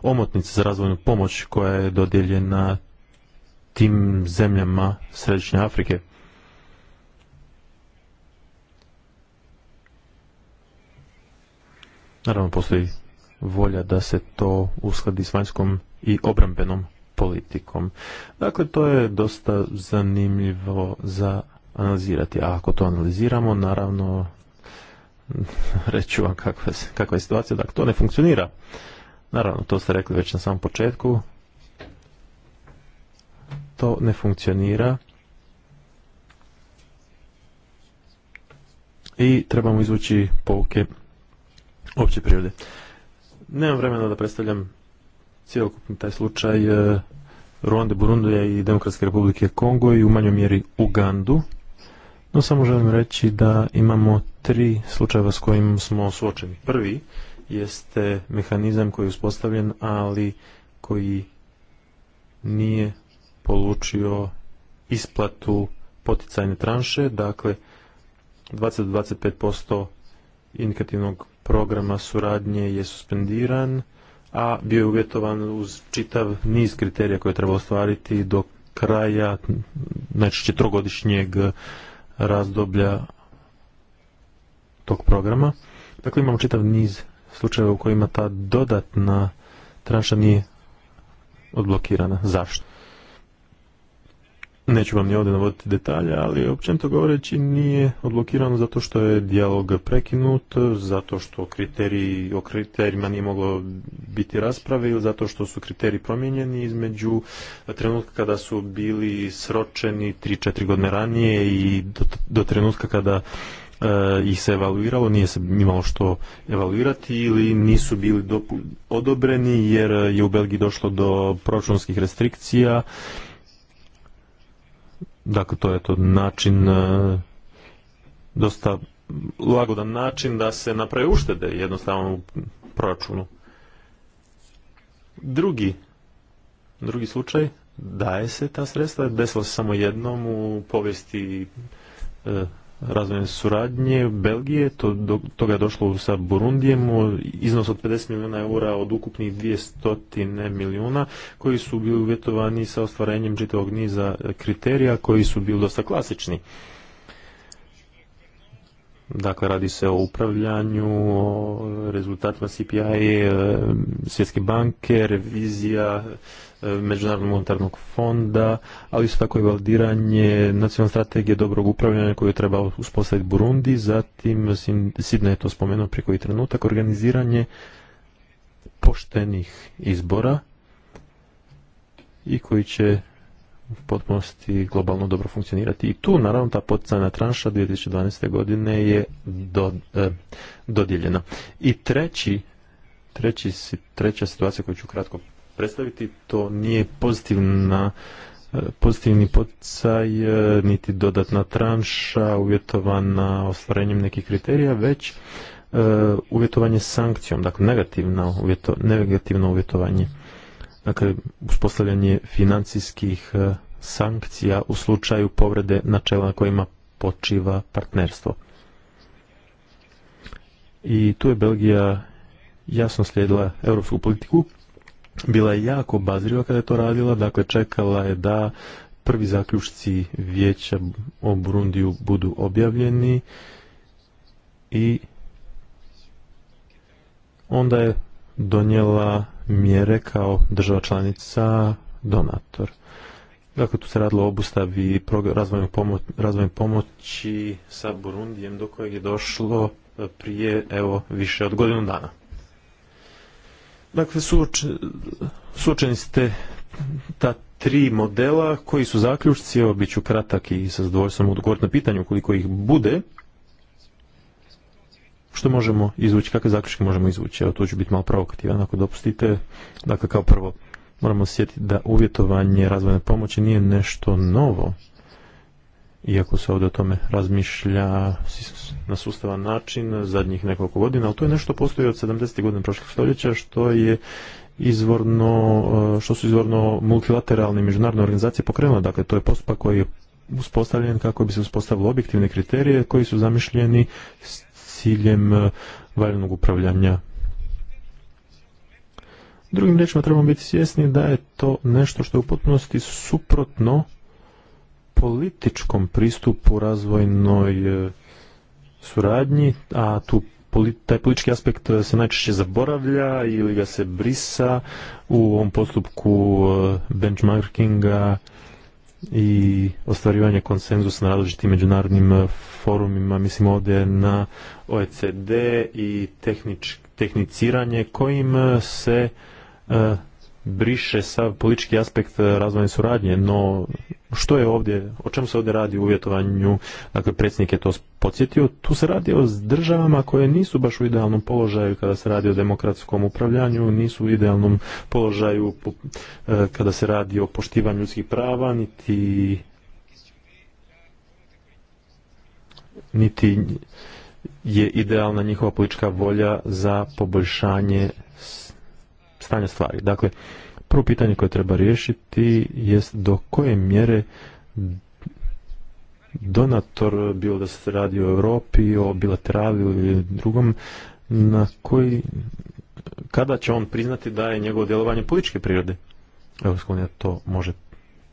omotnice za razvojnu pomoć koja je dodijeljena tim zemljama Središnje Afrike. Naravno, postoji volja da se to uskladi s vanjskom i obrambenom politikom. Dakle, to je dosta zanimljivo za analizirati. A ako to analiziramo, naravno, (laughs) reću vam kakva, je situacija. Dakle, to ne funkcionira. Naravno, to ste rekli već na samom početku. To ne funkcionira. I trebamo izvući pouke opće prirode. Nemam vremena da predstavljam cijelokupni taj slučaj eh, Ruande, Burundija i Demokratske republike Kongo i u manjoj mjeri Ugandu. No samo želim reći da imamo tri slučajeva s kojim smo suočeni. Prvi jeste mehanizam koji je uspostavljen, ali koji nije polučio isplatu poticajne tranše, dakle 20-25% indikativnog programa suradnje je suspendiran, a bio je uvjetovan uz čitav niz kriterija koje treba ostvariti do kraja najčešće trogodišnjeg razdoblja tog programa. Dakle, imamo čitav niz slučajeva u kojima ta dodatna tranša nije odblokirana. Zašto? Neću vam ni ovdje navoditi detalje, ali općenito govoreći nije odblokirano zato što je dijalog prekinut, zato što kriteriji, o kriterijima nije moglo biti rasprave ili zato što su kriteriji promijenjeni između trenutka kada su bili sročeni 3-4 godine ranije i do, trenutka kada eh, ih se evaluiralo, nije se imalo što evaluirati ili nisu bili odobreni jer je u Belgiji došlo do proračunskih restrikcija Dakle, to je to način, e, dosta lagodan način da se naprave uštede jednostavno u proračunu. Drugi, drugi slučaj, daje se ta sredstva, desilo se samo jednom u povijesti e, razvojne suradnje Belgije, to, do, toga je došlo sa Burundijem, iznos od 50 milijuna eura od ukupnih 200 milijuna, koji su bili uvjetovani sa ostvarenjem čitavog niza kriterija koji su bili dosta klasični. Dakle, radi se o upravljanju, o rezultatima CPI, e, Svjetske banke, revizija E, Međunarodnog monetarnog fonda, ali isto tako i validiranje nacionalne strategije dobrog upravljanja koju treba uspostaviti Burundi, zatim Sidna je to spomenuo prije koji trenutak, organiziranje poštenih izbora i koji će u potpunosti globalno dobro funkcionirati. I tu, naravno, ta poticajna tranša 2012. godine je do, e, dodijeljena. I treći, treći, treća situacija koju ću kratko predstaviti, to nije pozitivna e, pozitivni poticaj, e, niti dodatna tranša uvjetovana ostvarenjem nekih kriterija, već uh, uvjetovanje sankcijom, dakle negativno, uvjeto, negativno uvjetovanje. Dakle, uspostavljanje financijskih sankcija u slučaju povrede načela na kojima počiva partnerstvo. I tu je Belgija jasno slijedila europsku politiku bila je jako obazriva kada je to radila, dakle čekala je da prvi zaključci vijeća o Burundiju budu objavljeni i onda je donijela mjere kao država članica donator. Dakle, tu se radilo o obustavi razvojne pomoći sa Burundijem do kojeg je došlo prije evo više od godinu dana. Dakle, suočeni ste ta tri modela, koji su zaključci, evo bit ću kratak i sa zadovoljstvom odgovoriti na pitanje ukoliko ih bude. Što možemo izvući, kakve zaključke možemo izvući? Evo, to ću biti malo provokativan ako dopustite. Dakle, kao prvo, moramo sjetiti da uvjetovanje razvojne pomoći nije nešto novo iako se ovdje o tome razmišlja na sustavan način zadnjih nekoliko godina, ali to je nešto postoji od 70. godina prošlog stoljeća što je izvorno, e, što su izvorno multilateralne međunarodne organizacije pokrenule. Dakle, to je postupak koji je uspostavljen kako bi se uspostavilo objektivne kriterije koji su zamišljeni s ciljem e, valjenog upravljanja. Drugim riječima trebamo biti svjesni da je to nešto što je u potpunosti suprotno političkom pristupu razvojnoj e, suradnji, a tu taj politički aspekt e, se najčešće zaboravlja ili ga se brisa u ovom postupku e, benchmarkinga i ostvarivanje konsenzusa na različitim međunarodnim forumima, mislim ovdje na OECD i tehnič, tehniciranje kojim se briše sav politički aspekt e, razvojne suradnje, no što je ovdje, o čemu se ovdje radi u uvjetovanju, dakle predsjednik je to podsjetio, tu se radi o državama koje nisu baš u idealnom položaju kada se radi o demokratskom upravljanju, nisu u idealnom položaju e, kada se radi o poštivanju ljudskih prava, niti niti je idealna njihova politička volja za poboljšanje stanja stvari. Dakle, prvo pitanje koje treba riješiti jest do koje mjere donator, bilo da se radi o Europi, o bilaterali ili drugom, na koji, kada će on priznati da je njegovo djelovanje političke prirode? EU unija to može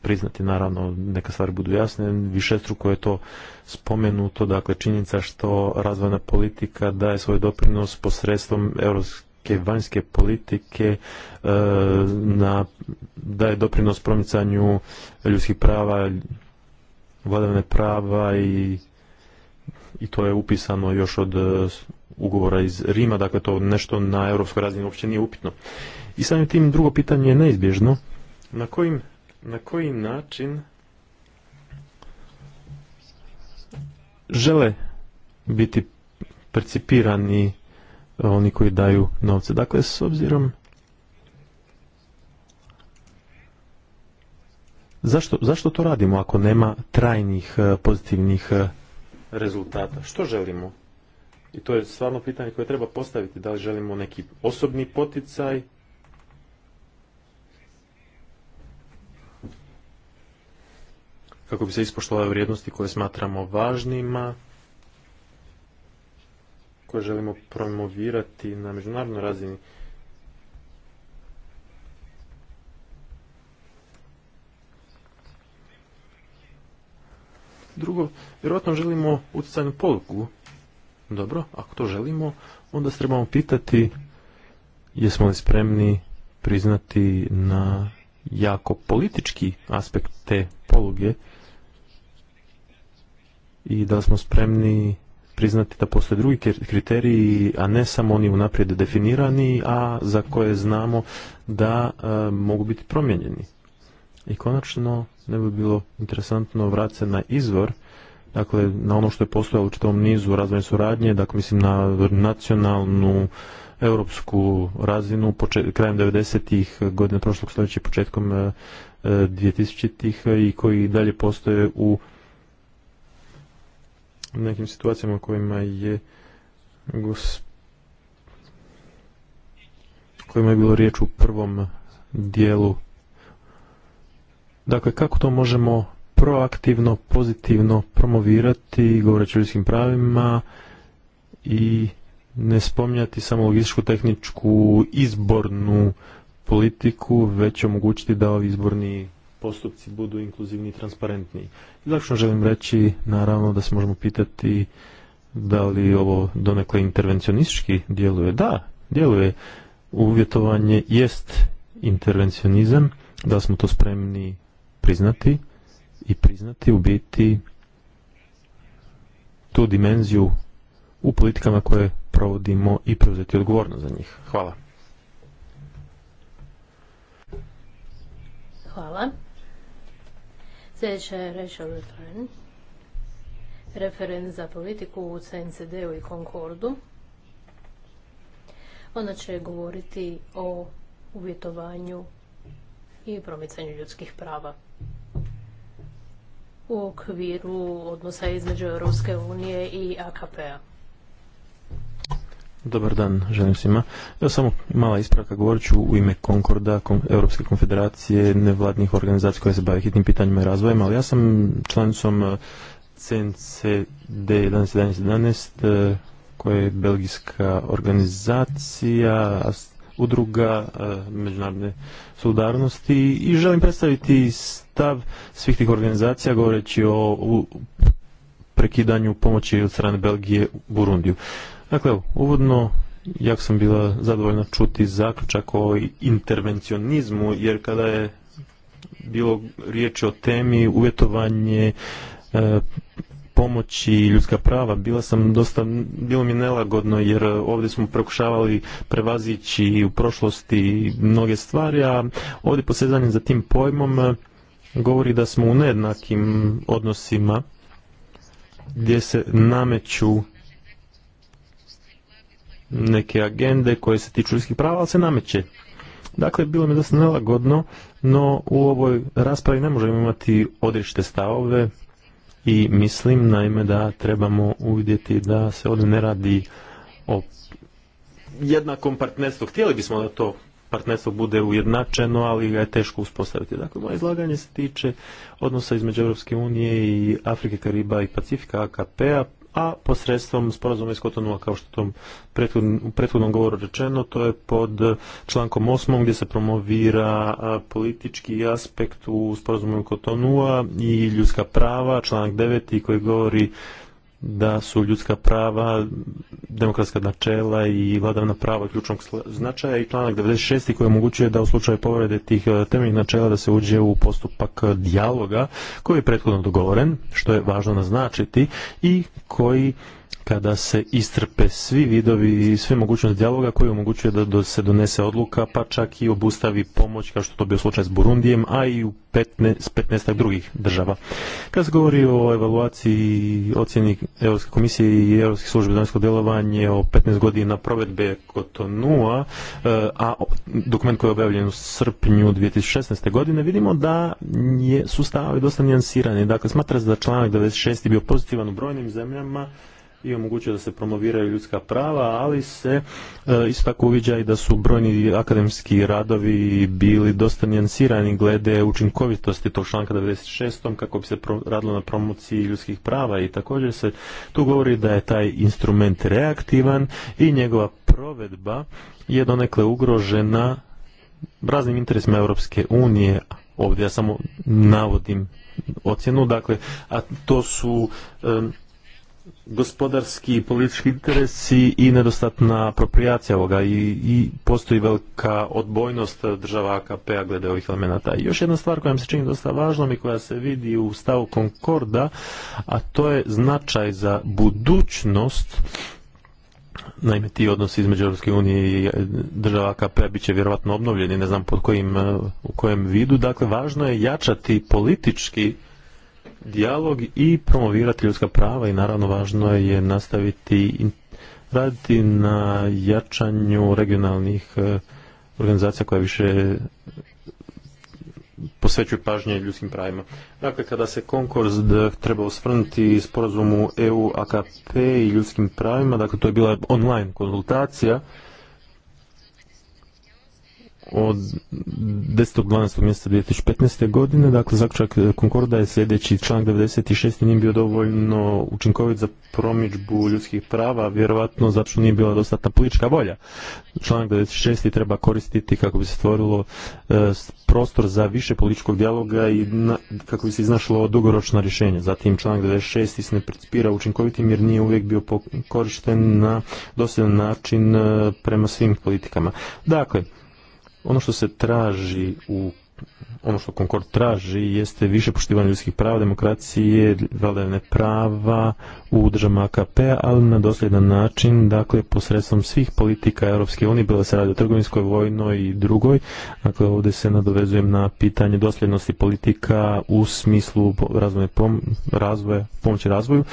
priznati, naravno, neka stvari budu jasne, više struko je to spomenuto, dakle, činjenica što razvojna politika daje svoj doprinos posredstvom Europske vanjske politike e, na, je doprinos promicanju ljudskih prava, vladavne prava i, i to je upisano još od e, ugovora iz Rima, dakle to nešto na europskoj razini uopće nije upitno. I samim tim drugo pitanje je neizbježno. Na, kojim, na koji način žele biti percipirani oni koji daju novce. Dakle, s obzirom Zašto, zašto to radimo ako nema trajnih e, pozitivnih e, rezultata? Što želimo? I to je stvarno pitanje koje treba postaviti. Da li želimo neki osobni poticaj? Kako bi se ispoštovale vrijednosti koje smatramo važnima? koje želimo promovirati na međunarodnoj razini. Drugo, vjerojatno želimo utjecajnu poluku. Dobro, ako to želimo, onda se trebamo pitati jesmo li spremni priznati na jako politički aspekt te poluge i da smo spremni priznati da postoje drugi kriteriji, a ne samo oni unaprijed definirani, a za koje znamo da e, mogu biti promijenjeni. I konačno, ne bi bilo interesantno vratiti se na izvor, dakle na ono što je postojalo u čitavom nizu razvojne suradnje, dakle mislim na nacionalnu europsku razinu počet, krajem 90-ih godina prošlog stoljeća početkom e, 2000 e, i koji dalje postoje u nekim situacijama u kojima je kojima je bilo riječ u prvom dijelu. Dakle, kako to možemo proaktivno, pozitivno promovirati, govoreći o ljudskim pravima i ne spominjati samo logističku, tehničku, izbornu politiku, već omogućiti da ovi izborni postupci budu inkluzivni i transparentni. I što želim reći, naravno, da se možemo pitati da li ovo donekle intervencionistički djeluje. Da, djeluje. Uvjetovanje jest intervencionizam, da smo to spremni priznati i priznati u biti tu dimenziju u politikama koje provodimo i preuzeti odgovornost za njih. Hvala. Hvala. Sljedeća je Rachel o referent za politiku u CNCD-u i Concordu. Ona će govoriti o uvjetovanju i promicanju ljudskih prava u okviru odnosa između Europske unije i AKP-a. Dobar dan, želim svima. Evo samo mala ispravka, govorit ću u ime Konkorda, Europske konfederacije nevladnih organizacija koje se bave hitnim pitanjima i razvojem, ali ja sam članicom CNCD 11.11.11 koja je belgijska organizacija, udruga e, međunarodne solidarnosti i želim predstaviti stav svih tih organizacija govoreći o prekidanju pomoći od strane Belgije u Burundiju. Dakle, evo, uvodno jako sam bila zadovoljna čuti zaključak o intervencionizmu, jer kada je bilo riječ o temi uvjetovanje e, pomoći i ljudska prava, bila sam dosta, bilo mi nelagodno jer ovdje smo prekušavali prevazići u prošlosti mnoge stvari, a ovdje posezanje za tim pojmom e, govori da smo u nejednakim odnosima gdje se nameću neke agende koje se tiču ljudskih prava, ali se nameće. Dakle, bilo mi dosta nelagodno, no u ovoj raspravi ne možemo imati odrište stavove i mislim naime da trebamo uvidjeti da se ovdje ne radi o jednakom partnerstvu. Htjeli bismo da to partnerstvo bude ujednačeno, ali ga je teško uspostaviti. Dakle, moje izlaganje se tiče odnosa između Europske unije i Afrike, Kariba i Pacifika, AKP-a, a posredstvom sporazuma iz Kotonua, kao što tom u prethodnom govoru rečeno, to je pod člankom 8. gdje se promovira politički aspekt u sporazumu Kotonua i ljudska prava, članak 9. koji govori da su ljudska prava, demokratska načela i vladavna prava ključnog značaja i članak 96. koji omogućuje da u slučaju povrede tih e, temeljnih načela da se uđe u postupak dijaloga koji je prethodno dogovoren, što je važno naznačiti i koji kada se istrpe svi vidovi i sve mogućnosti dijaloga koji omogućuje da se donese odluka, pa čak i obustavi pomoć, kao što to bio slučaj s Burundijem, a i u 15, drugih država. Kad se govori o evaluaciji ocjeni Europske komisije i Europske službe vanjsko djelovanje o 15 godina provedbe Kotonua, eh, a dokument koji je objavljen u srpnju 2016. godine, vidimo da je sustav dosta nijansirani. Dakle, smatra se da članak 96. bio pozitivan u brojnim zemljama, i omogućuje da se promoviraju ljudska prava, ali se e, isto tako uviđa i da su brojni akademski radovi bili dosta njansirani, glede učinkovitosti tog članka 96. kako bi se radilo na promociji ljudskih prava i također se tu govori da je taj instrument reaktivan i njegova provedba je donekle ugrožena raznim interesima Europske unije. Ovdje ja samo navodim ocjenu, dakle, a to su gospodarski i politički interesi i nedostatna apropriacija ovoga i, postoji velika odbojnost država AKP-a glede ovih elemenata. I još jedna stvar koja mi se čini dosta važnom i koja se vidi u stavu Konkorda, a to je značaj za budućnost Naime, ti odnosi između Europske unije i e, država AKP p-a bit će vjerojatno obnovljeni, ne znam pod e, u kojem vidu. Dakle, važno je jačati politički dijalog i promovirati ljudska prava i naravno važno je nastaviti raditi na jačanju regionalnih e, organizacija koja više posvećuju pažnje ljudskim pravima. Dakle, kada se konkurs treba osvrnuti sporazumu EU AKP i ljudskim pravima, dakle to je bila online konzultacija od 10.12. mjesta 2015. godine, dakle zaključak Konkorda e, je sljedeći članak 96. nije bio dovoljno učinkovit za promičbu ljudskih prava, vjerovatno zato što nije bila dostatna politička volja. Članak 96. treba koristiti kako bi se stvorilo e, prostor za više političkog dijaloga i kako bi se iznašlo dugoročno rješenje. Zatim članak 96. se ne principira učinkovitim jer nije uvijek bio korišten na dosljedan način e, prema svim politikama. Dakle, ono što se traži u ono što Concord traži jeste više poštivanje ljudskih prava, demokracije, vladavine prava u državama AKP, ali na dosljedan način, dakle, posredstvom svih politika Europske unije, bilo se radi o trgovinskoj, vojnoj i drugoj, dakle, ovdje se nadovezujem na pitanje dosljednosti politika u smislu razvoja, pom razvoja pomoći razvoju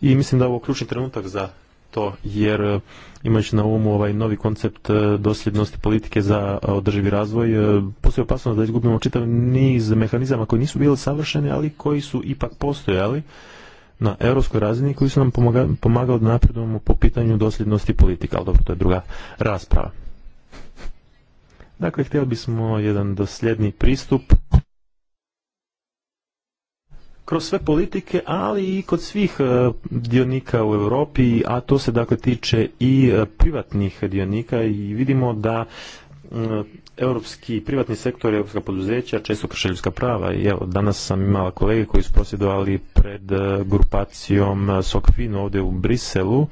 i mislim da je ovo ključni trenutak za to jer e, imajući na umu ovaj novi koncept e, dosljednosti politike za e, održivi razvoj, postoji opasnost da izgubimo čitav niz mehanizama koji nisu bili savršeni, ali koji su ipak postojali na europskoj razini koji su nam pomagali, da napredujemo po pitanju dosljednosti politika, ali dobro, to je druga rasprava. Dakle, htjeli bismo jedan dosljedni pristup kroz sve politike, ali i kod svih e, dionika u Europi, a to se dakle tiče i e, privatnih dionika i vidimo da e, europski privatni sektor, europska poduzeća često krše ljudska prava i evo danas sam imala kolege koji su prosvjedovali pred grupacijom Sokfin ovdje u Briselu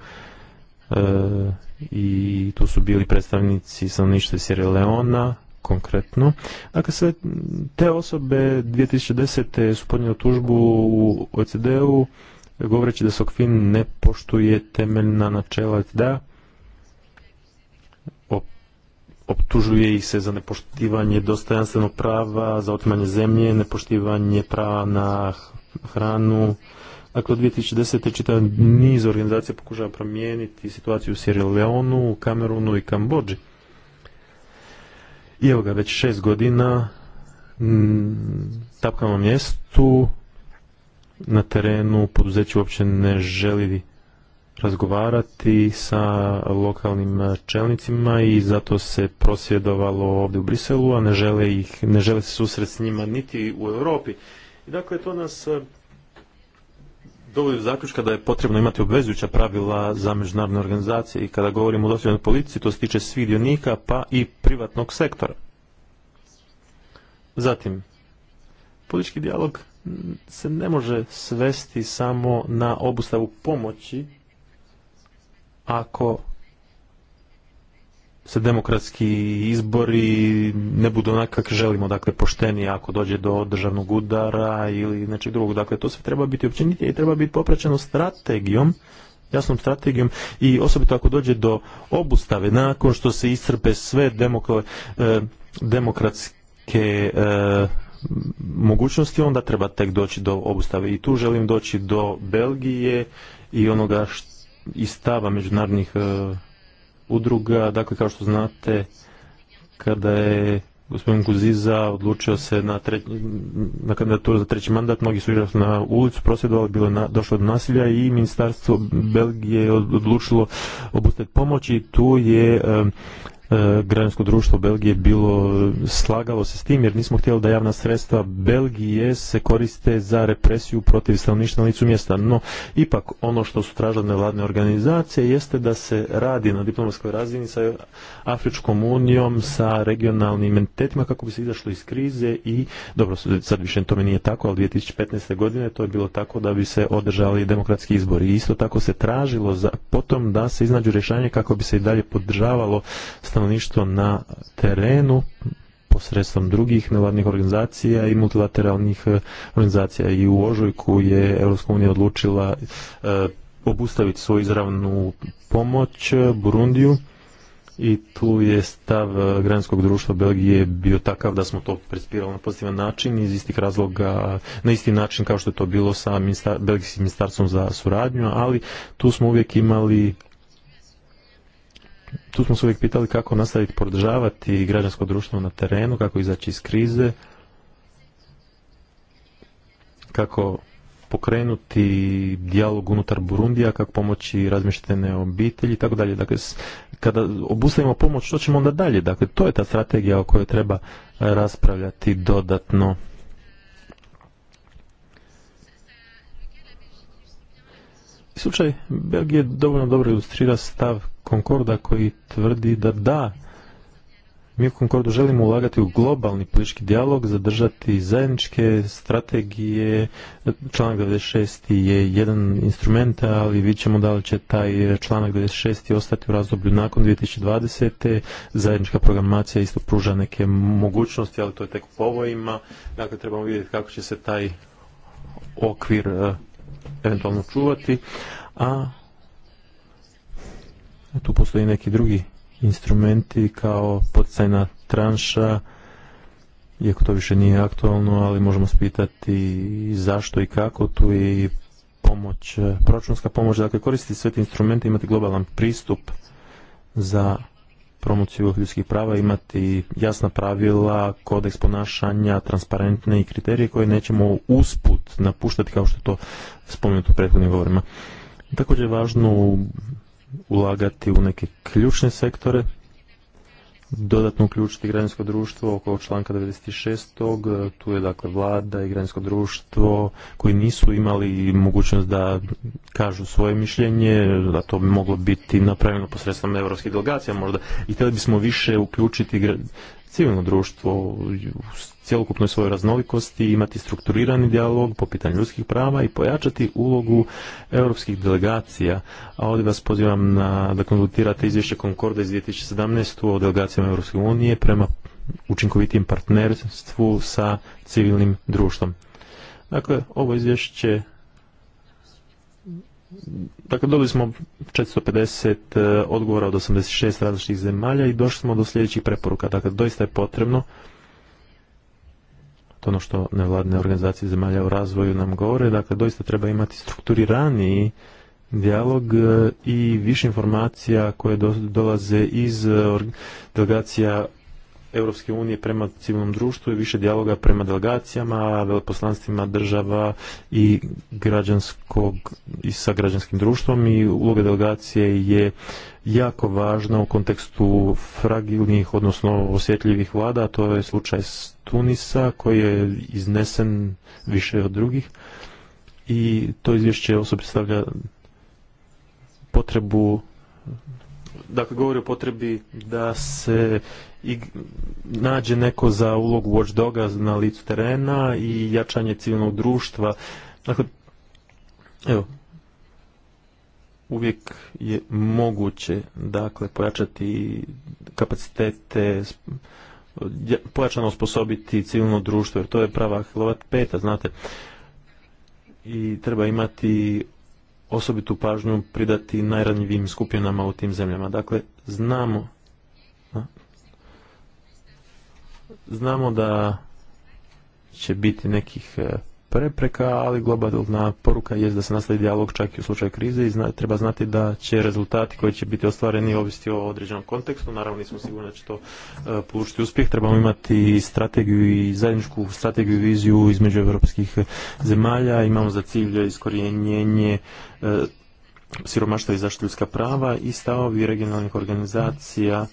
i tu su bili predstavnici stanovništva Sierra Leona konkretno. Dakle, sve te osobe 2010. su podnijele tužbu u OCD-u govoreći da Sokfin ne poštuje temeljna načela da optužuje ih se za nepoštivanje dostojanstvenog prava, za otimanje zemlje, nepoštivanje prava na hranu. Dakle, od 2010. čitav niz organizacija pokušava promijeniti situaciju u Sierra Leonu, Kamerunu i Kambodži i evo ga, već šest godina mm, tapkamo mjestu, na terenu poduzeće uopće ne želi razgovarati sa lokalnim čelnicima i zato se prosvjedovalo ovdje u Briselu, a ne žele, ih, ne žele se susret s njima niti u Europi. I dakle, to nas Dovoljno do zaključka da je potrebno imati obvezujuća pravila za međunarodne organizacije i kada govorimo o dosljednoj politici, to se tiče svih dionika pa i privatnog sektora. Zatim, politički dijalog se ne može svesti samo na obustavu pomoći ako se demokratski izbori ne budu onak kak želimo, dakle pošteni ako dođe do državnog udara ili nečeg drugog. Dakle, to sve treba biti općenitije i treba biti popraćeno strategijom jasnom strategijom i osobito ako dođe do obustave nakon što se iscrpe sve e, demokratske e, mogućnosti onda treba tek doći do obustave i tu želim doći do Belgije i onoga št, i stava međunarodnih e, udruga. Dakle, kao što znate, kada je gospodin Guziza odlučio se na, treć, na kandidaturu za treći mandat, mnogi su išli na ulicu, prosvjedovali, bilo je na, došlo do nasilja i ministarstvo Belgije je odlučilo obustaviti pomoć i tu je E, građansko društvo Belgije bilo slagalo se s tim jer nismo htjeli da javna sredstva Belgije se koriste za represiju protiv stanovništva na licu mjesta. No, ipak ono što su tražile nevladne organizacije jeste da se radi na diplomatskoj razini sa Afričkom unijom, sa regionalnim entitetima kako bi se izašlo iz krize i dobro, sad više tome nije tako, ali 2015. godine to je bilo tako da bi se održali demokratski izbori. I isto tako se tražilo za, potom da se iznađu rješanje kako bi se i dalje podržavalo stanovništvo stanovništvo na terenu posredstvom drugih nevladnih organizacija i multilateralnih e, organizacija. I u Ožujku je EU odlučila e, obustaviti svoju izravnu pomoć Burundiju i tu je stav e, granskog društva Belgije bio takav da smo to prespirali na pozitivan način iz istih razloga, na isti način kao što je to bilo sa Belgijskim ministarstvom za suradnju, ali tu smo uvijek imali tu smo se uvijek pitali kako nastaviti podržavati građansko društvo na terenu, kako izaći iz krize, kako pokrenuti dijalog unutar Burundija, kako pomoći razmještene obitelji i tako dalje. Dakle, kada obustavimo pomoć, što ćemo onda dalje? Dakle, to je ta strategija o kojoj treba e, raspravljati dodatno. Slučaj Belgije dovoljno dobro ilustrira stav Concorda koji tvrdi da da, mi u Concordu želimo ulagati u globalni politički dijalog, zadržati zajedničke strategije, članak 96. je jedan instrument, ali vidjet ćemo da li će taj članak 96. ostati u razdoblju nakon 2020. Zajednička programacija isto pruža neke mogućnosti, ali to je tek u povojima. Dakle, trebamo vidjeti kako će se taj okvir eh, eventualno čuvati, a tu postoji neki drugi instrumenti kao poticajna tranša, iako to više nije aktualno, ali možemo spitati zašto i kako, tu je i pomoć, proračunska pomoć, dakle koristiti sve te instrumente, imati globalan pristup za promociju ljudskih prava imati jasna pravila, kodeks ponašanja, transparentne i kriterije koje nećemo usput napuštati kao što je to spomenuto u prethodnim govorima. Također je važno ulagati u neke ključne sektore, dodatno uključiti građansko društvo oko članka 96. Tu je dakle vlada i građansko društvo koji nisu imali mogućnost da kažu svoje mišljenje, da to bi moglo biti napravljeno posredstvom europskih delegacija možda i htjeli bismo više uključiti civilno društvo u cjelokupnoj svojoj raznolikosti, imati strukturirani dijalog po pitanju ljudskih prava i pojačati ulogu europskih delegacija. A ovdje vas pozivam na, da konzultirate izvješće Concorda iz 2017. o delegacijama Europske unije prema učinkovitijem partnerstvu sa civilnim društvom. Dakle, ovo izvješće Dakle, dobili smo 450 eh, odgovora od 86 različitih zemalja i došli smo do sljedećih preporuka. Dakle, doista je potrebno to ono što nevladne organizacije zemalja u razvoju nam govore, dakle doista treba imati strukturiraniji dijalog e, i više informacija koje dolaze iz e, delegacija Europske unije prema civilnom društvu i više dijaloga prema delegacijama, veleposlanstvima država i građanskog i sa građanskim društvom i uloga delegacije je jako važna u kontekstu fragilnih, odnosno osjetljivih vlada, to je slučaj s Tunisa koji je iznesen više od drugih i to izvješće osobi stavlja potrebu dakle govori o potrebi da se i nađe neko za ulogu watchdoga na licu terena i jačanje civilnog društva. Dakle, evo, uvijek je moguće dakle pojačati kapacitete pojačano osposobiti civilno društvo, jer to je prava hlovat peta, znate. I treba imati osobitu pažnju pridati najranjivim skupinama u tim zemljama. Dakle, znamo znamo da će biti nekih e, prepreka, ali globalna poruka je da se nastavi dijalog čak i u slučaju krize i zna, treba znati da će rezultati koji će biti ostvareni ovisiti o određenom kontekstu. Naravno nismo sigurni da će to uh, polučiti uspjeh. Trebamo imati strategiju i zajedničku strategiju i viziju između europskih zemalja. Imamo za cilj iskorjenjenje e, siromaštva i zaštitu prava i stavovi regionalnih organizacija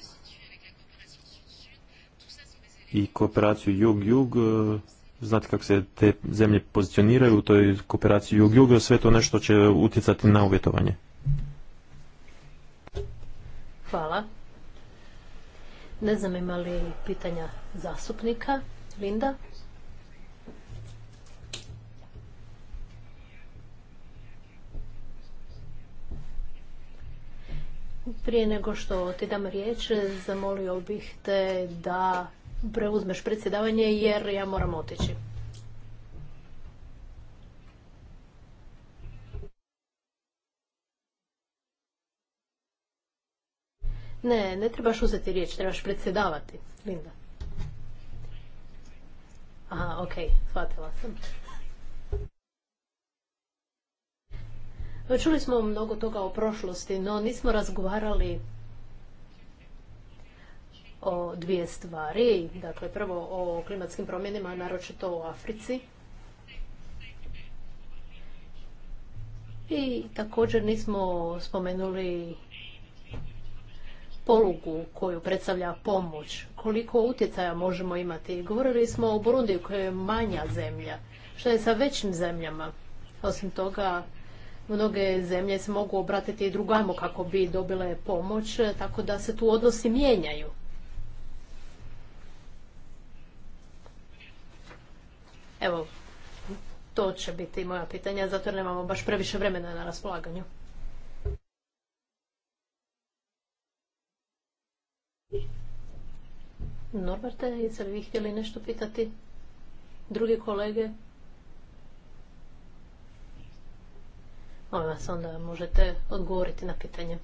i kooperaciju jug-jug e, Znate kako se te zemlje pozicioniraju u toj kooperaciji jug-jug, sve to nešto će utjecati na uvjetovanje. Hvala. Ne znam ima li pitanja zastupnika. Linda? Prije nego što ti dam riječ, zamolio bih te da preuzmeš predsjedavanje jer ja moram otići. Ne, ne trebaš uzeti riječ, trebaš predsjedavati, Linda. Aha, shvatila sam. Čuli smo mnogo toga o prošlosti, no nismo razgovarali o dvije stvari. Dakle, prvo o klimatskim promjenima, naročito u Africi. I također nismo spomenuli polugu koju predstavlja pomoć. Koliko utjecaja možemo imati? Govorili smo o Burundi koja je manja zemlja. Što je sa većim zemljama? Osim toga, mnoge zemlje se mogu obratiti i drugamo kako bi dobile pomoć, tako da se tu odnosi mijenjaju. Evo, to će biti moja pitanja, zato jer nemamo baš previše vremena na raspolaganju. Norberte, jeste li vi htjeli nešto pitati? Drugi kolege? Molim vas, onda možete odgovoriti na pitanje.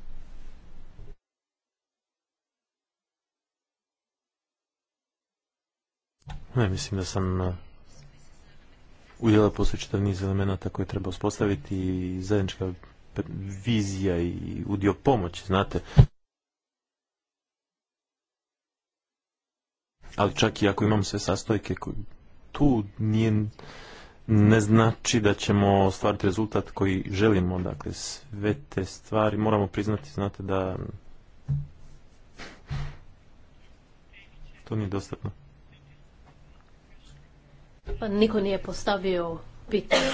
Ne, mislim da sam Ujela postoji čitav niz elemenata koje treba uspostaviti i zajednička vizija i udio pomoći, znate. Ali čak i ako imamo sve sastojke, tu nije, ne znači da ćemo ostvariti rezultat koji želimo. Dakle, sve te stvari moramo priznati, znate da to nije dostatno. Pa niko nije postavio pitanje.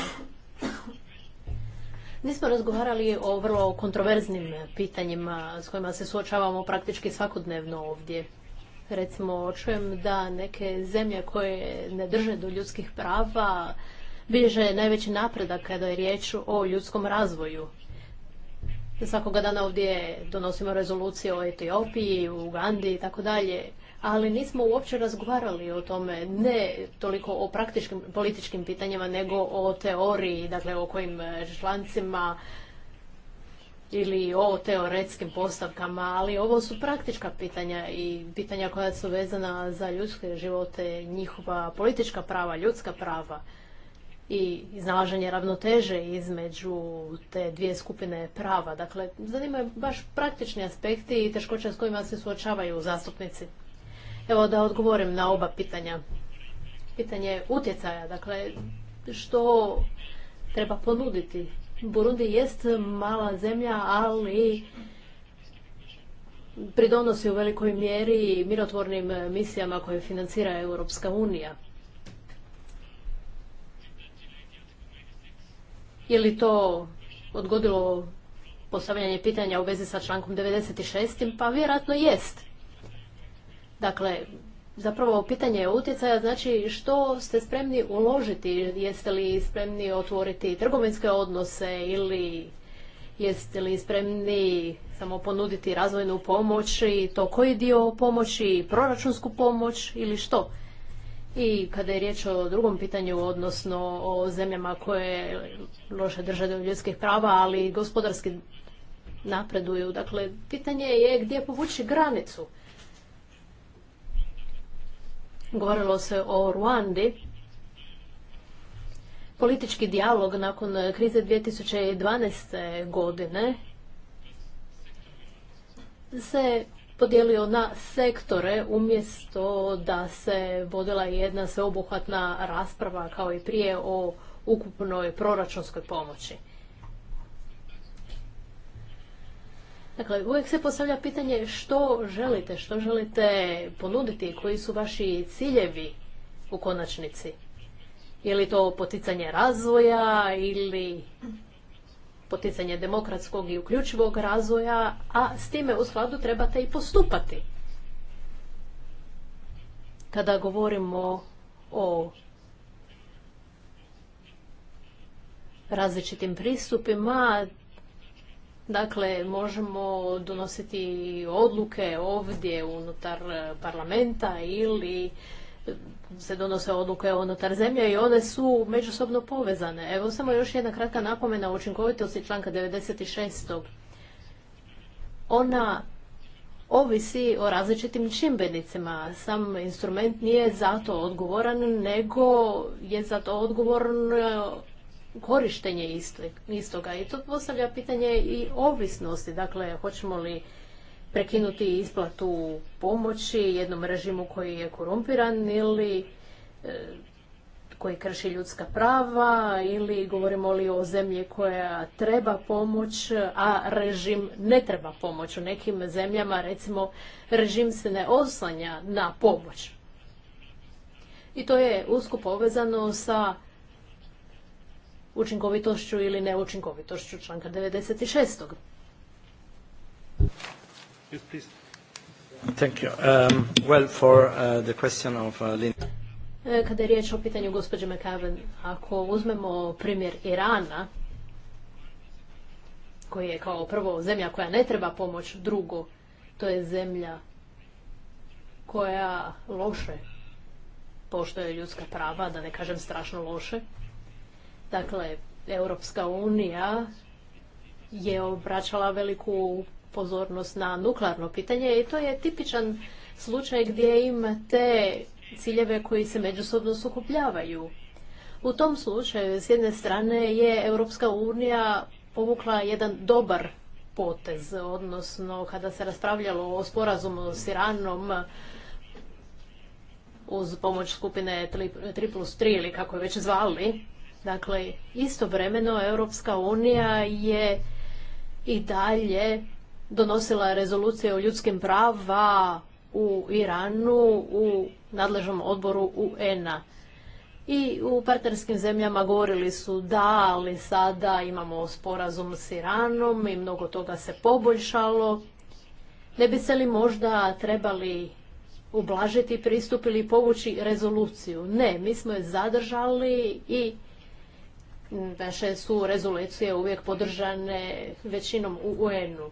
Nismo razgovarali o vrlo kontroverznim pitanjima s kojima se suočavamo praktički svakodnevno ovdje. Recimo, očujem da neke zemlje koje ne drže do ljudskih prava bilježe najveći napredak kada je riječ o ljudskom razvoju. Svakoga dana ovdje donosimo rezolucije o Etiopiji, Ugandi i tako dalje ali nismo uopće razgovarali o tome, ne toliko o praktičkim političkim pitanjima, nego o teoriji, dakle o kojim e, člancima ili o teoretskim postavkama, ali ovo su praktička pitanja i pitanja koja su vezana za ljudske živote, njihova politička prava, ljudska prava i iznalaženje ravnoteže između te dvije skupine prava. Dakle, zanimaju baš praktični aspekti i teškoće s kojima se suočavaju zastupnici. Evo da odgovorim na oba pitanja. Pitanje utjecaja, dakle što treba ponuditi. Burundi jest mala zemlja, ali pridonosi u velikoj mjeri mirotvornim misijama koje financira Europska unija. Je li to odgodilo postavljanje pitanja u vezi sa člankom 96. Pa vjerojatno jest. Dakle, zapravo pitanje je utjecaja znači što ste spremni uložiti, jeste li spremni otvoriti trgovinske odnose ili jeste li spremni samo ponuditi razvojnu pomoć i to koji dio pomoći, proračunsku pomoć ili što? I kada je riječ o drugom pitanju, odnosno o zemljama koje loše drže do ljudskih prava, ali gospodarski napreduju, dakle, pitanje je gdje povući granicu govorilo se o Ruandi, politički dijalog nakon krize 2012. godine se podijelio na sektore umjesto da se vodila jedna sveobuhvatna rasprava kao i prije o ukupnoj proračunskoj pomoći. Dakle, uvijek se postavlja pitanje što želite, što želite ponuditi, koji su vaši ciljevi u konačnici. Je li to poticanje razvoja ili poticanje demokratskog i uključivog razvoja, a s time u skladu trebate i postupati. Kada govorimo o različitim pristupima, Dakle, možemo donositi odluke ovdje unutar parlamenta ili se donose odluke unutar zemlje i one su međusobno povezane. Evo samo još jedna kratka napomena o učinkovitosti članka 96. Ona ovisi o različitim čimbenicima. Sam instrument nije za to odgovoran, nego je za to odgovorno korištenje istoga. I to postavlja pitanje i ovisnosti. Dakle, hoćemo li prekinuti isplatu pomoći jednom režimu koji je korumpiran ili e, koji krši ljudska prava ili govorimo li o zemlji koja treba pomoć, a režim ne treba pomoć. U nekim zemljama, recimo, režim se ne oslanja na pomoć. I to je usko povezano sa učinkovitošću ili neučinkovitošću članka 96. Um, uh, uh, e, kada je riječ o pitanju gospođe McAven, ako uzmemo primjer Irana, koji je kao prvo zemlja koja ne treba pomoć, drugo, to je zemlja koja loše poštuje ljudska prava, da ne kažem strašno loše, Dakle, Europska unija je obraćala veliku pozornost na nuklearno pitanje i to je tipičan slučaj gdje imate ciljeve koji se međusobno sukupljavaju. U tom slučaju, s jedne strane, je Europska unija povukla jedan dobar potez, odnosno kada se raspravljalo o sporazumu s Iranom uz pomoć skupine 3 plus 3 ili kako je već zvali, Dakle, istovremeno Europska unija je i dalje donosila rezolucije o ljudskim prava u Iranu u nadležnom odboru UN-a. I u partnerskim zemljama govorili su da, ali sada imamo sporazum s Iranom i mnogo toga se poboljšalo. Ne bi se li možda trebali ublažiti pristup ili povući rezoluciju? Ne, mi smo je zadržali i naše su rezolucije uvijek podržane većinom u UN-u.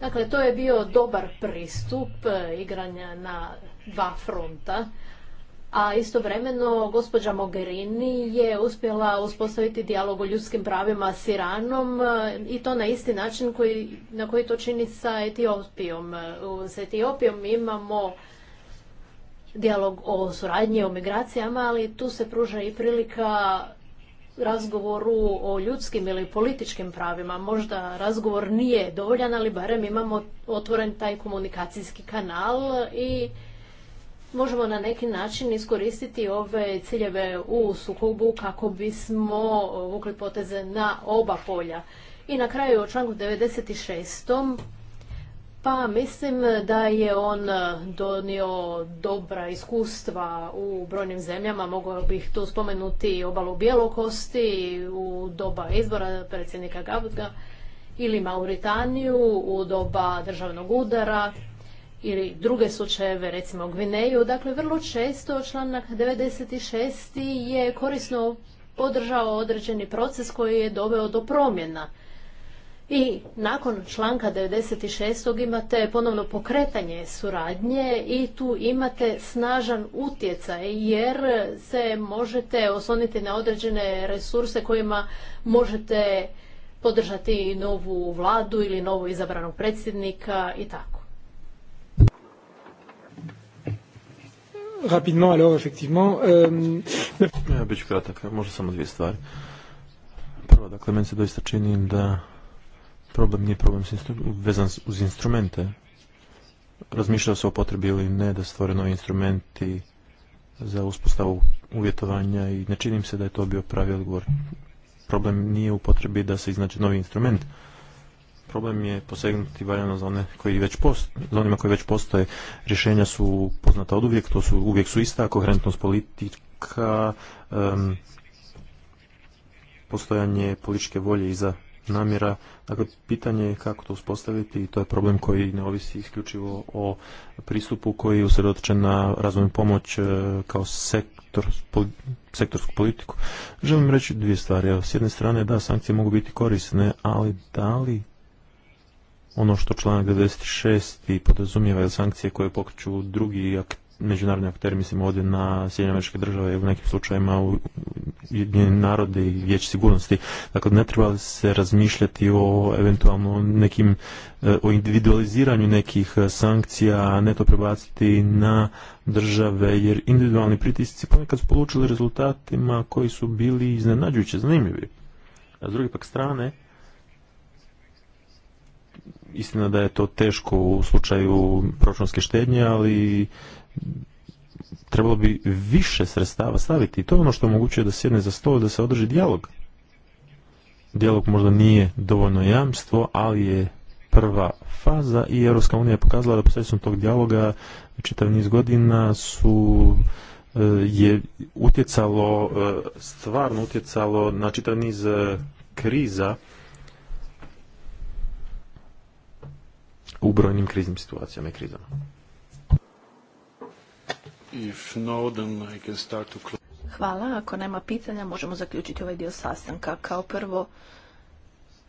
Dakle, to je bio dobar pristup e, igranja na dva fronta, a istovremeno gospođa Mogherini je uspjela uspostaviti dijalog o ljudskim pravima s Iranom e, i to na isti način koji, na koji to čini sa Etiopijom. E, s Etiopijom imamo dijalog o suradnji, o migracijama, ali tu se pruža i prilika razgovoru o ljudskim ili političkim pravima. Možda razgovor nije dovoljan, ali barem imamo otvoren taj komunikacijski kanal i možemo na neki način iskoristiti ove ciljeve u sukobu kako bismo vukli poteze na oba polja. I na kraju o članku 96. Pa mislim da je on eh, donio dobra iskustva u brojnim zemljama. Mogao bih tu spomenuti obalu Bjelokosti u doba izbora predsjednika Gavutka ili Mauritaniju u doba državnog udara ili druge slučajeve, recimo Gvineju. Dakle, vrlo često članak 96. je korisno podržao određeni proces koji je doveo do promjena. I nakon članka 96. imate ponovno pokretanje suradnje i tu imate snažan utjecaj jer se možete osloniti na određene resurse kojima možete podržati novu vladu ili novu izabranog predsjednika i tako. Rapidement, alors, effectivement. Euh, ja, kratak, možda samo dvije stvari. Prvo, dakle, meni se doista čini da problem nije problem vezan uz instrumente. Razmišljao se o potrebi ili ne da stvore novi instrumenti za uspostavu uvjetovanja i ne činim se da je to bio pravi odgovor. Problem nije u potrebi da se iznađe novi instrument. Problem je posegnuti valjano za, one koji već onima koji već postoje. Rješenja su poznata od uvijek, to su, uvijek su ista, koherentnost politika, um, postojanje političke volje iza namjera. Dakle, pitanje je kako to uspostaviti i to je problem koji ne ovisi isključivo o pristupu koji je usredotočen na razvojnu pomoć e, kao sektor, sektorsku politiku. Želim reći dvije stvari. s jedne strane, da, sankcije mogu biti korisne, ali da li ono što članak 96. podrazumijeva sankcije koje pokreću drugi akt međunarodni akteri, mislim ovdje na Sjedinje američke države u nekim slučajevima u narode i vijeće sigurnosti. Dakle, ne treba se razmišljati o eventualno nekim, e, o individualiziranju nekih e, sankcija, a ne to prebaciti na države, jer individualni pritisci ponekad su polučili rezultatima koji su bili iznenađujuće zanimljivi. A s druge pak strane, istina da je to teško u slučaju proračunske štednje, ali trebalo bi više sredstava staviti i to je ono što omogućuje da sjedne za stol da se održi dijalog. Dijalog možda nije dovoljno jamstvo, ali je prva faza i Europska unija je pokazala da posredstvom tog dijaloga čitav niz godina su e, je utjecalo, e, stvarno utjecalo na čitav niz e, kriza u brojnim kriznim situacijama i krizama. Hvala. Ako nema pitanja, možemo zaključiti ovaj dio sastanka. Kao prvo,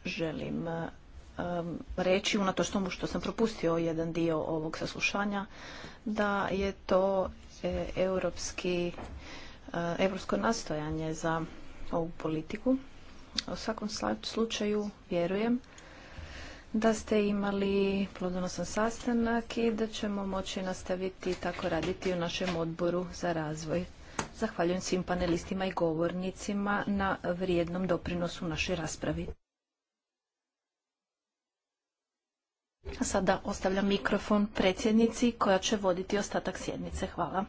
želim um, reći, unatoč tomu što sam propustio jedan dio ovog saslušanja, da je to e, europski, europsko nastojanje za ovu politiku. U svakom slučaju vjerujem da ste imali plodonosan sastanak i da ćemo moći nastaviti tako raditi u našem odboru za razvoj. Zahvaljujem svim panelistima i govornicima na vrijednom doprinosu našoj raspravi. A sada ostavljam mikrofon predsjednici koja će voditi ostatak sjednice. Hvala.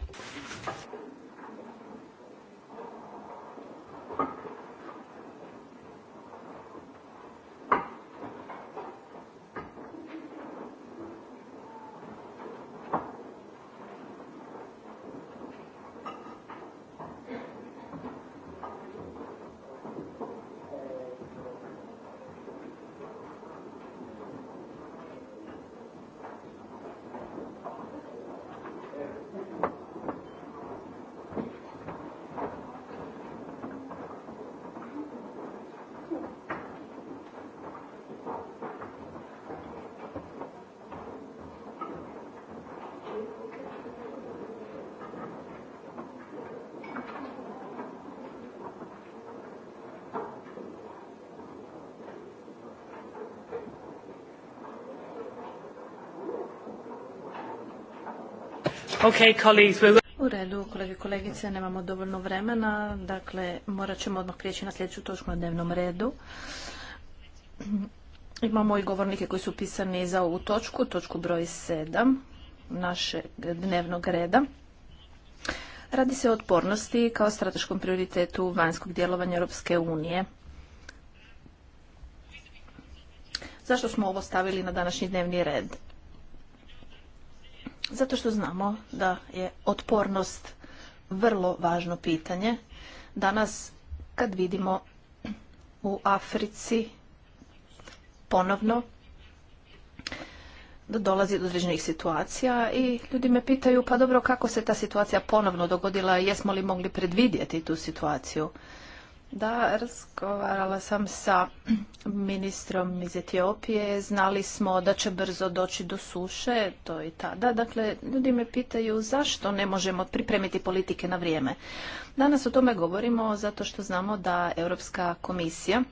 U redu, kolege i kolegice, nemamo dovoljno vremena, dakle morat ćemo odmah prijeći na sljedeću točku na dnevnom redu. Imamo i govornike koji su pisani za ovu točku, točku broj 7 našeg dnevnog reda. Radi se o otpornosti kao strateškom prioritetu vanjskog djelovanja Europske unije. Zašto smo ovo stavili na današnji dnevni red? Zato što znamo da je otpornost vrlo važno pitanje. Danas kad vidimo u Africi ponovno da dolazi do određenih situacija i ljudi me pitaju pa dobro kako se ta situacija ponovno dogodila, jesmo li mogli predvidjeti tu situaciju. Da, razgovarala sam sa ministrom iz Etiopije. Znali smo da će brzo doći do suše, to i tada. Dakle, ljudi me pitaju zašto ne možemo pripremiti politike na vrijeme. Danas o tome govorimo zato što znamo da Europska komisija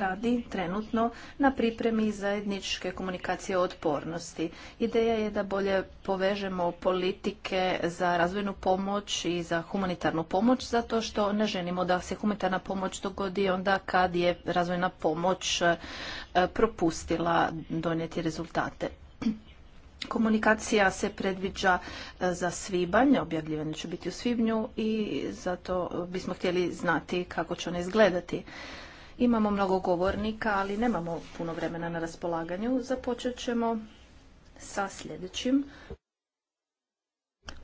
radi trenutno na pripremi zajedničke komunikacije o otpornosti. Ideja je da bolje povežemo politike za razvojnu pomoć i za humanitarnu pomoć zato što ne želimo da se humanitarna pomoć dogodi onda kad je razvojna pomoć e, propustila donijeti rezultate. Komunikacija se predviđa e, za svibanj, objavljivanje će biti u svibnju i zato bismo htjeli znati kako će ona izgledati. Imamo mnogo govornika, ali nemamo puno vremena na raspolaganju. Započet ćemo sa sljedećim.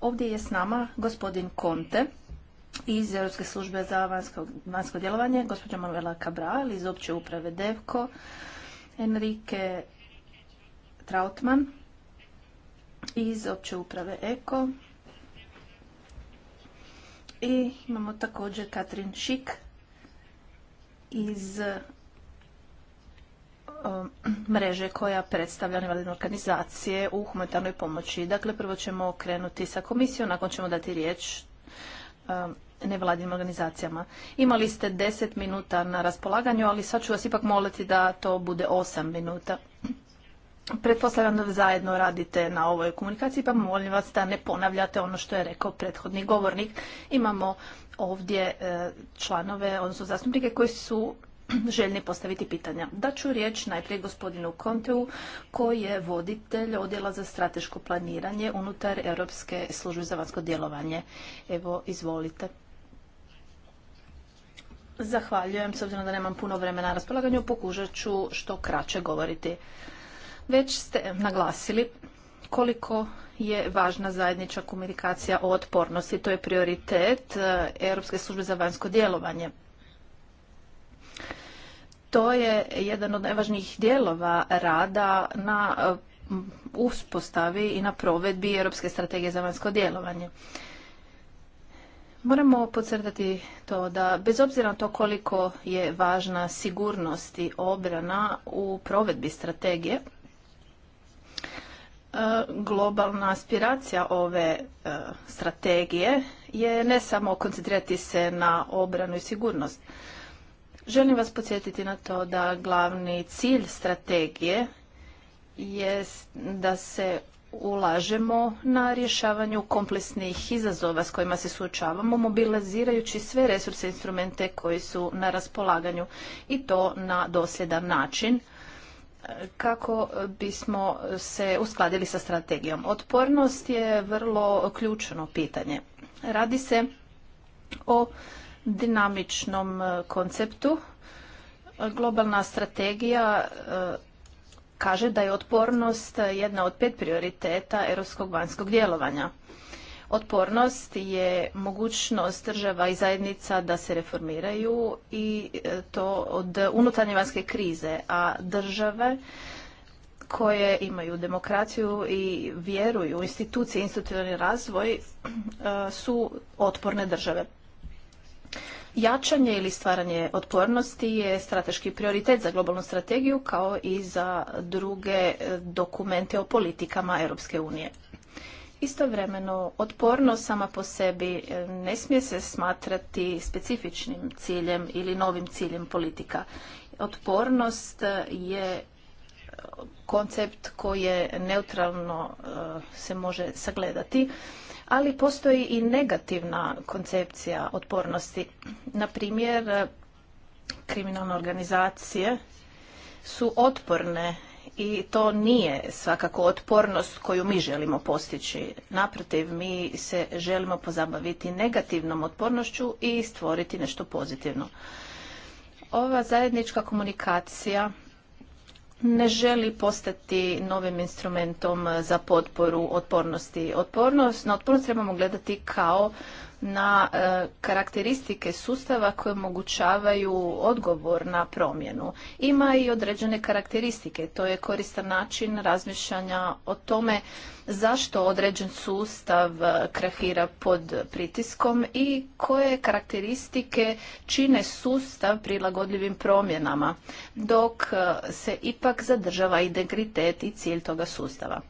Ovdje je s nama gospodin Konte iz Europske službe za vanjsko, djelovanje, gospođa Manuela Cabral iz opće uprave Devko, Enrique Trautman iz opće uprave Eko i imamo također Katrin Šik iz e, mreže koja predstavlja nevladine organizacije u humanitarnoj pomoći. Dakle, prvo ćemo krenuti sa komisijom, nakon ćemo dati riječ e, nevladinim organizacijama. Imali ste deset minuta na raspolaganju, ali sad ću vas ipak moliti da to bude osam minuta. Pretpostavljam da zajedno radite na ovoj komunikaciji, pa molim vas da ne ponavljate ono što je rekao prethodni govornik. Imamo ovdje e, članove, odnosno zastupnike koji su (clears throat) željni postaviti pitanja. ću riječ najprije gospodinu Konteu koji je voditelj odjela za strateško planiranje unutar Europske službe za vanjsko djelovanje. Evo, izvolite. Zahvaljujem, s obzirom da nemam puno vremena na raspolaganju, pokušat ću što kraće govoriti. Već ste naglasili koliko je važna zajednička komunikacija o otpornosti. To je prioritet e, Europske službe za vanjsko djelovanje. To je jedan od najvažnijih dijelova rada na e, uspostavi i na provedbi Europske strategije za vanjsko djelovanje. Moramo podcrtati to da bez obzira na to koliko je važna sigurnost i obrana u provedbi strategije, E, globalna aspiracija ove e, strategije je ne samo koncentrirati se na obranu i sigurnost. Želim vas podsjetiti na to da glavni cilj strategije je da se ulažemo na rješavanju kompleksnih izazova s kojima se suočavamo, mobilizirajući sve resurse i instrumente koji su na raspolaganju i to na dosljedan način kako bismo se uskladili sa strategijom. Otpornost je vrlo ključno pitanje. Radi se o dinamičnom konceptu. Globalna strategija e, kaže da je otpornost jedna od pet prioriteta europskog vanjskog djelovanja. Otpornost je mogućnost država i zajednica da se reformiraju i e, to od unutarnje vanjske krize, a države koje imaju demokraciju i vjeruju u institucije, institucionalni razvoj e, su otporne države. Jačanje ili stvaranje otpornosti je strateški prioritet za globalnu strategiju kao i za druge e, dokumente o politikama Europske unije. Istovremeno, otpornost sama po sebi e, ne smije se smatrati specifičnim ciljem ili novim ciljem politika. Otpornost e, je e, koncept koji je neutralno se može sagledati, ali postoji i negativna koncepcija otpornosti. Na primjer, kriminalne organizacije su otporne i to nije svakako otpornost koju mi želimo postići. Naprotiv, mi se želimo pozabaviti negativnom otpornošću i stvoriti nešto pozitivno. Ova zajednička komunikacija ne želi postati novim instrumentom za potporu otpornosti. Otpornost, na otpornost trebamo gledati kao na e, karakteristike sustava koje omogućavaju odgovor na promjenu. Ima i određene karakteristike, to je koristan način razmišljanja o tome zašto određen sustav e, krahira pod pritiskom i koje karakteristike čine sustav prilagodljivim promjenama, dok e, se ipak zadržava integritet i cilj toga sustava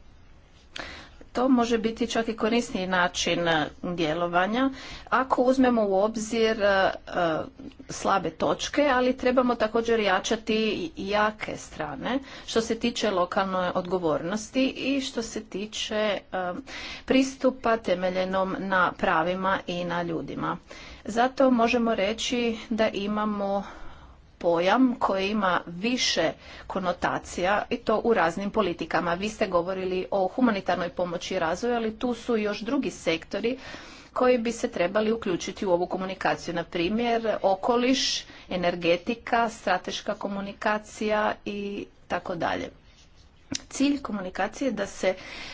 to može biti čak i korisniji način e, djelovanja ako uzmemo u obzir e, e, slabe točke, ali trebamo također jačati jake strane što se tiče lokalne odgovornosti i što se tiče pristupa temeljenom na pravima i na ljudima. Zato možemo reći da imamo pojam koji ima više konotacija i to u raznim politikama. Vi ste govorili o humanitarnoj pomoći i razvoju, ali tu su još drugi sektori koji bi se trebali uključiti u ovu komunikaciju. Na primjer, okoliš, energetika, strateška komunikacija i tako dalje. Cilj komunikacije da se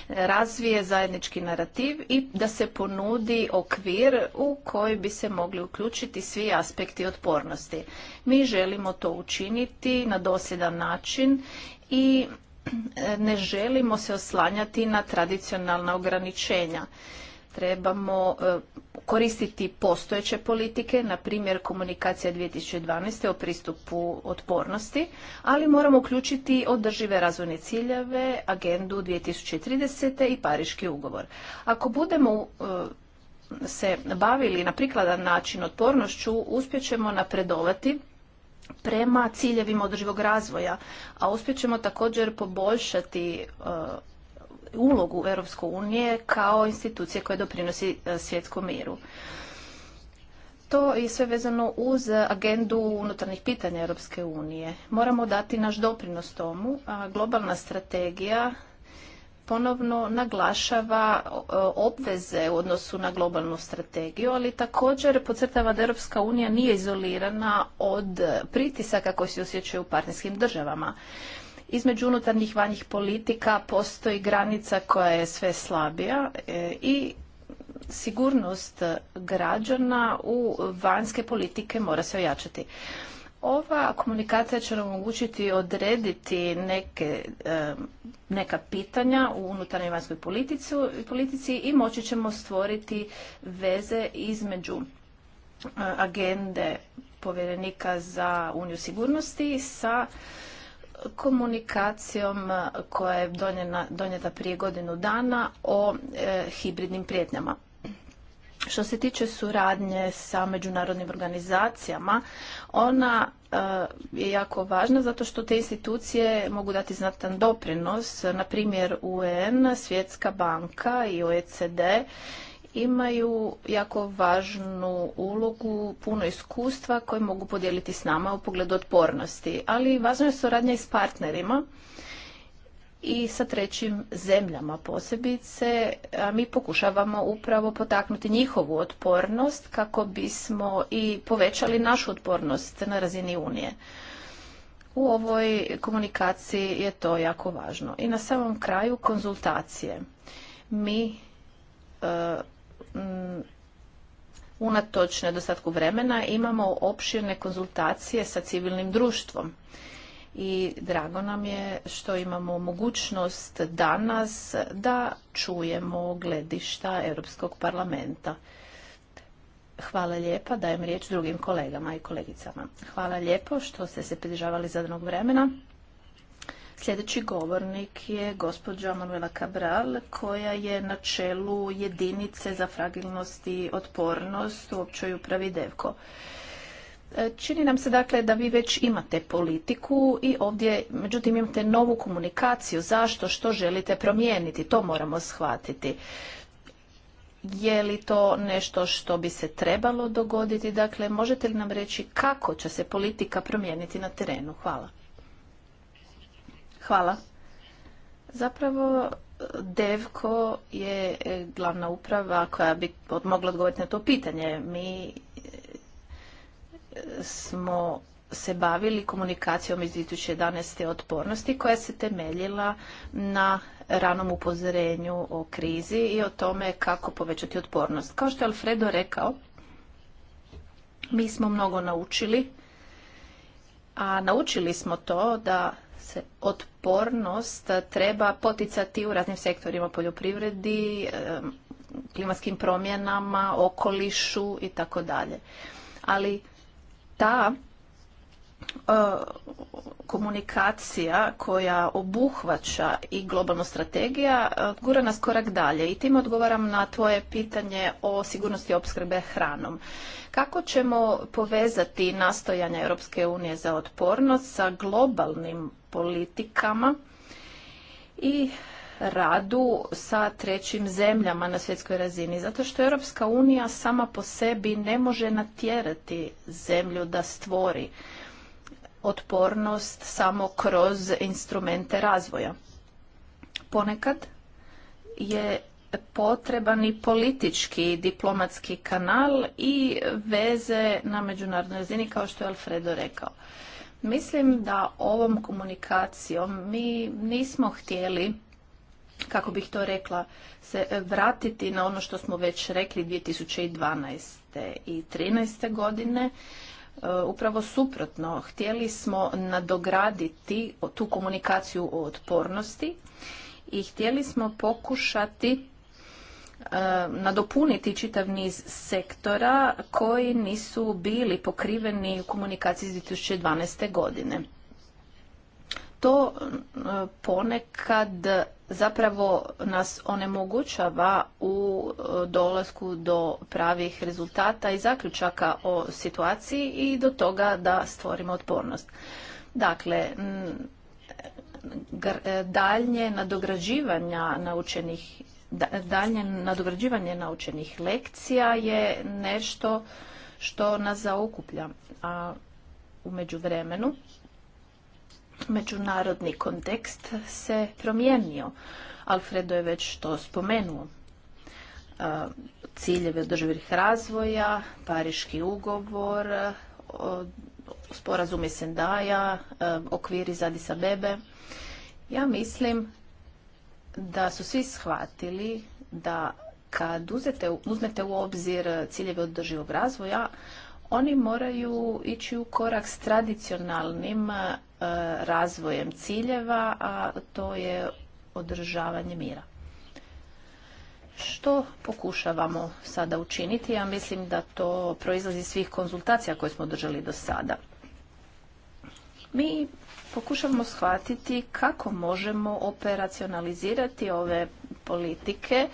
razvije zajednički narativ i da se ponudi okvir u koji bi se mogli uključiti svi aspekti otpornosti. Mi želimo to učiniti na dosljedan način i ne želimo se oslanjati na tradicionalna ograničenja trebamo e, koristiti postojeće politike, na primjer komunikacija 2012. o pristupu otpornosti, ali moramo uključiti održive razvojne ciljeve, agendu 2030. i Pariški ugovor. Ako budemo e, se bavili na prikladan način otpornošću, uspjećemo napredovati prema ciljevima održivog razvoja, a uspjet ćemo također poboljšati e, ulogu Europske unije kao institucije koja doprinosi e, svjetskom miru. To je sve vezano uz agendu unutarnjih pitanja Europske unije. Moramo dati naš doprinos tomu, a globalna strategija ponovno naglašava e, obveze u odnosu na globalnu strategiju, ali također podcrtava da Europska unija nije izolirana od pritisaka koji se osjećaju u partnerskim državama. Između unutarnjih vanjih politika postoji granica koja je sve slabija e, i sigurnost građana u vanjske politike mora se ojačati. Ova komunikacija će nam omogućiti odrediti neke, e, neka pitanja u unutarnjoj vanjskoj politici i moći ćemo stvoriti veze između e, agende povjerenika za Uniju sigurnosti sa komunikacijom e, koja je donijeta prije godinu dana o e, hibridnim prijetnjama. Što se tiče suradnje sa međunarodnim organizacijama, ona e, je jako važna zato što te institucije mogu dati znatan doprinos, na primjer UN, Svjetska banka i OECD imaju jako važnu ulogu, puno iskustva koje mogu podijeliti s nama u pogledu otpornosti, ali važna je suradnja i s partnerima i sa trećim zemljama posebice. A mi pokušavamo upravo potaknuti njihovu otpornost kako bismo i povećali našu otpornost na razini Unije. U ovoj komunikaciji je to jako važno. I na samom kraju konzultacije. Mi e, Mm, unatoč nedostatku vremena imamo opširne konzultacije sa civilnim društvom i drago nam je što imamo mogućnost danas da čujemo gledišta Europskog parlamenta. Hvala lijepa, dajem riječ drugim kolegama i kolegicama. Hvala lijepo što ste se pridržavali zadnog vremena. Sljedeći govornik je gospođa Manuela Cabral koja je na čelu jedinice za fragilnost i otpornost u općoj upravi DEVKO. E, čini nam se dakle da vi već imate politiku i ovdje međutim imate novu komunikaciju. Zašto? Što želite promijeniti? To moramo shvatiti. Je li to nešto što bi se trebalo dogoditi? Dakle, možete li nam reći kako će se politika promijeniti na terenu? Hvala. Hvala. Zapravo, Devko je e, glavna uprava koja bi mogla odgovoriti na to pitanje. Mi e, smo se bavili komunikacijom iz 2011. otpornosti koja se temeljila na ranom upozorenju o krizi i o tome kako povećati otpornost. Kao što je Alfredo rekao, mi smo mnogo naučili, a naučili smo to da se otpornost treba poticati u raznim sektorima poljoprivredi, klimatskim promjenama, okolišu i tako dalje. Ali ta E, komunikacija koja obuhvaća i globalna strategija e, gura nas korak dalje i tim odgovaram na tvoje pitanje o sigurnosti opskrbe hranom. Kako ćemo povezati nastojanja Europske unije za otpornost sa globalnim politikama i radu sa trećim zemljama na svjetskoj razini. Zato što Europska unija sama po sebi ne može natjerati zemlju da stvori otpornost samo kroz instrumente razvoja. Ponekad je potreban i politički diplomatski kanal i veze na međunarodnoj razini kao što je Alfredo rekao. Mislim da ovom komunikacijom mi nismo htjeli kako bih to rekla, se vratiti na ono što smo već rekli 2012. i 2013. godine Upravo suprotno, htjeli smo nadograditi tu komunikaciju o otpornosti i htjeli smo pokušati e, nadopuniti čitav niz sektora koji nisu bili pokriveni u komunikaciji iz 2012. godine. To e, ponekad zapravo nas onemogućava u e, dolasku do pravih rezultata i zaključaka o situaciji i do toga da stvorimo otpornost. Dakle, e, daljnje nadograđivanja naučenih daljnje nadograđivanje naučenih lekcija je nešto što nas zaokuplja. A u međuvremenu međunarodni kontekst se promijenio. Alfredo je već to spomenuo. Ciljeve održivih razvoja, Pariški ugovor, sporazum Sendaja, okviri za sa Bebe. Ja mislim da su svi shvatili da kad uzmete u obzir ciljeve održivog razvoja, oni moraju ići u korak s tradicionalnim Eh, razvojem ciljeva, a to je održavanje mira. Što pokušavamo sada učiniti? Ja mislim da to proizlazi svih konzultacija koje smo održali do sada. Mi pokušavamo shvatiti kako možemo operacionalizirati ove politike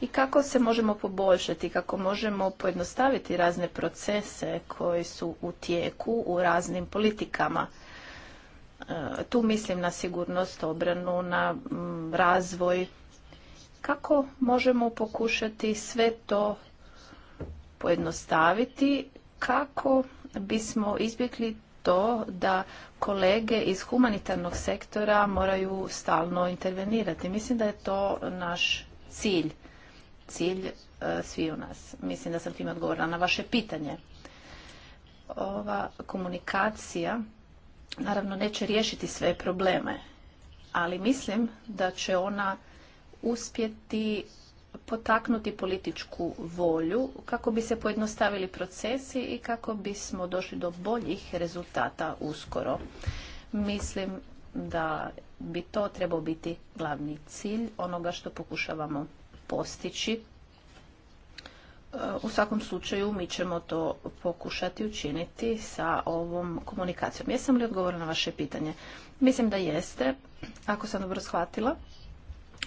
i kako se možemo poboljšati, kako možemo pojednostaviti razne procese koji su u tijeku u raznim politikama. Tu mislim na sigurnost, obranu, na mm, razvoj. Kako možemo pokušati sve to pojednostaviti? Kako bismo izbjegli to da kolege iz humanitarnog sektora moraju stalno intervenirati. Mislim da je to naš cilj, cilj e, svi u nas. Mislim da sam time odgovorila na vaše pitanje. Ova komunikacija naravno neće riješiti sve probleme, ali mislim da će ona uspjeti potaknuti političku volju kako bi se pojednostavili procesi i kako bismo došli do boljih rezultata uskoro. Mislim da bi to trebao biti glavni cilj onoga što pokušavamo postići u svakom slučaju mi ćemo to pokušati učiniti sa ovom komunikacijom. Jesam li odgovorila na vaše pitanje? Mislim da jeste. Ako sam dobro shvatila,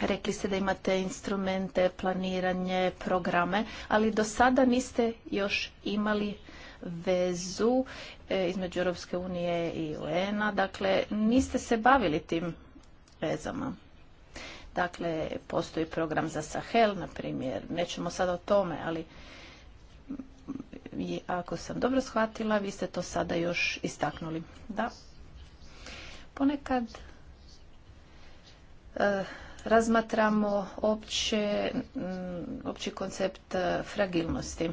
rekli ste da imate instrumente, planiranje, programe, ali do sada niste još imali vezu e, između Europske unije i UN-a. Dakle, niste se bavili tim vezama. Dakle, postoji program za Sahel, na primjer. Nećemo sada o tome, ali ako sam dobro shvatila, vi ste to sada još istaknuli. Da, ponekad eh, razmatramo mm, opći koncept eh, fragilnosti.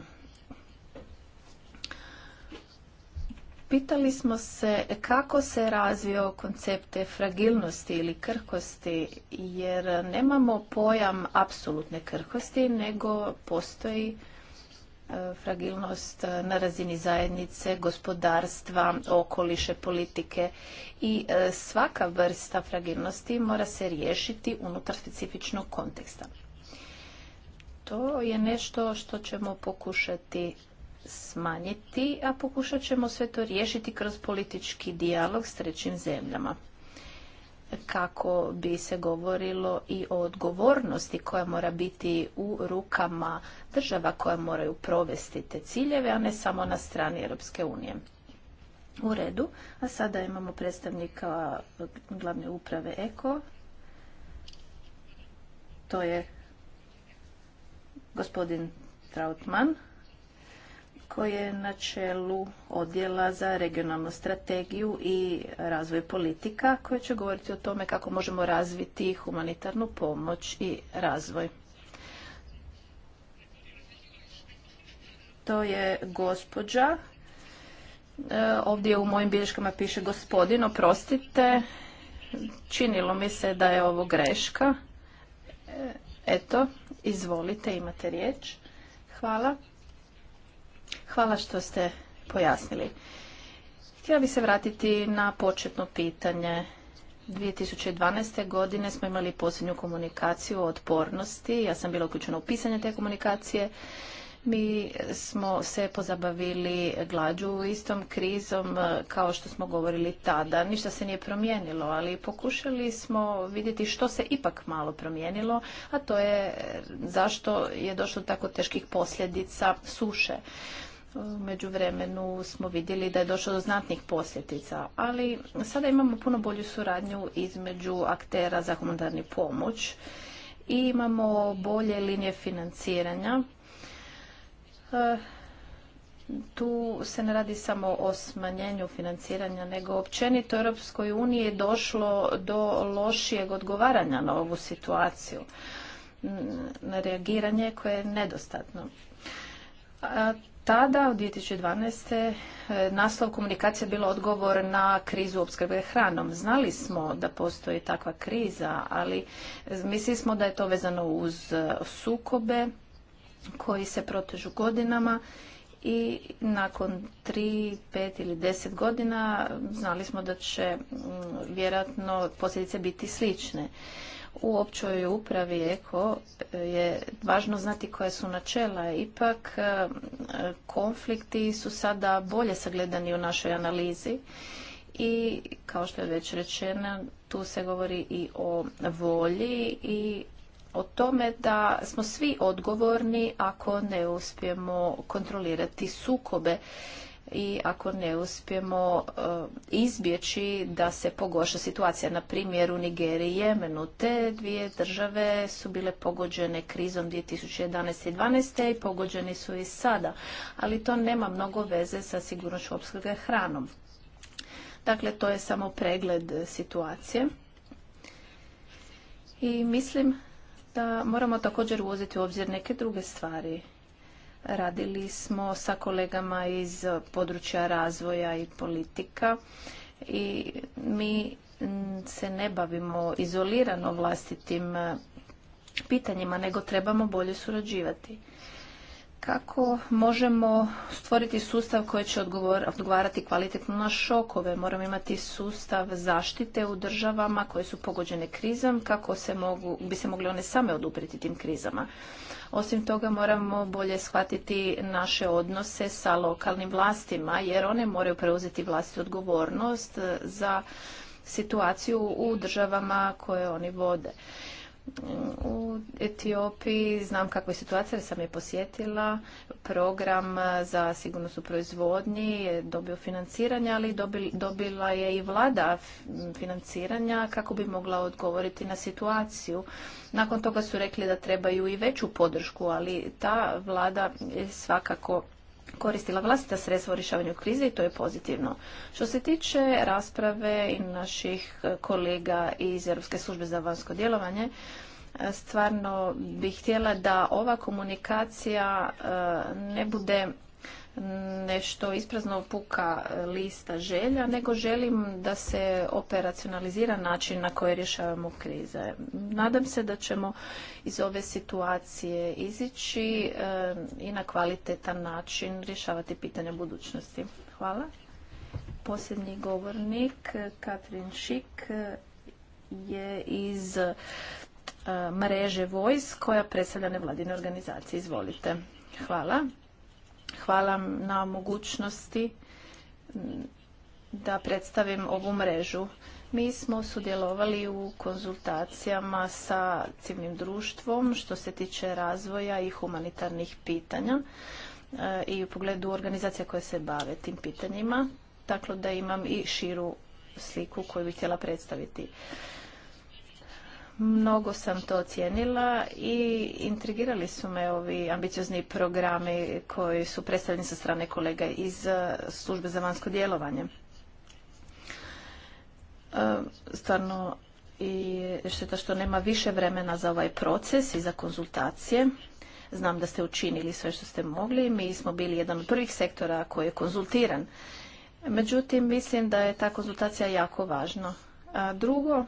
Pitali smo se kako se razvio koncepte fragilnosti ili krhkosti, jer nemamo pojam apsolutne krhkosti, nego postoji e, fragilnost e, na razini zajednice, gospodarstva, okoliše, politike i e, svaka vrsta fragilnosti mora se riješiti unutar specifičnog konteksta. To je nešto što ćemo pokušati smanjiti, a pokušat ćemo sve to riješiti kroz politički dijalog s trećim zemljama kako bi se govorilo i o odgovornosti koja mora biti u rukama država koja moraju provesti te ciljeve, a ne samo na strani Europske unije. U redu, a sada imamo predstavnika glavne uprave EKO. To je gospodin Trautman koji je na čelu odjela za regionalnu strategiju i razvoj politika koji će govoriti o tome kako možemo razviti humanitarnu pomoć i razvoj. To je gospođa. E, ovdje u mojim bilješkama piše gospodin, oprostite. Činilo mi se da je ovo greška. E, eto, izvolite, imate riječ. Hvala. Hvala što ste pojasnili. Htjela bih se vratiti na početno pitanje. 2012. godine smo imali posljednju komunikaciju o otpornosti. Ja sam bila uključena u pisanje te komunikacije. Mi smo se pozabavili glađu istom krizom e, kao što smo govorili tada. Ništa se nije promijenilo, ali pokušali smo vidjeti što se ipak malo promijenilo, a to je e, zašto je došlo tako teških posljedica suše međuvremenu smo vidjeli da je došlo do znatnih posljedica, ali sada imamo puno bolju suradnju između aktera za humanitarnu pomoć i imamo bolje linije financiranja. E, tu se ne radi samo o smanjenju financiranja, nego općenito Europskoj uniji je došlo do lošijeg odgovaranja na ovu situaciju, na reagiranje koje je nedostatno. Tada, u 2012. Eh, naslov komunikacija bilo odgovor na krizu opskrbe hranom. Znali smo da postoji takva kriza, ali mislili smo da je to vezano uz eh, sukobe koji se protežu godinama i nakon tri, pet ili deset godina znali smo da će mm, vjerojatno posljedice biti slične. U općoj upravi EKO e, je važno znati koja su načela. Ipak e, konflikti su sada bolje sagledani u našoj analizi i kao što je već rečeno tu se govori i o volji i o tome da smo svi odgovorni ako ne uspijemo kontrolirati sukobe i ako ne uspijemo e, izbjeći da se pogorša situacija. Na primjer u Nigeriji i Jemenu te dvije države su bile pogođene krizom 2011. i 2012. i pogođeni su i sada. Ali to nema mnogo veze sa sigurnošću opskrbe hranom. Dakle, to je samo pregled situacije. I mislim da moramo također uzeti u obzir neke druge stvari Radili smo sa kolegama iz područja razvoja i politika i mi se ne bavimo izolirano vlastitim e, pitanjima, nego trebamo bolje surađivati. Kako možemo stvoriti sustav koji će odgovarati kvalitetno na šokove? Moramo imati sustav zaštite u državama koje su pogođene krizom, kako se mogu, bi se mogle one same odupriti tim krizama. Osim toga moramo bolje shvatiti naše odnose sa lokalnim vlastima jer one moraju preuzeti vlastitu odgovornost za situaciju u državama koje oni vode u Etiopiji, znam kakva je situacija, sam je posjetila. Program eh, za sigurnost u proizvodnji je dobio financiranje, ali dobila je i vlada financiranja kako bi mogla odgovoriti na situaciju. Nakon toga su rekli da trebaju i veću podršku, ali ta vlada svakako koristila vlastita sredstva u rješavanju krize i to je pozitivno. Što se tiče rasprave i naših kolega iz Europske službe za vanjsko djelovanje, stvarno bih htjela da ova komunikacija e, ne bude nešto isprazno puka lista želja, nego želim da se operacionalizira način na koji rješavamo krize. Nadam se da ćemo iz ove situacije izići eh, i na kvalitetan način rješavati pitanje budućnosti. Hvala. Posljednji govornik, Katrin Šik, je iz eh, mreže Voice koja predstavlja nevladine organizacije. Izvolite. Hvala. Hvala na mogućnosti da predstavim ovu mrežu. Mi smo sudjelovali u konzultacijama sa civnim društvom što se tiče razvoja i humanitarnih pitanja e, i u pogledu organizacija koje se bave tim pitanjima, tako da imam i širu sliku koju bih htjela predstaviti. Mnogo sam to ocijenila i intrigirali su me ovi ambiciozni programi koji su predstavljeni sa strane kolega iz e, službe za vanjsko djelovanje. E, stvarno i šteta što nema više vremena za ovaj proces i za konzultacije. Znam da ste učinili sve što ste mogli. Mi smo bili jedan od prvih sektora koji je konzultiran. Međutim, mislim da je ta konzultacija jako važna. drugo,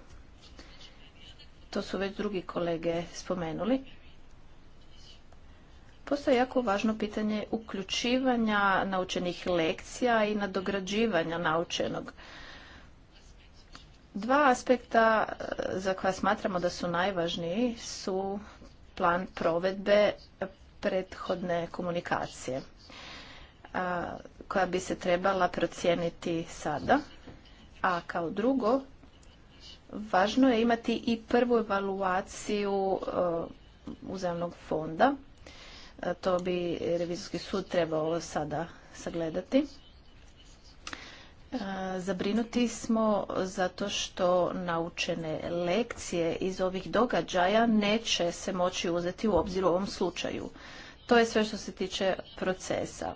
to su već drugi kolege spomenuli. Postoje jako važno pitanje uključivanja naučenih lekcija i nadograđivanja naučenog. Dva aspekta e, za koja smatramo da su najvažniji su plan provedbe prethodne komunikacije e, koja bi se trebala procijeniti sada, a kao drugo Važno je imati i prvu evaluaciju uh, uzajamnog fonda. Uh, to bi revizorski sud trebao sada sagledati. Uh, zabrinuti smo zato što naučene lekcije iz ovih događaja neće se moći uzeti u obzir u ovom slučaju. To je sve što se tiče procesa.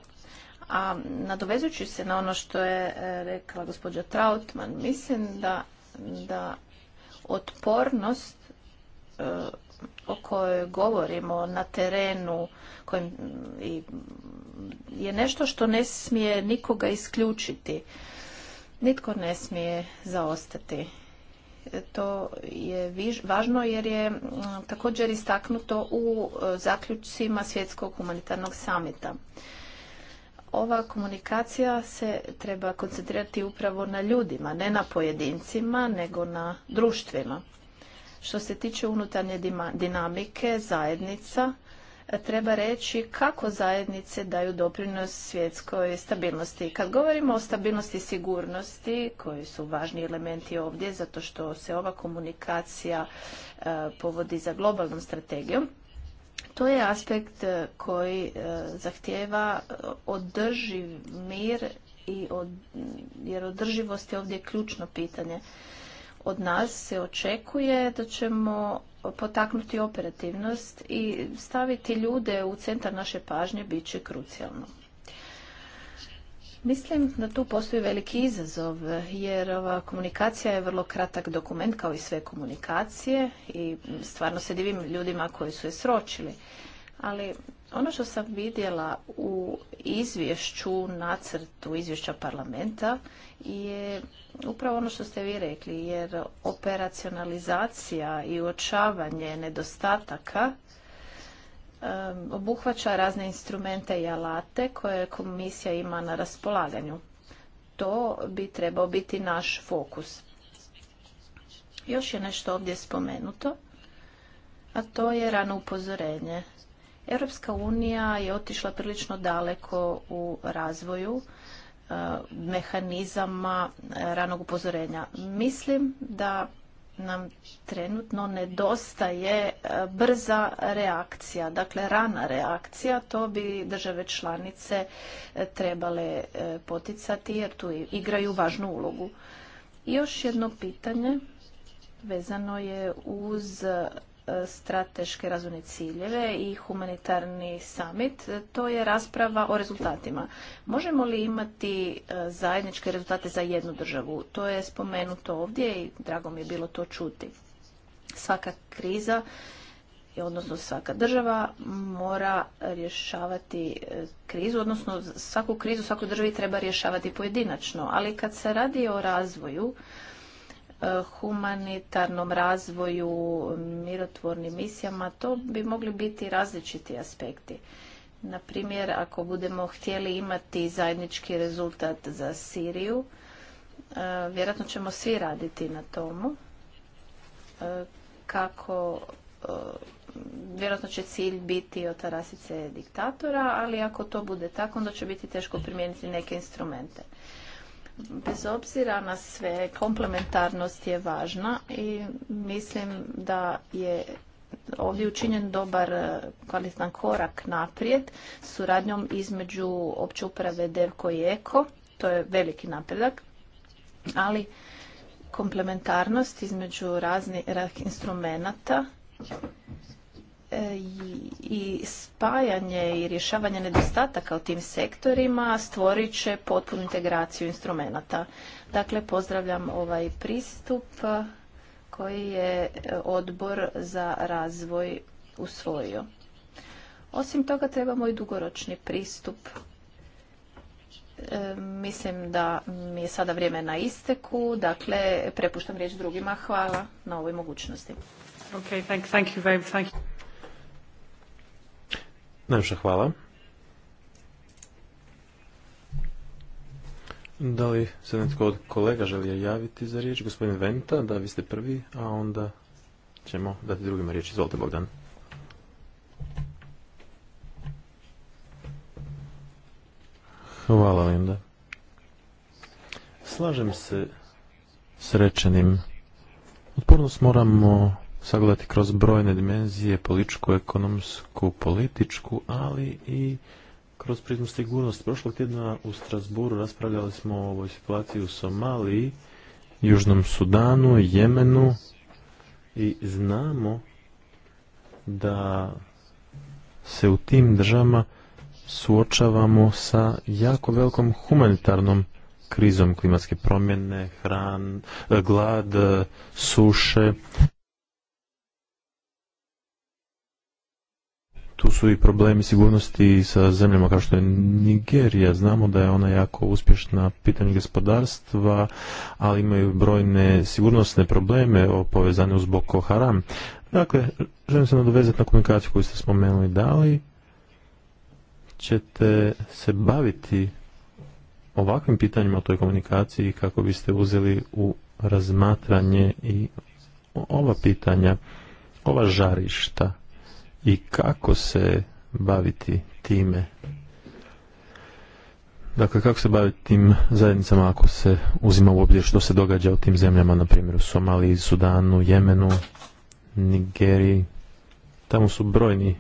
A nadovezujući se na ono što je eh, rekla gospođa Trautman, mislim da da otpornost e, o kojoj govorimo na terenu je nešto što ne smije nikoga isključiti. Nitko ne smije zaostati. E, to je važno jer je također istaknuto u e, zaključcima Svjetskog humanitarnog samita ova komunikacija se treba koncentrirati upravo na ljudima, ne na pojedincima, nego na društvima. Što se tiče unutarnje dinamike zajednica, treba reći kako zajednice daju doprinos svjetskoj stabilnosti. Kad govorimo o stabilnosti i sigurnosti, koji su važni elementi ovdje, zato što se ova komunikacija e, povodi za globalnom strategijom, to je aspekt e, koji e, zahtjeva e, održiv mir i jer održivost je ovdje ključno pitanje. Od nas se očekuje da ćemo potaknuti operativnost i staviti ljude u centar naše pažnje bit će krucijalno. Mislim da tu postoji veliki izazov jer ova komunikacija je vrlo kratak dokument kao i sve komunikacije i stvarno se divim ljudima koji su je sročili. Ali ono što sam vidjela u izvješću, nacrtu izvješća parlamenta je upravo ono što ste vi rekli jer operacionalizacija i uočavanje nedostataka obuhvaća razne instrumente i alate koje komisija ima na raspolaganju. To bi trebao biti naš fokus. Još je nešto ovdje spomenuto, a to je rano upozorenje. Europska unija je otišla prilično daleko u razvoju eh, mehanizama ranog upozorenja. Mislim da nam trenutno nedostaje e, brza reakcija, dakle rana reakcija, to bi države članice e, trebale e, poticati jer tu igraju važnu ulogu. još jedno pitanje vezano je uz strateške razvojne ciljeve i humanitarni summit, to je rasprava o rezultatima. Možemo li imati e, zajedničke rezultate za jednu državu? To je spomenuto ovdje i drago mi je bilo to čuti. Svaka kriza odnosno svaka država mora rješavati e, krizu, odnosno svaku krizu, svakoj državi treba rješavati pojedinačno. Ali kad se radi o razvoju, humanitarnom razvoju, mirotvornim misijama, to bi mogli biti različiti aspekti. Na primjer, ako budemo htjeli imati zajednički rezultat za Siriju, e, vjerojatno ćemo svi raditi na tomu. E, kako e, vjerojatno će cilj biti od tarasice diktatora, ali ako to bude tako, onda će biti teško primijeniti neke instrumente bez obzira na sve, komplementarnost je važna i mislim da je ovdje učinjen dobar e, kvalitetan korak naprijed suradnjom između opće uprave Devko i Eko. To je veliki napredak, ali komplementarnost između raznih instrumenata i spajanje i rješavanje nedostataka u tim sektorima stvorit će potpunu integraciju instrumenata. Dakle, pozdravljam ovaj pristup koji je e, odbor za razvoj usvojio. Osim toga trebamo i dugoročni pristup. E, mislim da mi je sada vrijeme na isteku, dakle prepuštam riječ drugima. Hvala na ovoj mogućnosti. Najviše hvala. Da li se netko od kolega želi javiti za riječ? Gospodin Venta, da vi ste prvi, a onda ćemo dati drugima riječ. Izvolite Bogdan. Hvala Linda. Slažem se s rečenim. Otpornost moramo sagledati kroz brojne dimenzije, političku, ekonomsku, političku, ali i kroz prizmu sigurnosti. Prošlog tjedna u Strasburu raspravljali smo o ovoj situaciji u Somaliji, Južnom Sudanu, Jemenu i znamo da se u tim državama suočavamo sa jako velikom humanitarnom krizom klimatske promjene, hran, glad, suše. tu su i problemi sigurnosti sa zemljama kao što je Nigerija. Znamo da je ona jako uspješna pitanje gospodarstva, ali imaju brojne sigurnosne probleme povezane uz Boko Haram. Dakle, želim se nadovezati na komunikaciju koju ste spomenuli. Da li ćete se baviti ovakvim pitanjima o toj komunikaciji kako biste uzeli u razmatranje i ova pitanja, ova žarišta? i kako se baviti time. Dakle, kako se baviti tim zajednicama ako se uzima u obzir što se događa u tim zemljama, na primjer u Somaliji, Sudanu, Jemenu, Nigeriji. Tamo su brojni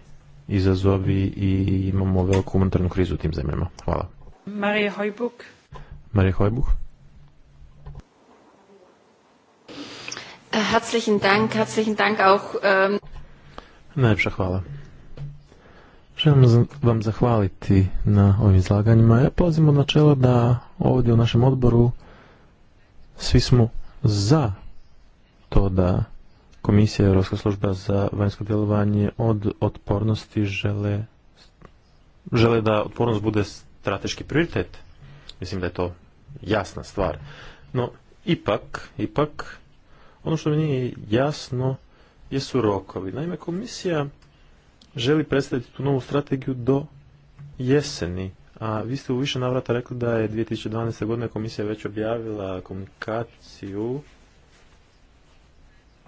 izazovi i imamo veliku humanitarnu krizu u tim zemljama. Hvala. Marija Hojbuk. Marija Hojbuk. Herzlichen Dank, herzlichen Dank auch. Ähm, Najljepša hvala. Želim vam zahvaliti na ovim izlaganjima. Ja polazim od načela da ovdje u našem odboru svi smo za to da Komisija Europska služba za vanjsko djelovanje od otpornosti žele, žele da otpornost bude strateški prioritet. Mislim da je to jasna stvar. No, ipak, ipak, ono što mi nije jasno jesu rokovi. Naime, komisija želi predstaviti tu novu strategiju do jeseni, a vi ste u više navrata rekli da je 2012. godine komisija već objavila komunikaciju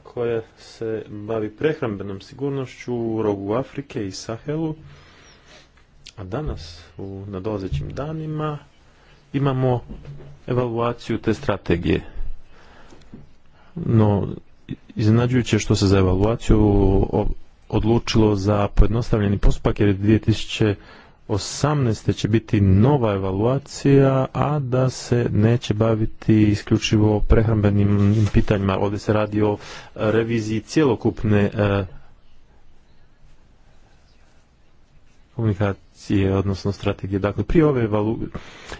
koja se bavi prehrambenom sigurnošću u rogu Afrike i Sahelu, a danas u nadolazećim danima imamo evaluaciju te strategije. No, iznenađujuće što se za evaluaciju odlučilo za pojednostavljeni postupak jer 2018. će biti nova evaluacija, a da se neće baviti isključivo prehrambenim pitanjima. Ovdje se radi o e, reviziji cijelokupne e, komunikacije investicije, odnosno strategije. Dakle, prije ove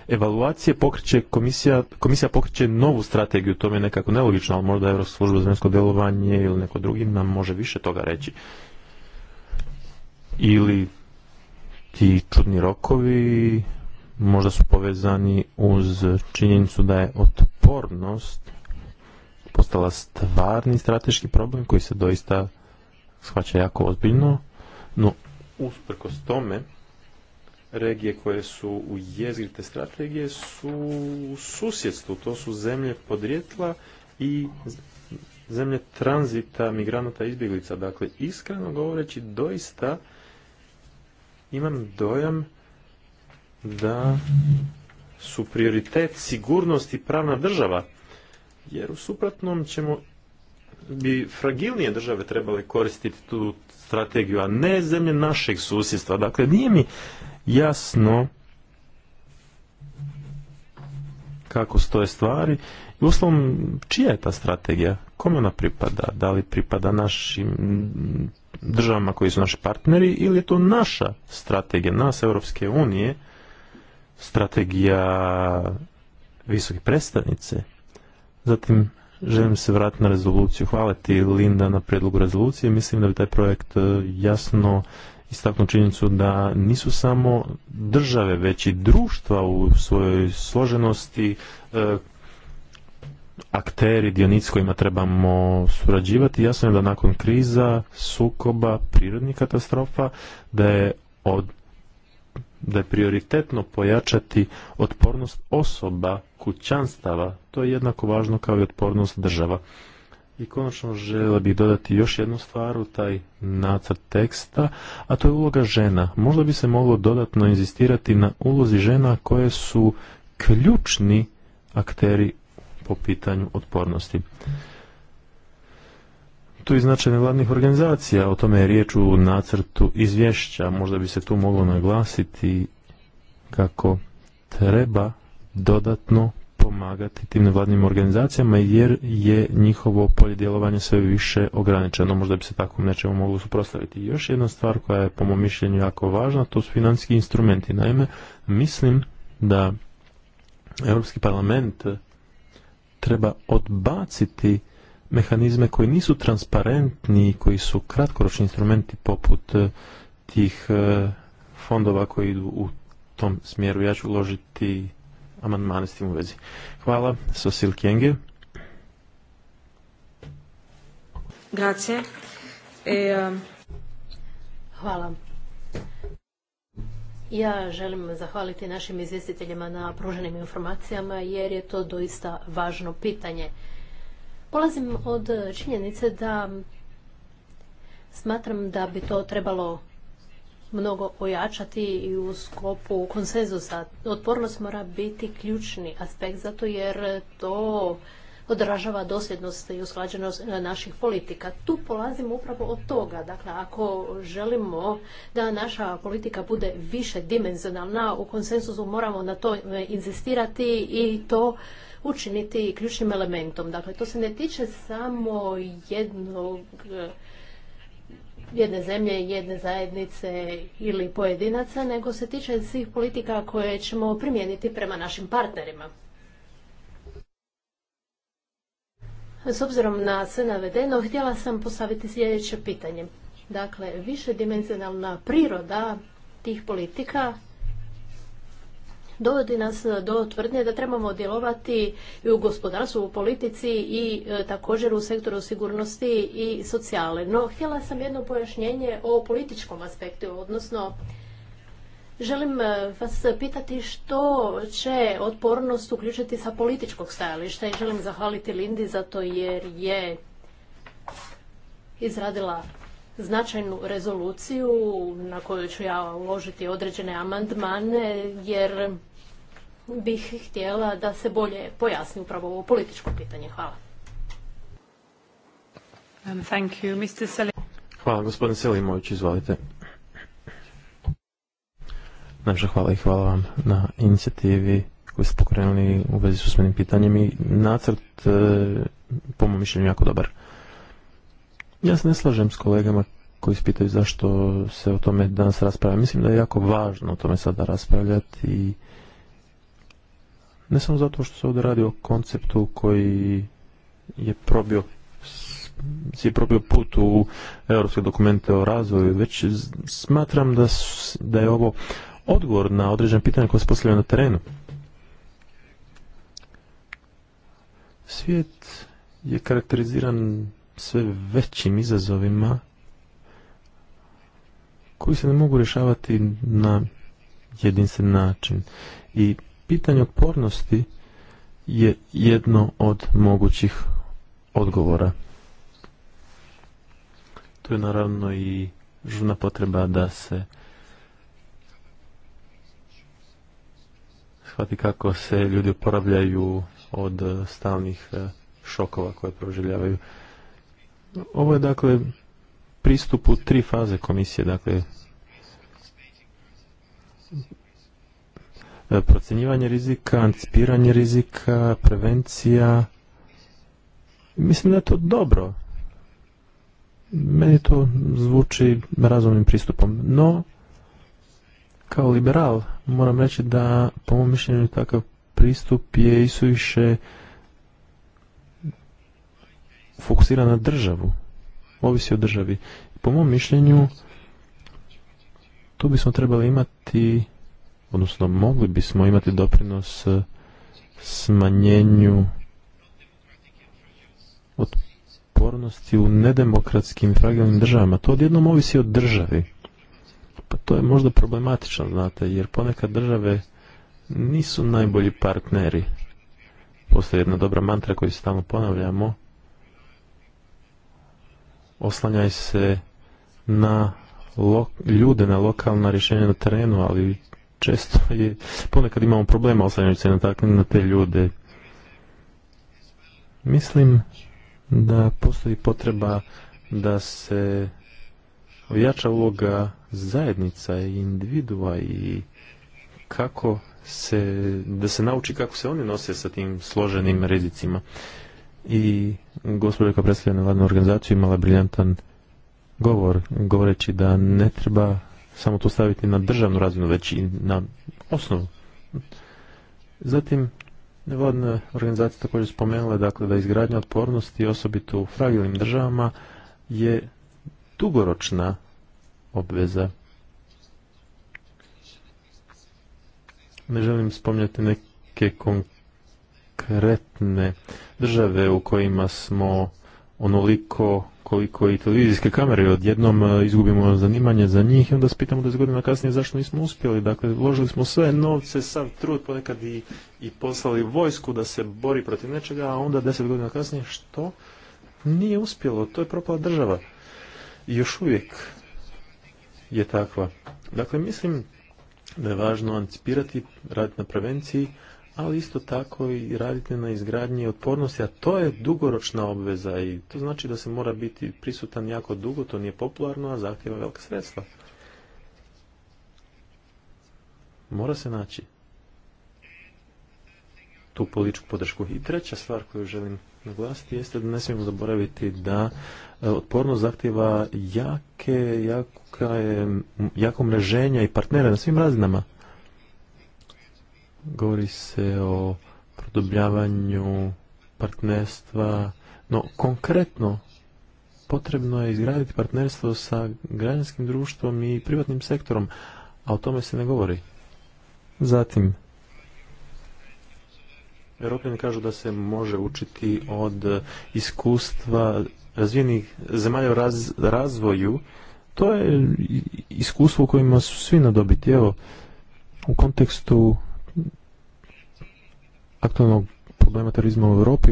evaluacije pokreće komisija, komisija pokreće novu strategiju, to mi je nekako nelogično, ali možda Evropska služba za vanjsko djelovanje ili neko drugi nam može više toga reći. Ili ti čudni rokovi možda su povezani uz činjenicu da je otpornost postala stvarni strateški problem koji se doista shvaća jako ozbiljno, no usprkos tome regije koje su u jezgri te strategije su u susjedstvu, to su zemlje podrijetla i zemlje tranzita migranata izbjeglica. Dakle, iskreno govoreći, doista imam dojam da su prioritet sigurnost i pravna država, jer u suprotnom ćemo bi fragilnije države trebale koristiti tu strategiju, a ne zemlje našeg susjedstva. Dakle, nije mi jasno kako stoje stvari i uslovom čija je ta strategija, kome ona pripada, da li pripada našim državama koji su naši partneri ili je to naša strategija, nas Europske unije, strategija visoke predstavnice. Zatim želim se vratiti na rezoluciju. Hvala ti Linda na predlogu rezolucije. Mislim da bi taj projekt eh, jasno istaknu činjenicu da nisu samo države, već i društva u svojoj složenosti e, akteri, dionici kojima trebamo surađivati. Jasno je da nakon kriza, sukoba, prirodnih katastrofa, da je od da je prioritetno pojačati otpornost osoba, kućanstava. To je jednako važno kao i otpornost država. I konačno žele bih dodati još jednu stvar u taj nacrt teksta, a to je uloga žena. Možda bi se moglo dodatno inzistirati na ulozi žena koje su ključni akteri po pitanju otpornosti. Tu i značaj nevladnih organizacija, o tome je riječ u nacrtu izvješća, možda bi se tu moglo naglasiti kako treba dodatno pomagati tim nevladnim organizacijama jer je njihovo polje djelovanja sve više ograničeno. Možda bi se takvom nečemu moglo suprotstaviti. još jedna stvar koja je po mom mišljenju jako važna, to su financijski instrumenti. Naime, mislim da Europski parlament treba odbaciti mehanizme koji nisu transparentni, koji su kratkoročni instrumenti poput eh, tih eh, fondova koji idu u tom smjeru. Ja ću uložiti amandmane s tim u vezi. Hvala. Sosil Kjenge. Grazie. E, um, Hvala. Ja želim zahvaliti našim izvjestiteljima na pruženim informacijama jer je to doista važno pitanje. Polazim od činjenice da smatram da bi to trebalo mnogo ojačati i u skopu konsenzusa. Otpornost mora biti ključni aspekt zato jer to odražava dosljednost i usklađenost naših politika. Tu polazimo upravo od toga. Dakle, ako želimo da naša politika bude više dimenzionalna, u konsenzusu moramo na to e, inzistirati i to učiniti ključnim elementom. Dakle, to se ne tiče samo jednog e, jedne zemlje, jedne zajednice ili pojedinaca, nego se tiče svih politika koje ćemo primijeniti prema našim partnerima. S obzirom na sve navedeno, htjela sam postaviti sljedeće pitanje. Dakle, višedimenzionalna priroda tih politika dovodi nas do tvrdnje da trebamo djelovati i u gospodarstvu, u politici i e, također u sektoru sigurnosti i socijale. No, htjela sam jedno pojašnjenje o političkom aspektu, odnosno Želim e, vas pitati što će otpornost uključiti sa političkog stajališta i želim zahvaliti Lindi zato jer je izradila značajnu rezoluciju na koju ću ja uložiti određene amandmane jer bih htjela da se bolje pojasni upravo ovo političko pitanje. Hvala. Um, thank you. Mr. hvala, gospodin Selimović, izvolite. Naša hvala i hvala vam na inicijativi koji ste pokrenuli u vezi s usmenim pitanjem i nacrt, e, po mojom mišljenju, jako dobar. Ja se ne slažem s kolegama koji ispitaju zašto se o tome danas raspravlja. Mislim da je jako važno o tome sada raspravljati ne samo zato što se ovdje radi o konceptu koji je probio si probio put u europske dokumente o razvoju, već smatram da, da je ovo odgovor na određena pitanje koje se postavljaju na terenu. Svijet je karakteriziran sve većim izazovima koji se ne mogu rješavati na jedinstven način. I pitanje otpornosti je jedno od mogućih odgovora. Tu je naravno i žuna potreba da se shvati kako se ljudi oporavljaju od stalnih eh, šokova koje proživljavaju. Ovo je dakle pristup u tri faze komisije, dakle procjenjivanje rizika, anticipiranje rizika, prevencija. Mislim da je to dobro. Meni to zvuči razumnim pristupom, no kao liberal moram reći da po mom mišljenju takav pristup je isuviše fokusira na državu. Ovisi o državi. Po mom mišljenju, tu bismo trebali imati, odnosno mogli bismo imati doprinos eh, smanjenju otpornosti u nedemokratskim i fragilnim državama. To odjednom ovisi o državi. Pa to je možda problematično, znate, jer ponekad države nisu najbolji partneri. Postoji jedna dobra mantra koju stalno ponavljamo, oslanjaj se na ljude, na lokalna rješenja na terenu, ali često je, ponekad imamo problema oslanjajući se na, na te ljude. Mislim da postoji potreba da se ojača uloga zajednica i individua i kako se, da se nauči kako se oni nose sa tim složenim rizicima i gospođa koja predstavlja nevladnu organizaciju imala briljantan govor, govoreći da ne treba samo to staviti na državnu razinu, već i na osnovu. Zatim, nevladna organizacija također spomenula dakle, da izgradnja otpornosti, osobito u fragilnim državama, je dugoročna obveza. Ne želim spominjati neke konkretne kretne države u kojima smo onoliko koliko i televizijske kamere odjednom e, izgubimo zanimanje za njih i onda se pitamo da godina kasnije zašto nismo uspjeli. Dakle, uložili smo sve novce, sam trud ponekad i, i poslali vojsku da se bori protiv nečega, a onda deset godina kasnije što? Nije uspjelo, to je propala država. I još uvijek je takva. Dakle, mislim da je važno anticipirati, raditi na prevenciji, ali isto tako i raditi na izgradnji otpornosti, a to je dugoročna obveza i to znači da se mora biti prisutan jako dugo, to nije popularno, a zahtjeva velika sredstva. Mora se naći tu političku podršku. I treća stvar koju želim naglasiti jeste da ne smijemo zaboraviti da e, otpornost zahtjeva jake, jako, jako mreženja i partnere na svim razinama govori se o produbljavanju partnerstva, no konkretno potrebno je izgraditi partnerstvo sa građanskim društvom i privatnim sektorom, a o tome se ne govori. Zatim, Europljani kažu da se može učiti od iskustva razvijenih zemalja u razvoju. To je iskustvo u kojima su svi nadobiti. Evo, u kontekstu aktualnog problema terorizma u Europi,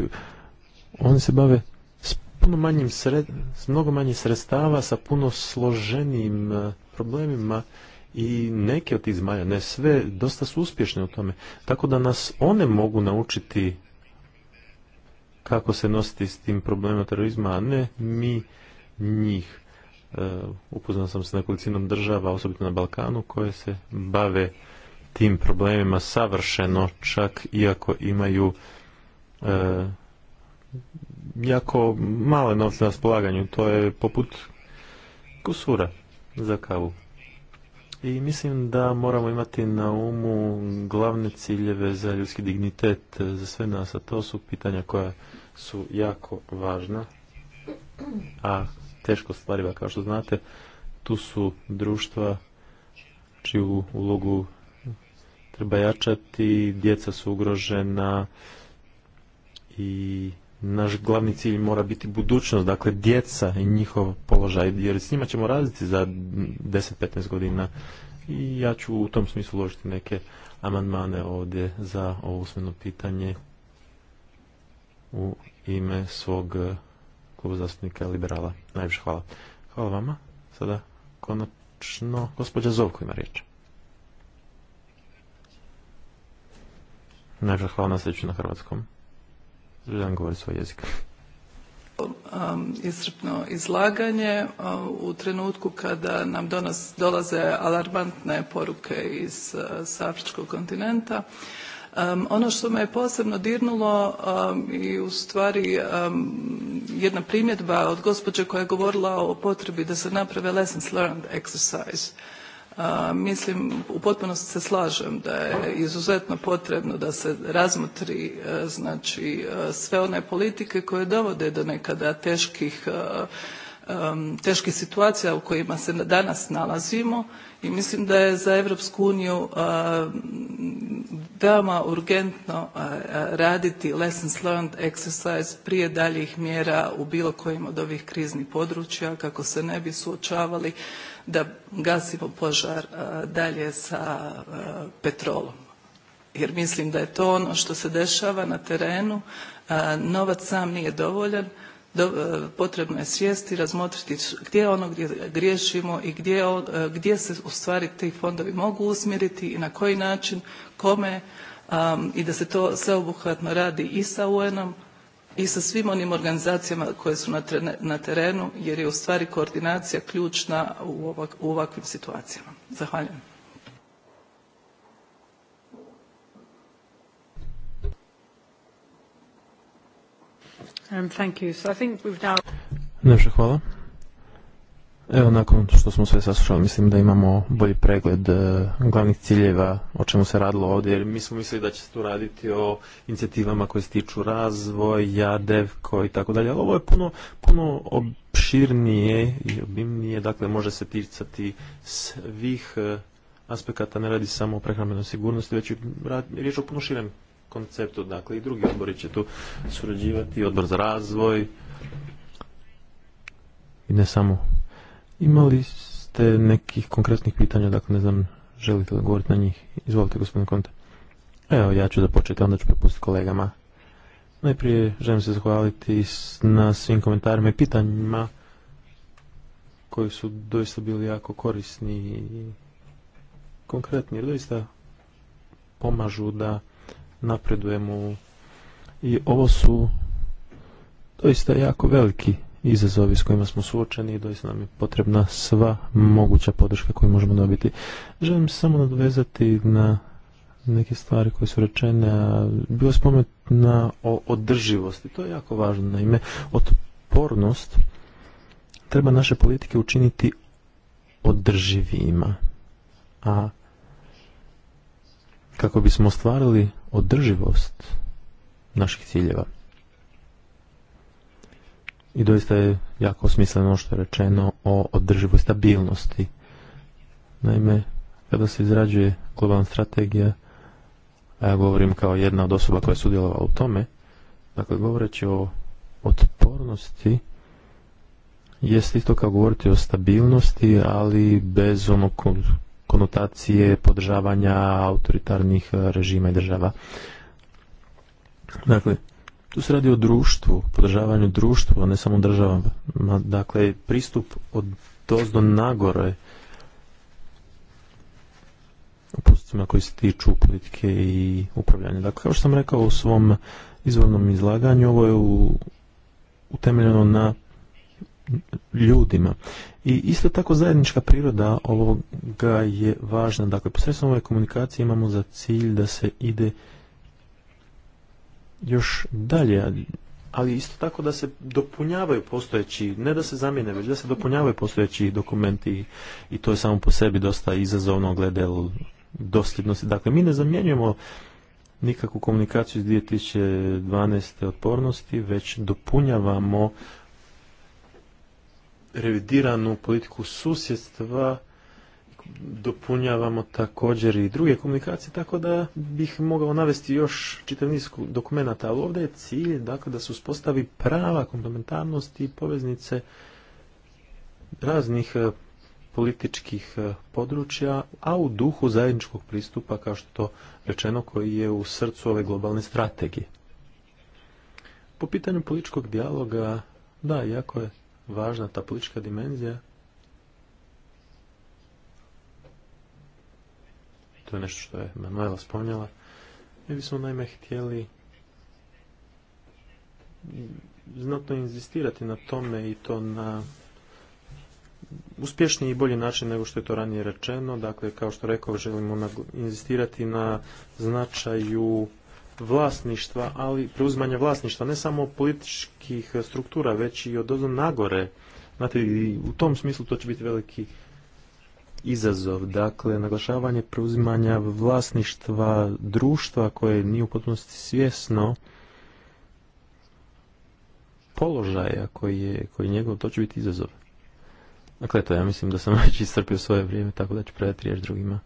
oni se bave s puno manjim sred, mnogo manje sredstava, sa puno složenijim e, problemima i neke od tih zmaja, ne sve, dosta su uspješne u tome. Tako da nas one mogu naučiti kako se nositi s tim problemima terorizma, a ne mi njih. E, upoznao upoznan sam na nekolicinom država, osobito na Balkanu, koje se bave tim problemima savršeno, čak iako imaju e, jako male novce na spolaganju. To je poput kusura za kavu. I mislim da moramo imati na umu glavne ciljeve za ljudski dignitet e, za sve nas, a to su pitanja koja su jako važna, a teško stvariva, kao što znate. Tu su društva čiju ulogu treba jačati, djeca su ugrožena i naš glavni cilj mora biti budućnost, dakle djeca i njihov položaj, jer s njima ćemo raditi za 10-15 godina i ja ću u tom smislu uložiti neke amandmane ovdje za ovo usmeno pitanje u ime svog kluba zastupnika liberala. Najviše hvala. Hvala vama. Sada konačno gospođa Zovko ima riječ. hvala na sreću hrvatskom. Želim govori svoj jezik. Um, iscrpno izlaganje uh, u trenutku kada nam dolaze alarmantne poruke iz uh, afričkog kontinenta. Um, ono što me je posebno dirnulo um, i u stvari jedna primjedba od gospođe koja je govorila o potrebi da se naprave lessons learned exercise. Mislim, u potpunosti se slažem da je izuzetno potrebno da se razmotri e, znači e, sve one politike koje dovode do nekada teških e, teških situacija u kojima se danas nalazimo i mislim da je za Europsku uniju veoma urgentno raditi lessons learned exercise prije daljih mjera u bilo kojim od ovih kriznih područja kako se ne bi suočavali da gasimo požar e, dalje sa e, petrolom. Jer mislim da je to ono što se dešava na terenu. E, novac sam nije dovoljan. potrebno je svijesti, razmotriti gdje je ono gdje griješimo i gdje, gdje se stvari ti fondovi mogu usmjeriti i na koji način, kome i da se to sveobuhvatno radi i sa UN-om, i sa svim onim organizacijama koje su na terenu jer je ustvari koordinacija ključna u ovakvim situacijama. Zahvaljujem. Um, Evo, nakon što smo sve saslušali, mislim da imamo bolji pregled e, glavnih ciljeva o čemu se radilo ovdje, jer mi smo mislili da će se tu raditi o inicijativama koje se tiču razvoja, devko i tako dalje, ali ovo je puno, puno obširnije i obimnije, dakle može se ticati svih e, aspekata, ne radi samo o prehrambenoj sigurnosti, već i riječ o puno širem konceptu, dakle i drugi odbori će tu surađivati, odbor za razvoj i ne samo Imali ste nekih konkretnih pitanja, dakle ne znam, želite li govoriti na njih? Izvolite, gospodine Konte. Evo, ja ću da onda ću prepustiti kolegama. Najprije želim se zahvaliti na svim komentarima i pitanjima koji su doista bili jako korisni i konkretni, jer doista pomažu da napredujemo i ovo su doista jako veliki izazovi s kojima smo suočeni i doista nam je potrebna sva moguća podrška koju možemo dobiti. Želim samo nadvezati na neke stvari koje su rečene, a bilo na o održivosti. To je jako važno. Naime, otpornost treba naše politike učiniti održivima. A kako bismo ostvarili održivost naših ciljeva, i doista je jako smisleno što je rečeno o održivoj stabilnosti. Naime, kada se izrađuje globalna strategija, a ja govorim kao jedna od osoba koja je sudjelovala u tome, dakle govoreći o otpornosti, jest isto kao govoriti o stabilnosti, ali bez onog konotacije podržavanja autoritarnih režima i država. Dakle, tu se radi o društvu, podržavanju društva, ne samo državama. Dakle, pristup od dozdo nagore u koji se tiču politike i upravljanja. Dakle, kao što sam rekao u svom izvornom izlaganju, ovo je u, utemeljeno na ljudima. I isto tako zajednička priroda ovoga je važna. Dakle, posredstvom ove komunikacije imamo za cilj da se ide još dalje, ali isto tako da se dopunjavaju postojeći, ne da se zamijene, već da se dopunjavaju postojeći dokumenti i to je samo po sebi dosta izazovno glede dosljednosti. Dakle, mi ne zamjenjujemo nikakvu komunikaciju iz 2012. otpornosti, već dopunjavamo revidiranu politiku susjedstva dopunjavamo također i druge komunikacije, tako da bih mogao navesti još čitav niz dokumenata, ali ovdje je cilj dakle, da se uspostavi prava komplementarnost i poveznice raznih eh, političkih eh, područja, a u duhu zajedničkog pristupa, kao što rečeno, koji je u srcu ove globalne strategije. Po pitanju političkog dijaloga, da, jako je važna ta politička dimenzija, to je nešto što je Manuela spomnjala. mi bismo naime htjeli znatno inzistirati na tome i to na uspješniji i bolji način nego što je to ranije rečeno. Dakle, kao što rekao, želimo inzistirati na značaju vlasništva, ali preuzimanje vlasništva ne samo političkih struktura, već i od ozom nagore. Znate, u tom smislu to će biti veliki izazov. Dakle, naglašavanje preuzimanja vlasništva društva koje nije u potpunosti svjesno položaja koji je, koji je njegov, to će biti izazov. Dakle, to ja mislim da sam (laughs) već iscrpio svoje vrijeme, tako da ću predati riječ drugima.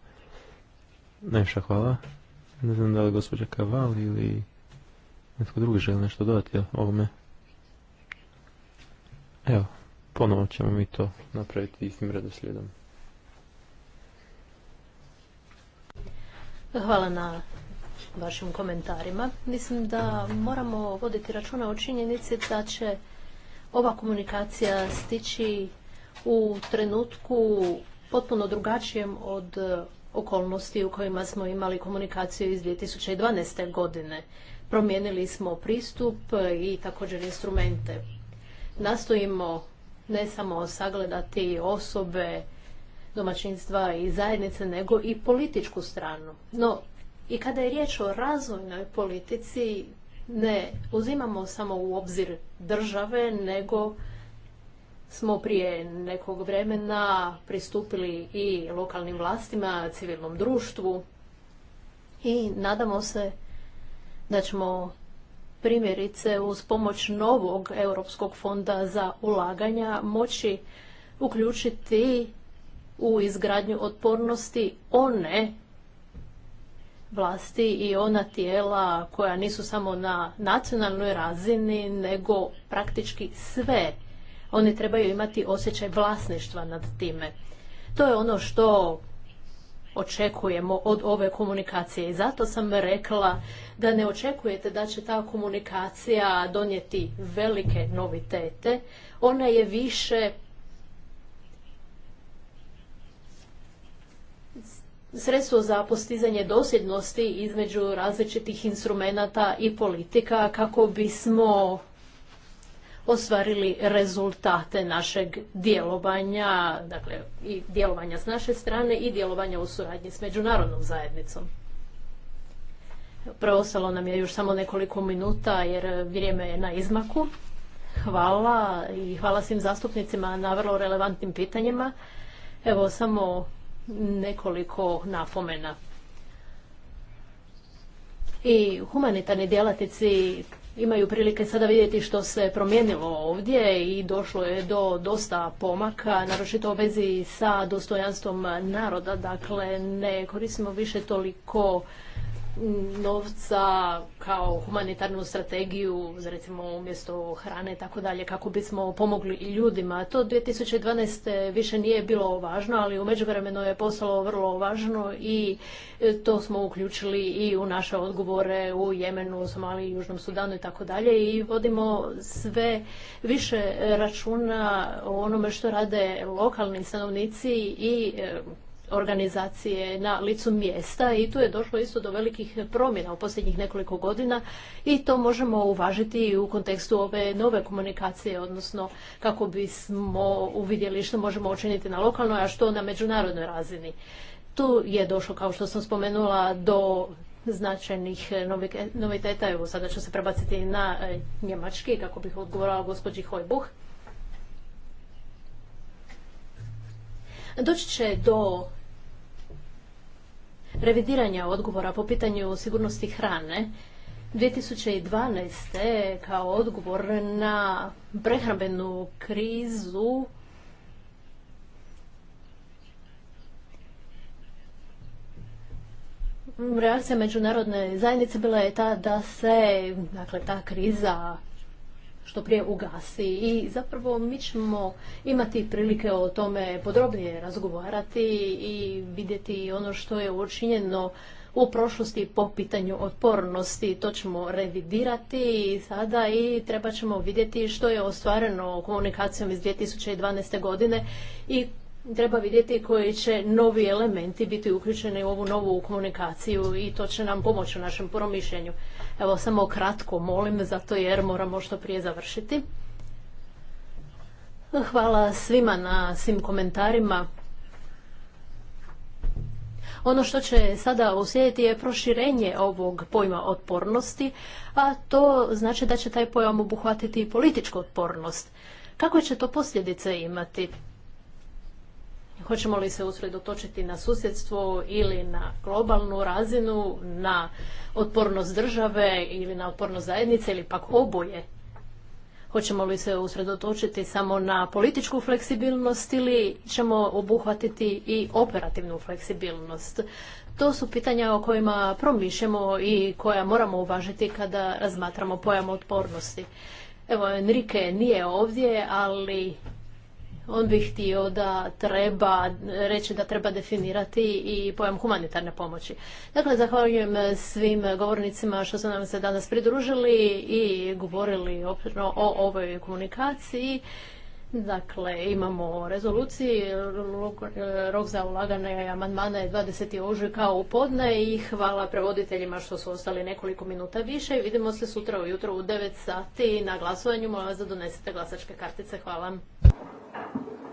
Najviša hvala. Ne znam da li gospođa Kaval ili netko drugi želi nešto dodati ovome. Evo, ponovo ćemo mi to napraviti istim redoslijedom. Hvala na vašim komentarima. Mislim da moramo voditi računa o činjenici da će ova komunikacija stići u trenutku potpuno drugačijem od okolnosti u kojima smo imali komunikaciju iz 2012. godine. Promijenili smo pristup i također instrumente. Nastojimo ne samo sagledati osobe domaćinstva i zajednice, nego i političku stranu. No, i kada je riječ o razvojnoj politici, ne uzimamo samo u obzir države, nego smo prije nekog vremena pristupili i lokalnim vlastima, civilnom društvu i nadamo se da ćemo primjerice uz pomoć novog Europskog fonda za ulaganja moći uključiti u izgradnju otpornosti one vlasti i ona tijela koja nisu samo na nacionalnoj razini, nego praktički sve. Oni trebaju imati osjećaj vlasništva nad time. To je ono što očekujemo od ove komunikacije i zato sam rekla da ne očekujete da će ta komunikacija donijeti velike novitete. Ona je više sredstvo za postizanje dosljednosti između različitih instrumenata i politika kako bismo ostvarili rezultate našeg djelovanja, dakle i djelovanja s naše strane i djelovanja u suradnji s međunarodnom zajednicom. Preostalo nam je još samo nekoliko minuta jer vrijeme je na izmaku. Hvala i hvala svim zastupnicima na vrlo relevantnim pitanjima. Evo samo nekoliko napomena. I humanitarni djelatnici imaju prilike sada vidjeti što se promijenilo ovdje i došlo je do dosta pomaka, naročito u vezi sa dostojanstvom naroda. Dakle, ne koristimo više toliko novca kao humanitarnu strategiju, recimo umjesto hrane i tako dalje, kako bismo pomogli ljudima. To 2012. više nije bilo važno, ali u međuvremenu je postalo vrlo važno i e, to smo uključili i u naše odgovore u Jemenu, Somaliji, Južnom Sudanu i tako dalje i vodimo sve više računa o onome što rade lokalni stanovnici i e, organizacije na licu mjesta i tu je došlo isto do velikih promjena u posljednjih nekoliko godina i to možemo uvažiti i u kontekstu ove nove komunikacije, odnosno kako bismo uvidjeli što možemo učiniti na lokalnoj, a što na međunarodnoj razini. Tu je došlo, kao što sam spomenula, do značajnih noviteta. Evo, sada ću se prebaciti na e, njemački, kako bih odgovorila gospođi Hojbuh. Doći će do revidiranja odgovora po pitanju sigurnosti hrane. 2012. kao odgovor na prehrambenu krizu reakcija međunarodne zajednice bila je ta da se dakle, ta kriza što prije ugasi. I zapravo mi ćemo imati prilike o tome podrobnije razgovarati i vidjeti ono što je učinjeno u prošlosti po pitanju otpornosti. To ćemo revidirati sada i treba ćemo vidjeti što je ostvareno komunikacijom iz 2012. godine i treba vidjeti koji će novi elementi biti uključeni u ovu novu komunikaciju i to će nam pomoći u našem promišljenju. Evo samo kratko molim, zato jer moramo što prije završiti. Hvala svima na svim komentarima. Ono što će sada uslijediti je proširenje ovog pojma otpornosti, a to znači da će taj pojam obuhvatiti i političku otpornost. Kako će to posljedice imati? Hoćemo li se usredotočiti na susjedstvo ili na globalnu razinu, na otpornost države ili na otpornost zajednice ili pak oboje? Hoćemo li se usredotočiti samo na političku fleksibilnost ili ćemo obuhvatiti i operativnu fleksibilnost? To su pitanja o kojima promišljamo i koja moramo uvažiti kada razmatramo pojam otpornosti. Evo, Enrique nije ovdje, ali on bi htio da treba reći da treba definirati i pojam humanitarne pomoći. Dakle, zahvaljujem svim govornicima što su nam se danas pridružili i govorili o ovoj komunikaciji. Dakle, imamo rezoluciji, rok za i amandmana je 20. ožujka u podne i hvala prevoditeljima što su ostali nekoliko minuta više. Vidimo se sutra ujutro u 9 sati na glasovanju. Molim vas da donesete glasačke kartice. Hvala aktivnija